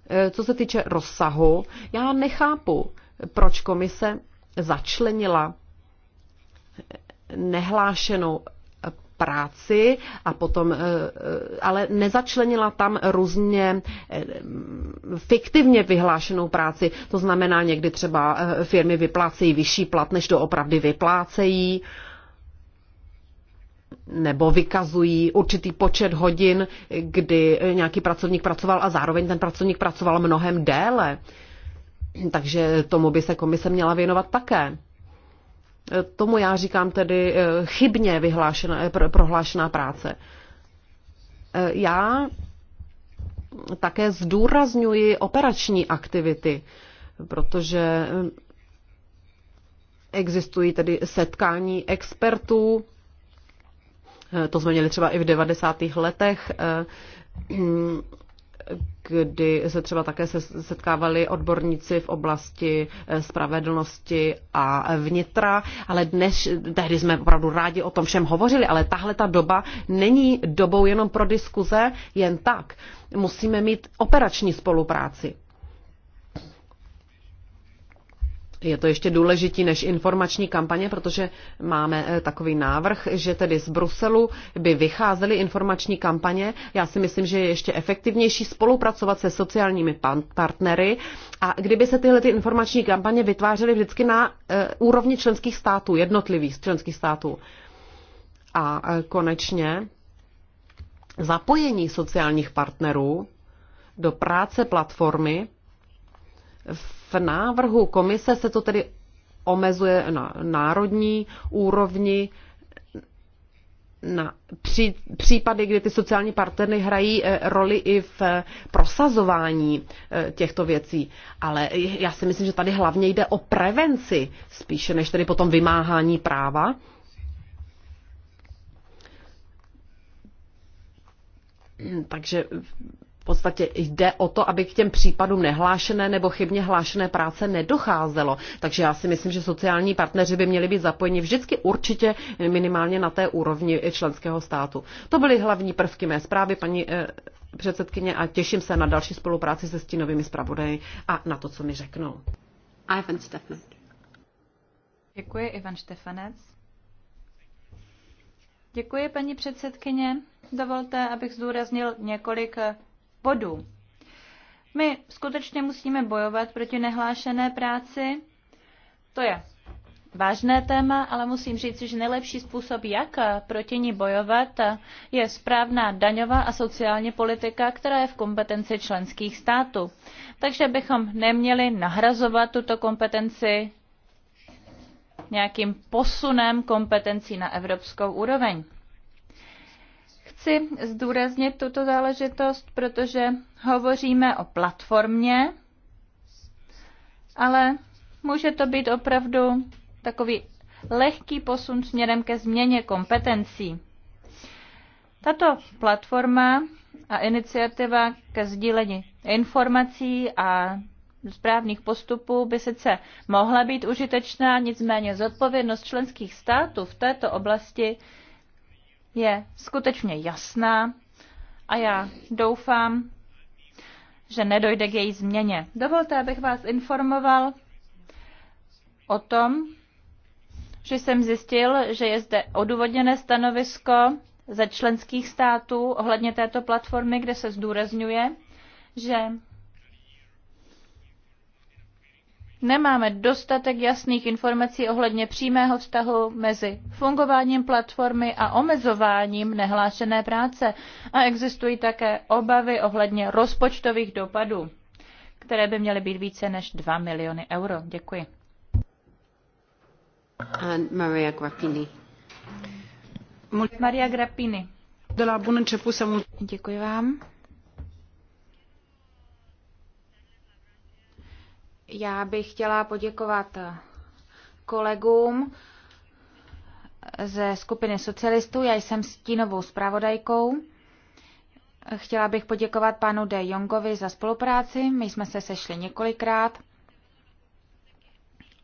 Eh, co se týče rozsahu, já nechápu, proč komise začlenila eh, nehlášenou eh, práci a potom, ale nezačlenila tam různě fiktivně vyhlášenou práci. To znamená, někdy třeba firmy vyplácejí vyšší plat, než doopravdy vyplácejí nebo vykazují určitý počet hodin, kdy nějaký pracovník pracoval a zároveň ten pracovník pracoval mnohem déle. Takže tomu by se komise měla věnovat také. Tomu já říkám tedy eh, chybně vyhlášená, eh, prohlášená práce. Eh, já také zdůrazňuji operační aktivity, protože existují tedy setkání expertů, Eh, to jsme měli třeba i v 90. letech, eh, kdy se třeba také setkávali odborníci v oblasti eh, spravedlnosti a vnitra, ale dnes, tehdy jsme opravdu rádi o tom všem hovořili, ale tahle ta doba není dobou jenom pro diskuze, jen tak. Musíme mít operační spolupráci. Je to ještě důležitý než informační kampaně, protože máme eh, takový návrh, že tedy z Bruselu by vycházely informační kampaně. Já si myslím, že je ještě efektivnější spolupracovat se sociálními partnery a kdyby se tyhle ty informační kampaně vytvářely vždycky na eh, úrovni členských států, jednotlivých členských států. A eh, konečně zapojení sociálních partnerů do práce platformy v návrhu komise se to tedy omezuje na národní úrovni, na pří, případy, kdy ty sociální partnery hrají eh, roli i v eh, prosazování eh, těchto věcí. Ale já si myslím, že tady hlavně jde o prevenci, spíše než tedy potom vymáhání práva. Takže v podstatě jde o to, aby k těm případům nehlášené nebo chybně hlášené práce nedocházelo. Takže já si myslím, že sociální partneři by měli být zapojeni vždycky určitě minimálně na té úrovni členského státu. To byly hlavní prvky mé zprávy, paní eh, předsedkyně, a těším se na další spolupráci se stínovými zpravodaji a na to, co mi řeknou. Ivan Stefanec. Děkuji, Ivan Štefanec. Děkuji, paní předsedkyně. Dovolte, abych zdůraznil několik bodů. My skutečně musíme bojovat proti nehlášené práci. To je vážné téma, ale musím říct, že nejlepší způsob, jak proti ní bojovat, je správná daňová a sociální politika, která je v kompetenci členských států. Takže bychom neměli nahrazovat tuto kompetenci nějakým posunem kompetencí na evropskou úroveň. Chci zdůraznit tuto záležitost, protože hovoříme o platformě, ale může to být opravdu takový lehký posun směrem ke změně kompetencí. Tato platforma a iniciativa ke sdílení informací a správných postupů by sice mohla být užitečná, nicméně zodpovědnost členských států v této oblasti je skutečně jasná a já doufám, že nedojde k její změně. Dovolte, abych vás informoval o tom, že jsem zjistil, že je zde odůvodněné stanovisko ze členských států ohledně této platformy, kde se zdůrazňuje, že nemáme dostatek jasných informací ohledně přímého vztahu mezi fungováním platformy a omezováním nehlášené práce a existují také obavy ohledně rozpočtových dopadů, které by měly být více než 2 miliony euro. Děkuji. And Maria Grappini. Maria Grappini. Děkuji vám. Já bych chtěla poděkovat kolegům ze skupiny socialistů. Já jsem stínovou zpravodajkou. Chtěla bych poděkovat panu De Jongovi za spolupráci. My jsme se sešli několikrát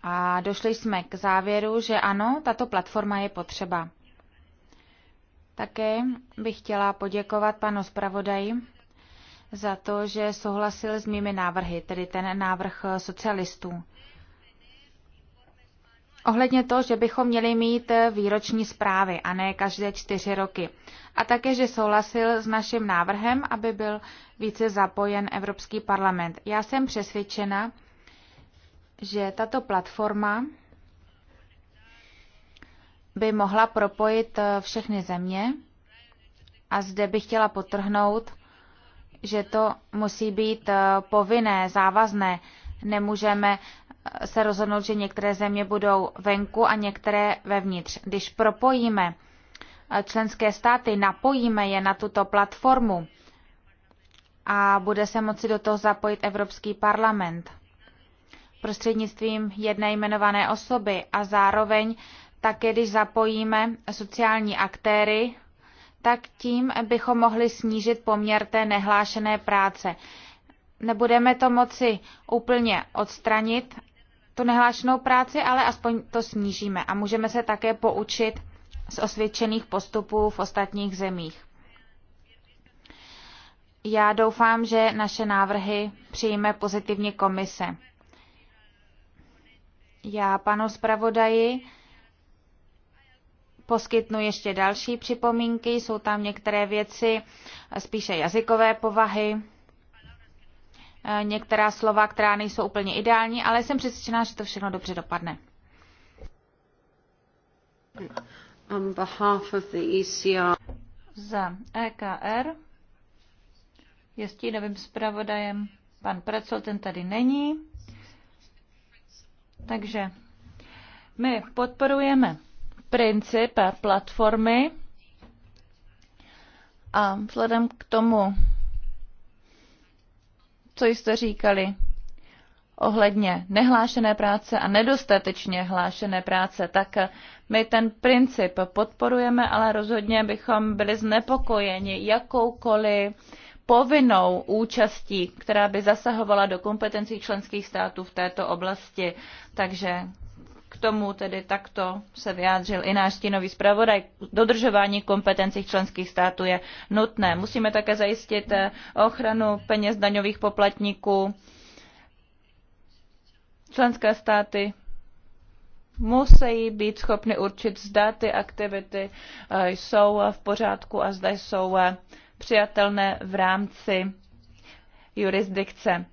a došli jsme k závěru, že ano, tato platforma je potřeba. Také bych chtěla poděkovat panu zpravodaji za to, že souhlasil s mými návrhy, tedy ten návrh socialistů. Ohledně toho, že bychom měli mít výroční zprávy a ne každé čtyři roky. A také, že souhlasil s naším návrhem, aby byl více zapojen Evropský parlament. Já jsem přesvědčena, že tato platforma by mohla propojit všechny země. A zde bych chtěla potrhnout, že to musí být eh, povinné, závazné. Nemůžeme eh, se rozhodnout, že některé země budou venku a některé vevnitř. Když propojíme eh, členské státy, napojíme je na tuto platformu a bude se moci do toho zapojit Evropský parlament prostřednictvím jedné jmenované osoby a zároveň také, když zapojíme sociální aktéry tak tím bychom mohli snížit poměr té nehlášené práce. Nebudeme to moci úplně odstranit, tu nehlášenou práci, ale aspoň to snížíme a můžeme se také poučit z osvědčených postupů v ostatních zemích. Já doufám, že naše návrhy přijme pozitivně komise. Já panu zpravodaji poskytnu ještě další připomínky. Jsou tam některé věci spíše jazykové povahy, eh, některá slova, která nejsou úplně ideální, ale jsem přesvědčená, že to všechno dobře dopadne. On behalf of the ECR. Za EKR je stínovým zpravodajem pan Precel, ten tady není. Takže my podporujeme princip platformy a vzhledem k tomu, co jste říkali ohledně nehlášené práce a nedostatečně hlášené práce, tak my ten princip podporujeme, ale rozhodně bychom byli znepokojeni jakoukoliv povinnou účastí, která by zasahovala do kompetencí členských států v této oblasti. Takže tomu tedy takto se vyjádřil i náš stínový zpravodaj. Dodržování kompetencí členských států je nutné. Musíme také zajistit eh, ochranu peněz daňových poplatníků. Členské státy musí být schopny určit, zda ty aktivity eh, jsou v pořádku a zda jsou eh, přijatelné v rámci jurisdikce.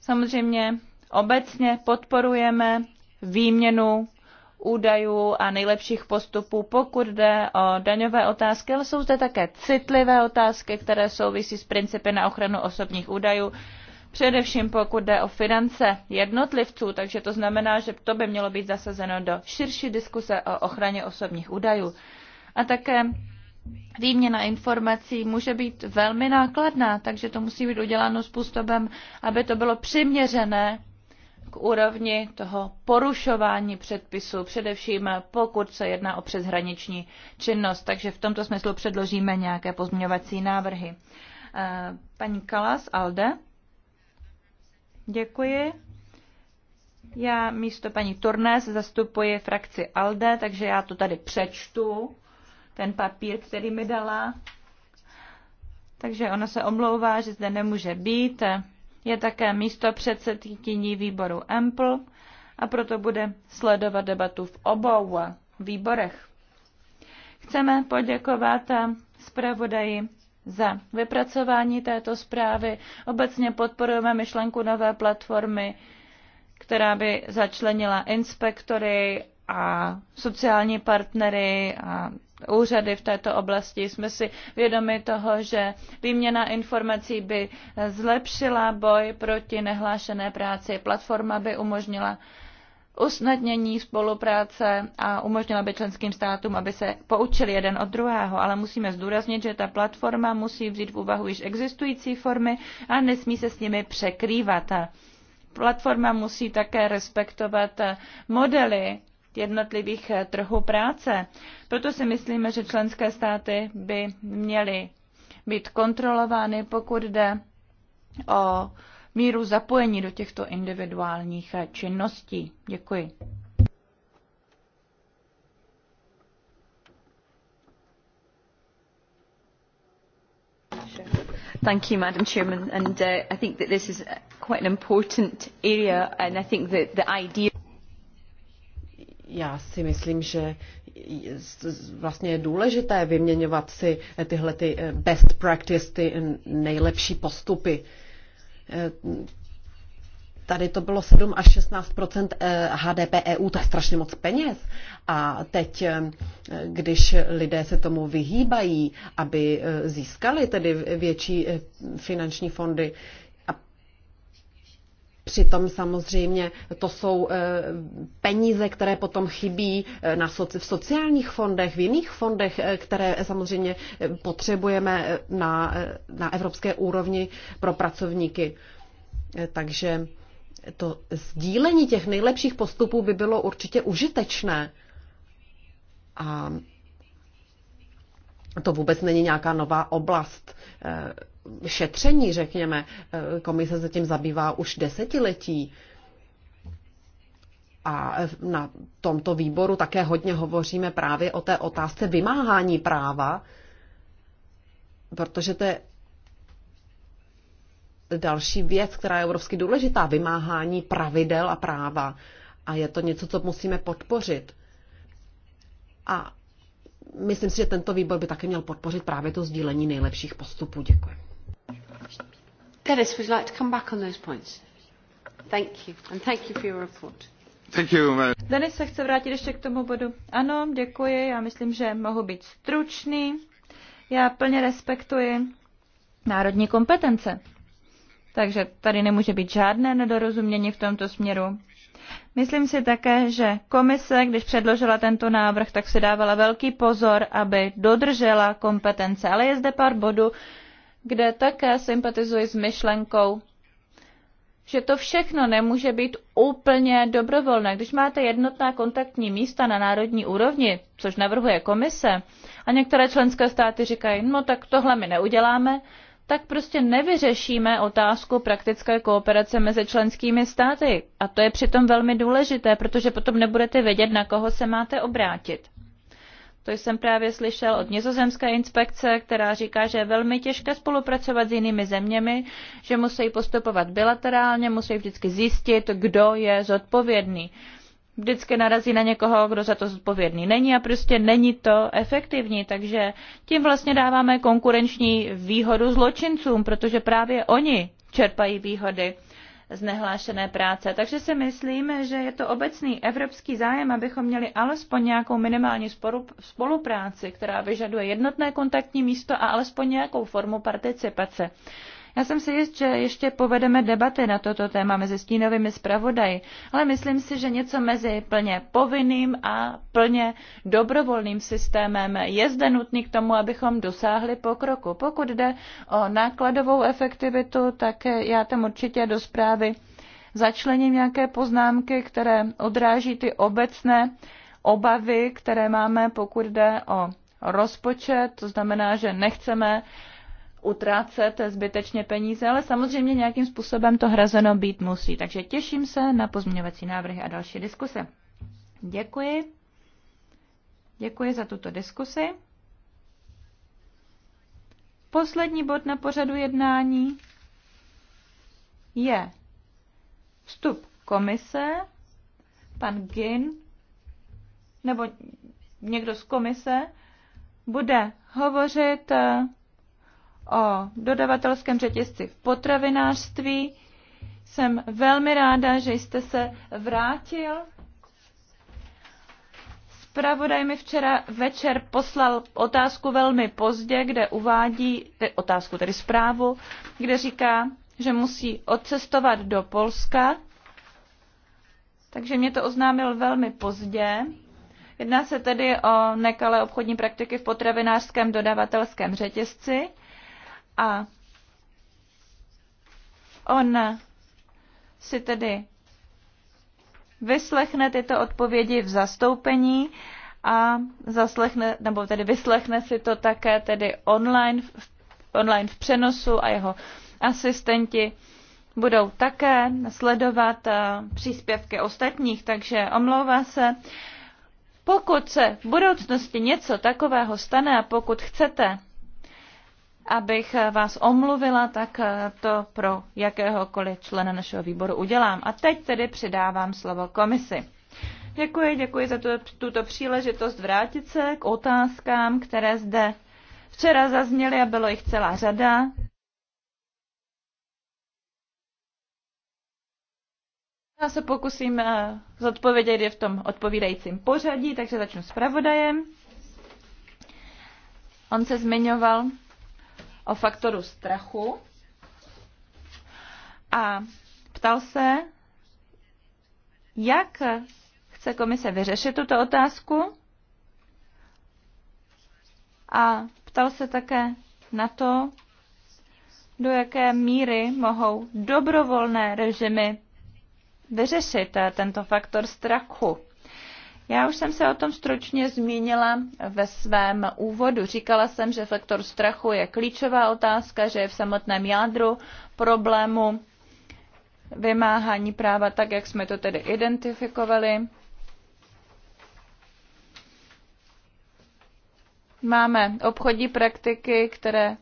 Samozřejmě obecně podporujeme výměnu údajů a nejlepších postupů, pokud jde o daňové otázky, ale jsou zde také citlivé otázky, které souvisí s principy na ochranu osobních údajů, především pokud jde o finance jednotlivců, takže to znamená, že to by mělo být zasazeno do širší diskuse o ochraně osobních údajů. A také výměna informací může být velmi nákladná, takže to musí být uděláno způsobem, aby to bylo přiměřené k úrovni toho porušování předpisů, především pokud se jedná o přeshraniční činnost. Takže v tomto smyslu předložíme nějaké pozměňovací návrhy. Eh, paní Kalas, Alde. Děkuji. Já místo paní Turnes zastupuji frakci ALDE, takže já to tady přečtu, ten papír, který mi dala. Takže ona se omlouvá, že zde nemůže být je také místo předsedkyní výboru EMPL a proto bude sledovat debatu v obou výborech. Chceme poděkovat zpravodaji za vypracování této zprávy. Obecně podporujeme myšlenku nové platformy, která by začlenila inspektory a sociální partnery a úřady v této oblasti. Jsme si vědomi toho, že výměna informací by zlepšila boj proti nehlášené práci. Platforma by umožnila usnadnění spolupráce a umožnila by členským státům, aby se poučili jeden od druhého, ale musíme zdůraznit, že ta platforma musí vzít v úvahu již existující formy a nesmí se s nimi překrývat. Platforma musí také respektovat modely jednotlivých eh, trhů práce. Proto si myslíme, že členské státy by měly být kontrolovány, pokud jde o míru zapojení do těchto individuálních eh, činností. Děkuji. Thank you, Madam Chairman, and uh, I think that this is quite an important area, and I think that the idea. Já si myslím, že vlastně je důležité vyměňovat si tyhle ty eh, best practice, ty nejlepší postupy. Eh, tady to bylo 7 až 16 HDP EU, to je strašně moc peněz. A teď, eh, když lidé se tomu vyhýbají, aby získali tedy větší finanční fondy, Přitom samozřejmě to jsou eh, peníze, které potom chybí eh, v sociálních fondech, v jiných fondech, eh, které samozřejmě potřebujeme na, na evropské úrovni pro pracovníky. Takže to sdílení těch nejlepších postupů by bylo určitě užitečné. A to vůbec není nějaká nová oblast šetření, řekněme. Eh, komise se tím zabývá už desetiletí. A na tomto výboru také hodně hovoříme právě o té otázce vymáhání práva, protože to je další věc, která je obrovsky důležitá, vymáhání pravidel a práva. A je to něco, co musíme podpořit. A myslím si, že tento výbor by také měl podpořit právě to sdílení nejlepších postupů. Děkuji. Dennis, would you like to come back on those points? Thank you, and thank you for your report. Thank you, uh, Denis se chce vrátit ještě k tomu bodu. Ano, děkuji, já myslím, že mohu být stručný. Já plně respektuji národní kompetence. Takže tady nemůže být žádné nedorozumění v tomto směru. Myslím si také, že komise, když předložila tento návrh, tak si dávala velký pozor, aby dodržela kompetence. Ale je zde pár bodů, kde také sympatizuji s myšlenkou, že to všechno nemůže být úplně dobrovolné. Když máte jednotná kontaktní místa na národní úrovni, což navrhuje komise, a některé členské státy říkají, no tak tohle my neuděláme, tak prostě nevyřešíme otázku praktické kooperace mezi členskými státy. A to je přitom velmi důležité, protože potom nebudete vědět, na koho se máte obrátit. To jsem právě slyšel od nizozemské inspekce, která říká, že je velmi těžké spolupracovat s jinými zeměmi, že musí postupovat bilaterálně, musí vždycky zjistit, kdo je zodpovědný. Vždycky narazí na někoho, kdo za to zodpovědný není a prostě není to efektivní. Takže tím vlastně dáváme konkurenční výhodu zločincům, protože právě oni čerpají výhody z nehlášené práce. Takže si myslím, že je to obecný evropský zájem, abychom měli alespoň nějakou minimální spolupráci, která vyžaduje jednotné kontaktní místo a alespoň nějakou formu participace. Já jsem si jist, že ještě povedeme debaty na toto téma mezi stínovými zpravodaji, ale myslím si, že něco mezi plně povinným a plně dobrovolným systémem je zde nutný k tomu, abychom dosáhli pokroku. Pokud jde o nákladovou efektivitu, tak já tam určitě do zprávy začlením nějaké poznámky, které odráží ty obecné obavy, které máme, pokud jde o rozpočet, to znamená, že nechceme utrácet zbytečně peníze, ale samozřejmě nějakým způsobem to hrazeno být musí. Takže těším se na pozměňovací návrhy a další diskuse. Děkuji. Děkuji za tuto diskusi. Poslední bod na pořadu jednání je vstup komise, pan Gin, nebo někdo z komise, bude hovořit o dodavatelském řetězci v potravinářství. Jsem velmi ráda, že jste se vrátil. Spravodaj mi včera večer poslal otázku velmi pozdě, kde uvádí, te, eh, otázku, tedy zprávu, kde říká, že musí odcestovat do Polska, takže mě to oznámil velmi pozdě. Jedná se tedy o nekalé obchodní praktiky v potravinářském dodavatelském řetězci. A on si tedy vyslechne tyto odpovědi v zastoupení a zaslechne, nebo tedy vyslechne si to také tedy online, online v přenosu a jeho asistenti budou také sledovat eh, příspěvky ostatních, takže omlouvá se. Pokud se v budoucnosti něco takového stane a pokud chcete abych vás omluvila, tak to pro jakéhokoliv člena našeho výboru udělám. A teď tedy předávám slovo komisi. Děkuji, děkuji za tu, tuto příležitost vrátit se k otázkám, které zde včera zazněly a bylo jich celá řada. Já se pokusím eh, zodpovědět je v tom odpovídajícím pořadí, takže začnu s pravodajem. On se zmiňoval o faktoru strachu a ptal se, jak chce komise vyřešit tuto otázku a ptal se také na to, do jaké míry mohou dobrovolné režimy vyřešit tento faktor strachu. Já už jsem se o tom stručně zmínila ve svém úvodu. Říkala jsem, že faktor strachu je klíčová otázka, že je v samotném jádru problému vymáhání práva, tak jak jsme to tedy identifikovali. Máme obchodní praktiky, které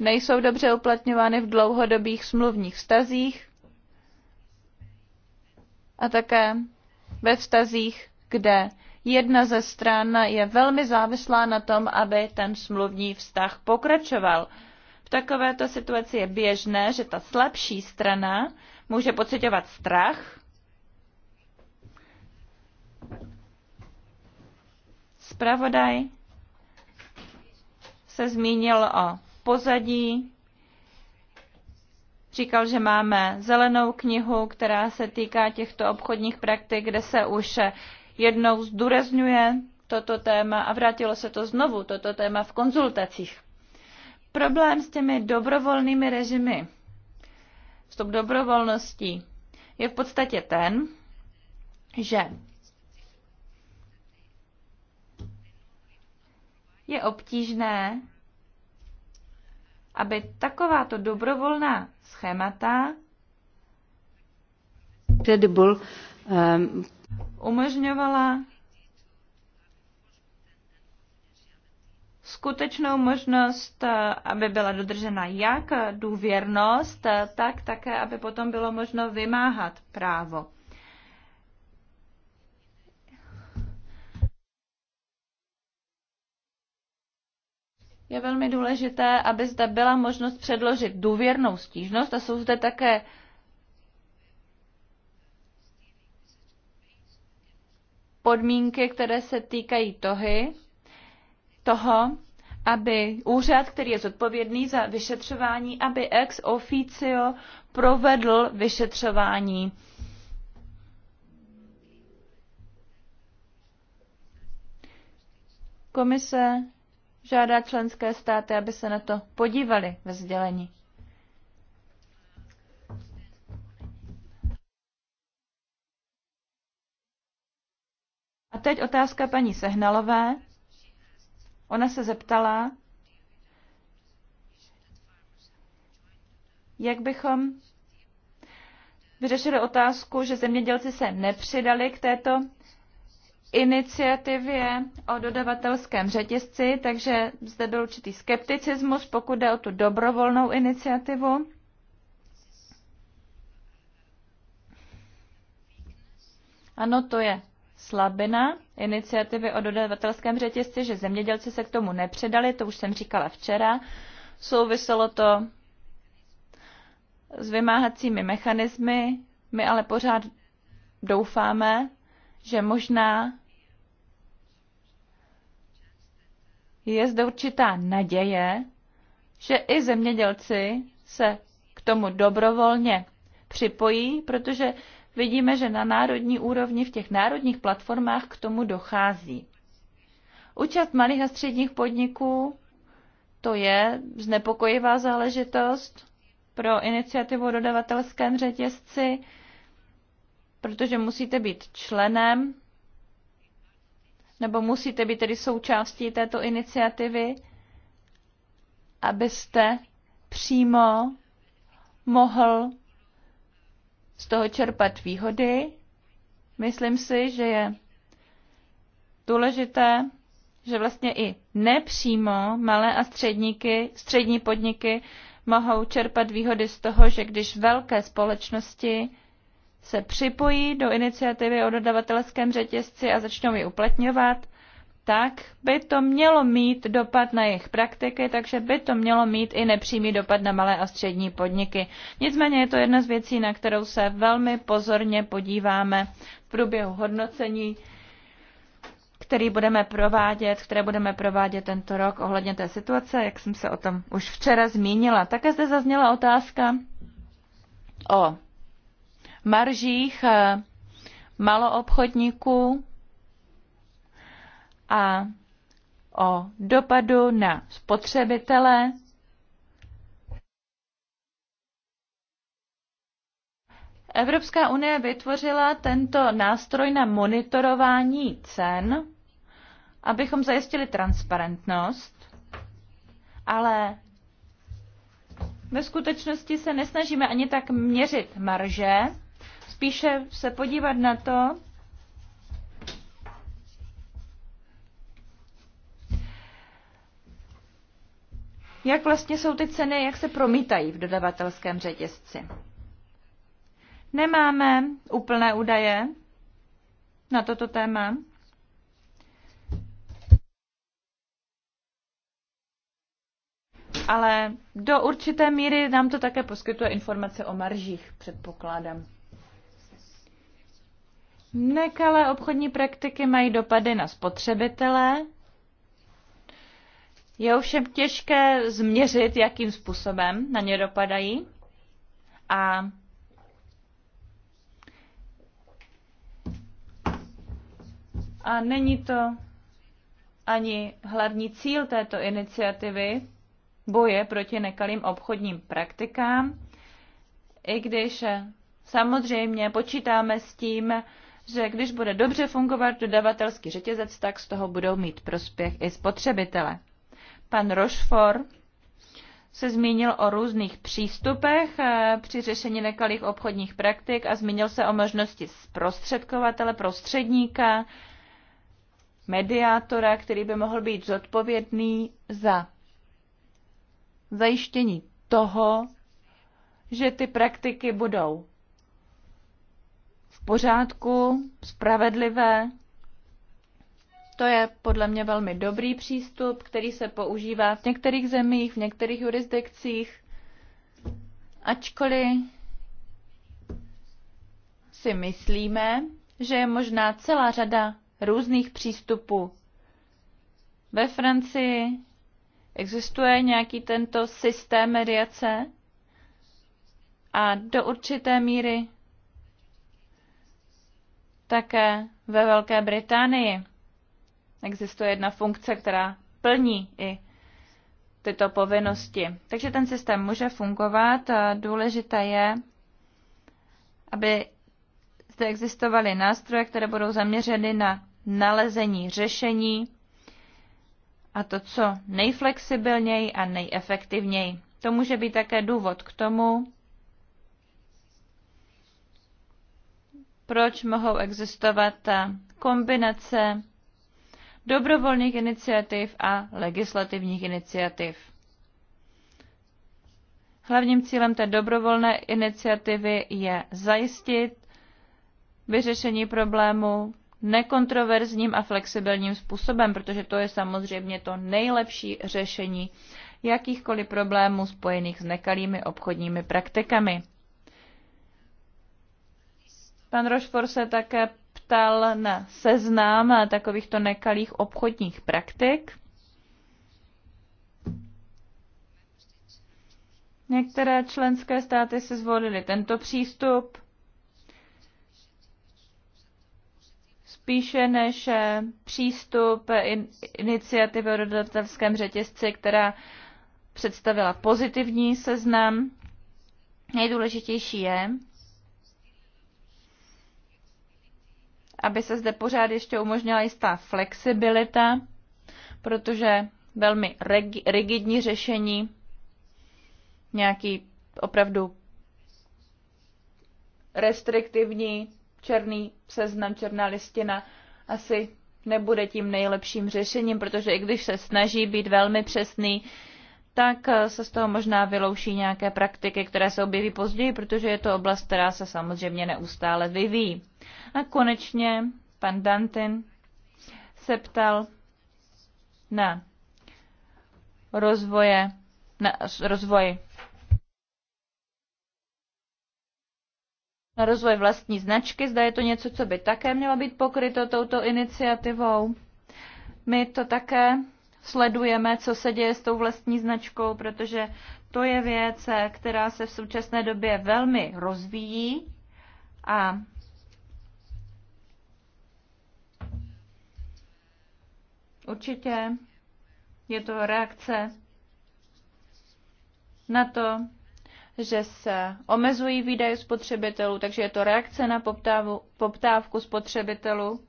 nejsou dobře uplatňovány v dlouhodobých smluvních vztazích a také ve vztazích, kde jedna ze stran je velmi závislá na tom, aby ten smluvní vztah pokračoval. V takovéto situaci je běžné, že ta slabší strana může pocitovat strach, Spravodaj se zmínil o pozadí Říkal, že máme zelenou knihu, která se týká těchto obchodních praktik, kde se už jednou zdůrazňuje toto téma a vrátilo se to znovu, toto téma v konzultacích. Problém s těmi dobrovolnými režimy, s tou dobrovolností, je v podstatě ten, že je obtížné, aby takováto dobrovolná schémata um, umožňovala skutečnou možnost, aby byla dodržena jak důvěrnost, tak také, aby potom bylo možno vymáhat právo. je velmi důležité, aby zde byla možnost předložit důvěrnou stížnost a jsou zde také podmínky, které se týkají tohy, toho, aby úřad, který je zodpovědný za vyšetřování, aby ex officio provedl vyšetřování. Komise žádá členské státy, aby se na to podívali ve sdělení. A teď otázka paní Sehnalové. Ona se zeptala, jak bychom vyřešili otázku, že zemědělci se nepřidali k této iniciativě o dodavatelském řetězci, takže zde byl určitý skepticismus, pokud jde o tu dobrovolnou iniciativu. Ano, to je slabina iniciativy o dodavatelském řetězci, že zemědělci se k tomu nepředali, to už jsem říkala včera. Souviselo to s vymáhacími mechanismy. My ale pořád doufáme, že možná je zde určitá naděje, že i zemědělci se k tomu dobrovolně připojí, protože vidíme, že na národní úrovni v těch národních platformách k tomu dochází. Účast malých a středních podniků to je znepokojivá záležitost pro iniciativu dodavatelském řetězci protože musíte být členem nebo musíte být tedy součástí této iniciativy, abyste přímo mohl z toho čerpat výhody. Myslím si, že je důležité, že vlastně i nepřímo malé a středníky, střední podniky mohou čerpat výhody z toho, že když velké společnosti se připojí do iniciativy o dodavatelském řetězci a začnou ji uplatňovat, tak by to mělo mít dopad na jejich praktiky, takže by to mělo mít i nepřímý dopad na malé a střední podniky. Nicméně je to jedna z věcí, na kterou se velmi pozorně podíváme v průběhu hodnocení, který budeme provádět, které budeme provádět tento rok ohledně té situace, jak jsem se o tom už včera zmínila. Také zde zazněla otázka o maržích eh, maloobchodníků a o dopadu na spotřebitele. Evropská unie vytvořila tento nástroj na monitorování cen, abychom zajistili transparentnost, ale ve skutečnosti se nesnažíme ani tak měřit marže, spíše se podívat na to, jak vlastně jsou ty ceny, jak se promítají v dodavatelském řetězci. Nemáme úplné údaje na toto téma. Ale do určité míry nám to také poskytuje informace o maržích, předpokládám. Nekalé obchodní praktiky mají dopady na spotřebitele. Je ovšem těžké změřit, jakým způsobem na ně dopadají. A A není to ani hlavní cíl této iniciativy boje proti nekalým obchodním praktikám, i když eh, samozřejmě počítáme s tím, že když bude dobře fungovat dodavatelský řetězec, tak z toho budou mít prospěch i spotřebitele. Pan Rochefort se zmínil o různých přístupech eh, při řešení nekalých obchodních praktik a zmínil se o možnosti zprostředkovatele, prostředníka, mediátora, který by mohl být zodpovědný za zajištění toho, že ty praktiky budou pořádku, spravedlivé. To je podle mě velmi dobrý přístup, který se používá v některých zemích, v některých jurisdikcích. Ačkoliv si myslíme, že je možná celá řada různých přístupů. Ve Francii existuje nějaký tento systém mediace a do určité míry také ve Velké Británii existuje jedna funkce, která plní i tyto povinnosti. Takže ten systém může fungovat a důležité je, aby zde existovaly nástroje, které budou zaměřeny na nalezení řešení a to, co nejflexibilněji a nejefektivněji. To může být také důvod k tomu, proč mohou existovat kombinace dobrovolných iniciativ a legislativních iniciativ. Hlavním cílem té dobrovolné iniciativy je zajistit vyřešení problému nekontroverzním a flexibilním způsobem, protože to je samozřejmě to nejlepší řešení jakýchkoliv problémů spojených s nekalými obchodními praktikami. Pan Rošfor se také ptal na seznám takovýchto nekalých obchodních praktik. Některé členské státy si zvolily tento přístup spíše než eh, přístup iniciativy o dodatelském řetězci, která představila pozitivní seznam. Nejdůležitější je, aby se zde pořád ještě umožnila jistá flexibilita, protože velmi rigidní řešení, nějaký opravdu restriktivní černý seznam, černá listina asi nebude tím nejlepším řešením, protože i když se snaží být velmi přesný, tak se z toho možná vylouší nějaké praktiky, které se objeví později, protože je to oblast, která se samozřejmě neustále vyvíjí. A konečně pan Dantin se ptal na rozvoje, na rozvoj na rozvoj vlastní značky. Zda je to něco, co by také mělo být pokryto touto iniciativou. My to také sledujeme, co se děje s tou vlastní značkou, protože to je věc, která se v současné době velmi rozvíjí a určitě je to reakce na to, že se omezují výdaje spotřebitelů, takže je to reakce na poptávku spotřebitelů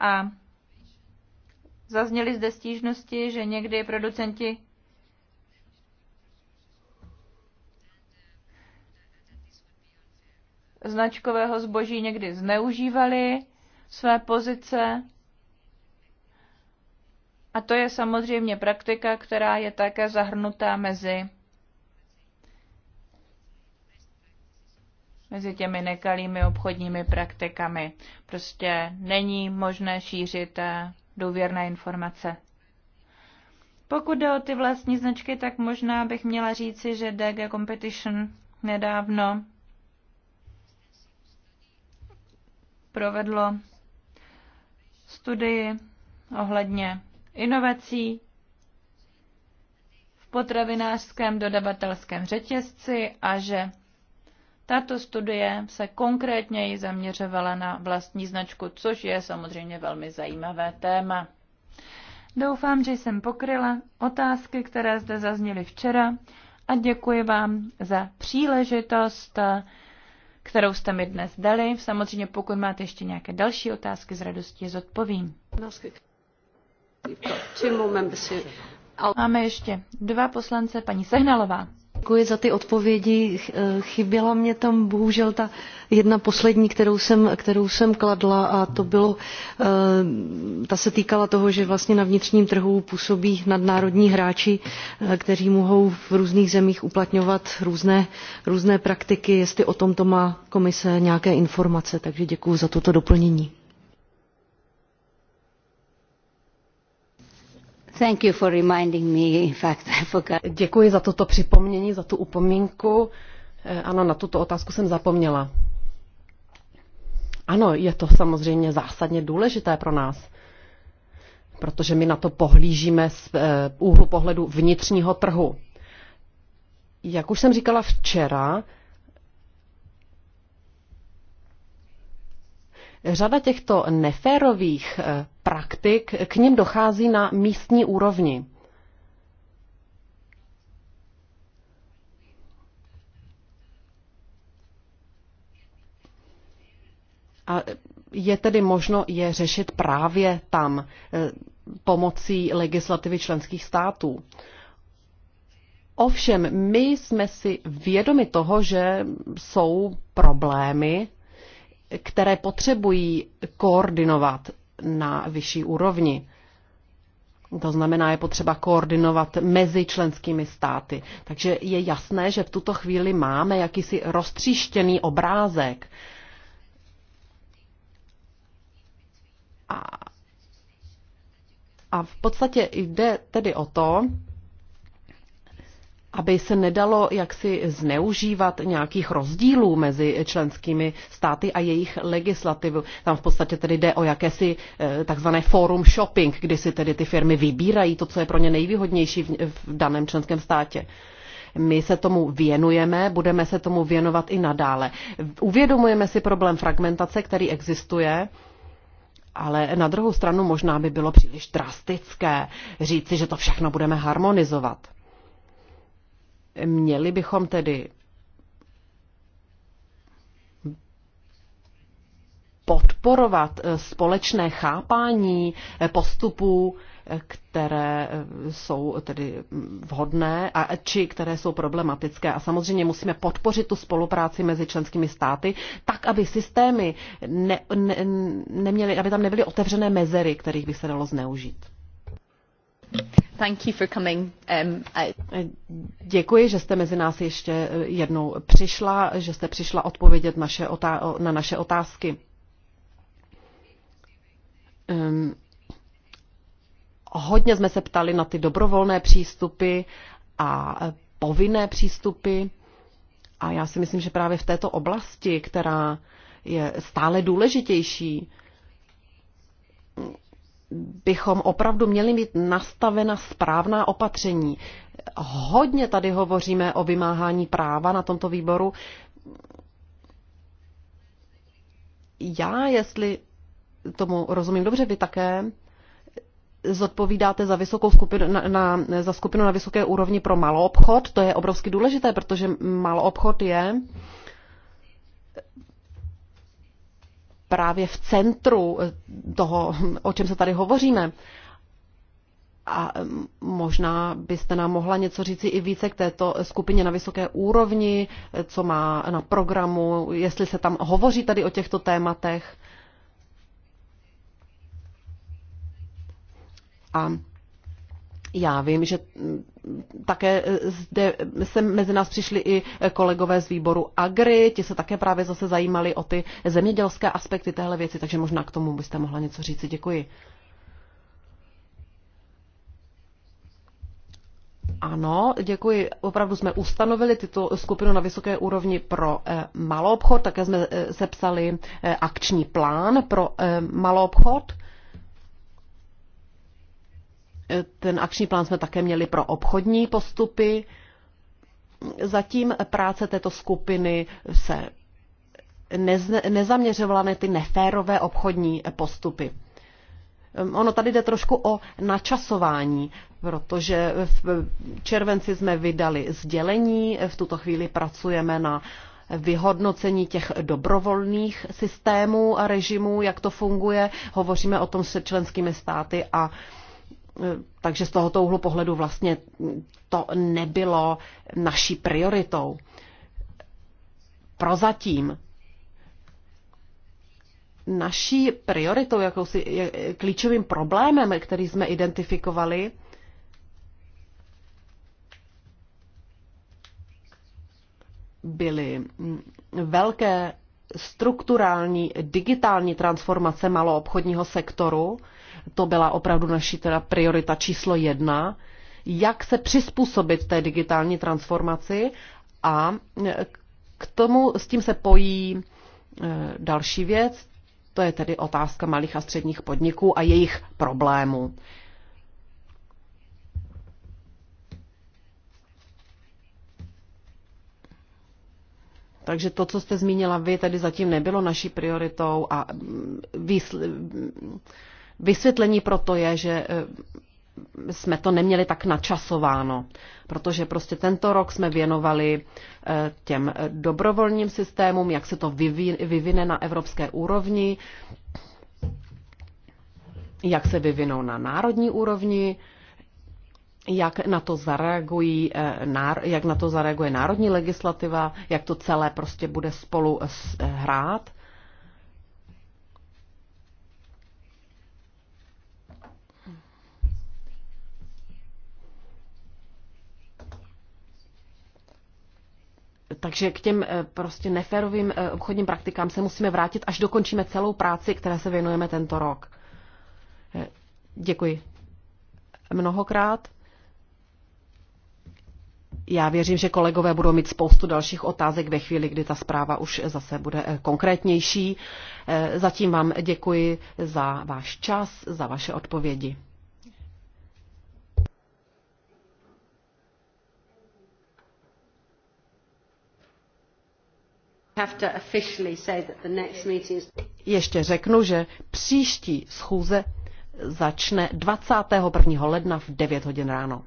a Zazněly zde stížnosti, že někdy producenti značkového zboží někdy zneužívali své pozice. A to je samozřejmě praktika, která je také zahrnutá mezi, mezi těmi nekalými obchodními praktikami. Prostě není možné šířit eh, důvěrné informace. Pokud jde o ty vlastní značky, tak možná bych měla říci, že DG Competition nedávno provedlo studii ohledně inovací v potravinářském dodavatelském řetězci a že tato studie se konkrétněji zaměřovala na vlastní značku, což je samozřejmě velmi zajímavé téma. Doufám, že jsem pokryla otázky, které zde zazněly včera a děkuji vám za příležitost, kterou jste mi dnes dali. Samozřejmě, pokud máte ještě nějaké další otázky, s radostí je zodpovím. Máme ještě dva poslance, paní Sehnalová. Děkuji za ty odpovědi. Eh, chyběla mě tam bohužel ta jedna poslední, kterou jsem, kterou jsem kladla a to bylo, eh, ta se týkala toho, že vlastně na vnitřním trhu působí nadnárodní hráči, eh, kteří mohou v různých zemích uplatňovat různé, různé praktiky, jestli o tomto má komise nějaké informace. Takže děkuji za toto doplnění. Thank you for reminding me. In fact, I forgot. Děkuji za toto připomnění, za tu upomínku. Eh, ano, na tuto otázku jsem zapomněla. Ano, je to samozřejmě zásadně důležité pro nás, protože my na to pohlížíme z eh, úhlu pohledu vnitřního trhu. Jak už jsem říkala včera, Řada těchto neférových eh, praktik k ním dochází na místní úrovni. A je tedy možno je řešit právě tam eh, pomocí legislativy členských států. Ovšem, my jsme si vědomi toho, že jsou problémy které potřebují koordinovat na vyšší úrovni. To znamená, je potřeba koordinovat mezi členskými státy. Takže je jasné, že v tuto chvíli máme jakýsi roztříštěný obrázek. A, a v podstatě jde tedy o to, aby se nedalo jaksi zneužívat nějakých rozdílů mezi členskými státy a jejich legislativu. Tam v podstatě tedy jde o jakési eh, takzvané forum shopping, kdy si tedy ty firmy vybírají to, co je pro ně nejvýhodnější v, v daném členském státě. My se tomu věnujeme, budeme se tomu věnovat i nadále. Uvědomujeme si problém fragmentace, který existuje, ale na druhou stranu možná by bylo příliš drastické říci, že to všechno budeme harmonizovat. Měli bychom tedy podporovat eh, společné chápání eh, postupů, eh, které jsou tedy vhodné a či které jsou problematické. A samozřejmě musíme podpořit tu spolupráci mezi členskými státy, tak aby systémy ne, ne, neměly, aby tam nebyly otevřené mezery, kterých by se dalo zneužít. Um, eh, děkuji, že jste mezi nás ještě eh, jednou přišla, že jste přišla odpovědět na naše otázky. Ehm, hodně jsme se ptali na ty dobrovolné přístupy a eh, povinné přístupy. A já si myslím, že právě v této oblasti, která je stále důležitější, bychom opravdu měli mít nastavena správná opatření. Hodně tady hovoříme o vymáhání práva na tomto výboru. Já, jestli tomu rozumím dobře, vy také zodpovídáte za, vysokou skupinu, na, na, za skupinu na vysoké úrovni pro maloobchod. To je obrovsky důležité, protože maloobchod je právě v centru eh, toho, o čem se tady hovoříme. A eh, možná byste nám mohla něco říci i více k této skupině na vysoké úrovni, eh, co má na programu, jestli se tam hovoří tady o těchto tématech. A já vím, že mm, také eh, zde se mezi nás přišli i eh, kolegové z výboru Agri, ti se také právě zase zajímali o ty zemědělské aspekty téhle věci, takže možná k tomu byste mohla něco říct. Děkuji. Ano, děkuji. Opravdu jsme ustanovili tyto skupinu na vysoké úrovni pro eh, malou obchod, také jsme sepsali akční plán pro malou obchod. Ten akční plán jsme také měli pro obchodní postupy. Zatím práce této skupiny se nezaměřovala na ty neférové obchodní postupy. Ehm, ono tady jde trošku o načasování, protože v červenci jsme vydali sdělení, v tuto chvíli pracujeme na vyhodnocení těch dobrovolných systémů a režimů, jak to funguje. Hovoříme o tom se členskými státy a takže z tohoto úhlu pohledu vlastně to nebylo naší prioritou. Prozatím naší prioritou, jakousi klíčovým problémem, který jsme identifikovali, byly velké strukturální digitální transformace maloobchodního sektoru, to byla opravdu naší teda priorita číslo jedna, jak se přizpůsobit té digitální transformaci a k tomu s tím se pojí eh, další věc, to je tedy otázka malých a středních podniků a jejich problémů. Takže to, co jste zmínila vy, tady zatím nebylo naší prioritou a mm, výsl- Vysvětlení proto je, že eh, jsme to neměli tak načasováno, protože prostě tento rok jsme věnovali eh, těm eh, dobrovolním systémům, jak se to vyvine na evropské úrovni, jak se vyvinou na národní úrovni, jak na to, zareagují, jak na to zareaguje národní legislativa, jak to celé prostě bude spolu hrát. Takže k těm eh, prostě neférovým eh, obchodním praktikám se musíme vrátit, až dokončíme celou práci, které se věnujeme tento rok. Eh, děkuji mnohokrát. Já věřím, že kolegové budou mít spoustu dalších otázek ve chvíli, kdy ta zpráva už zase bude konkrétnější. Zatím vám děkuji za váš čas, za vaše odpovědi. Ještě řeknu, že příští schůze začne 21. ledna v 9 hodin ráno.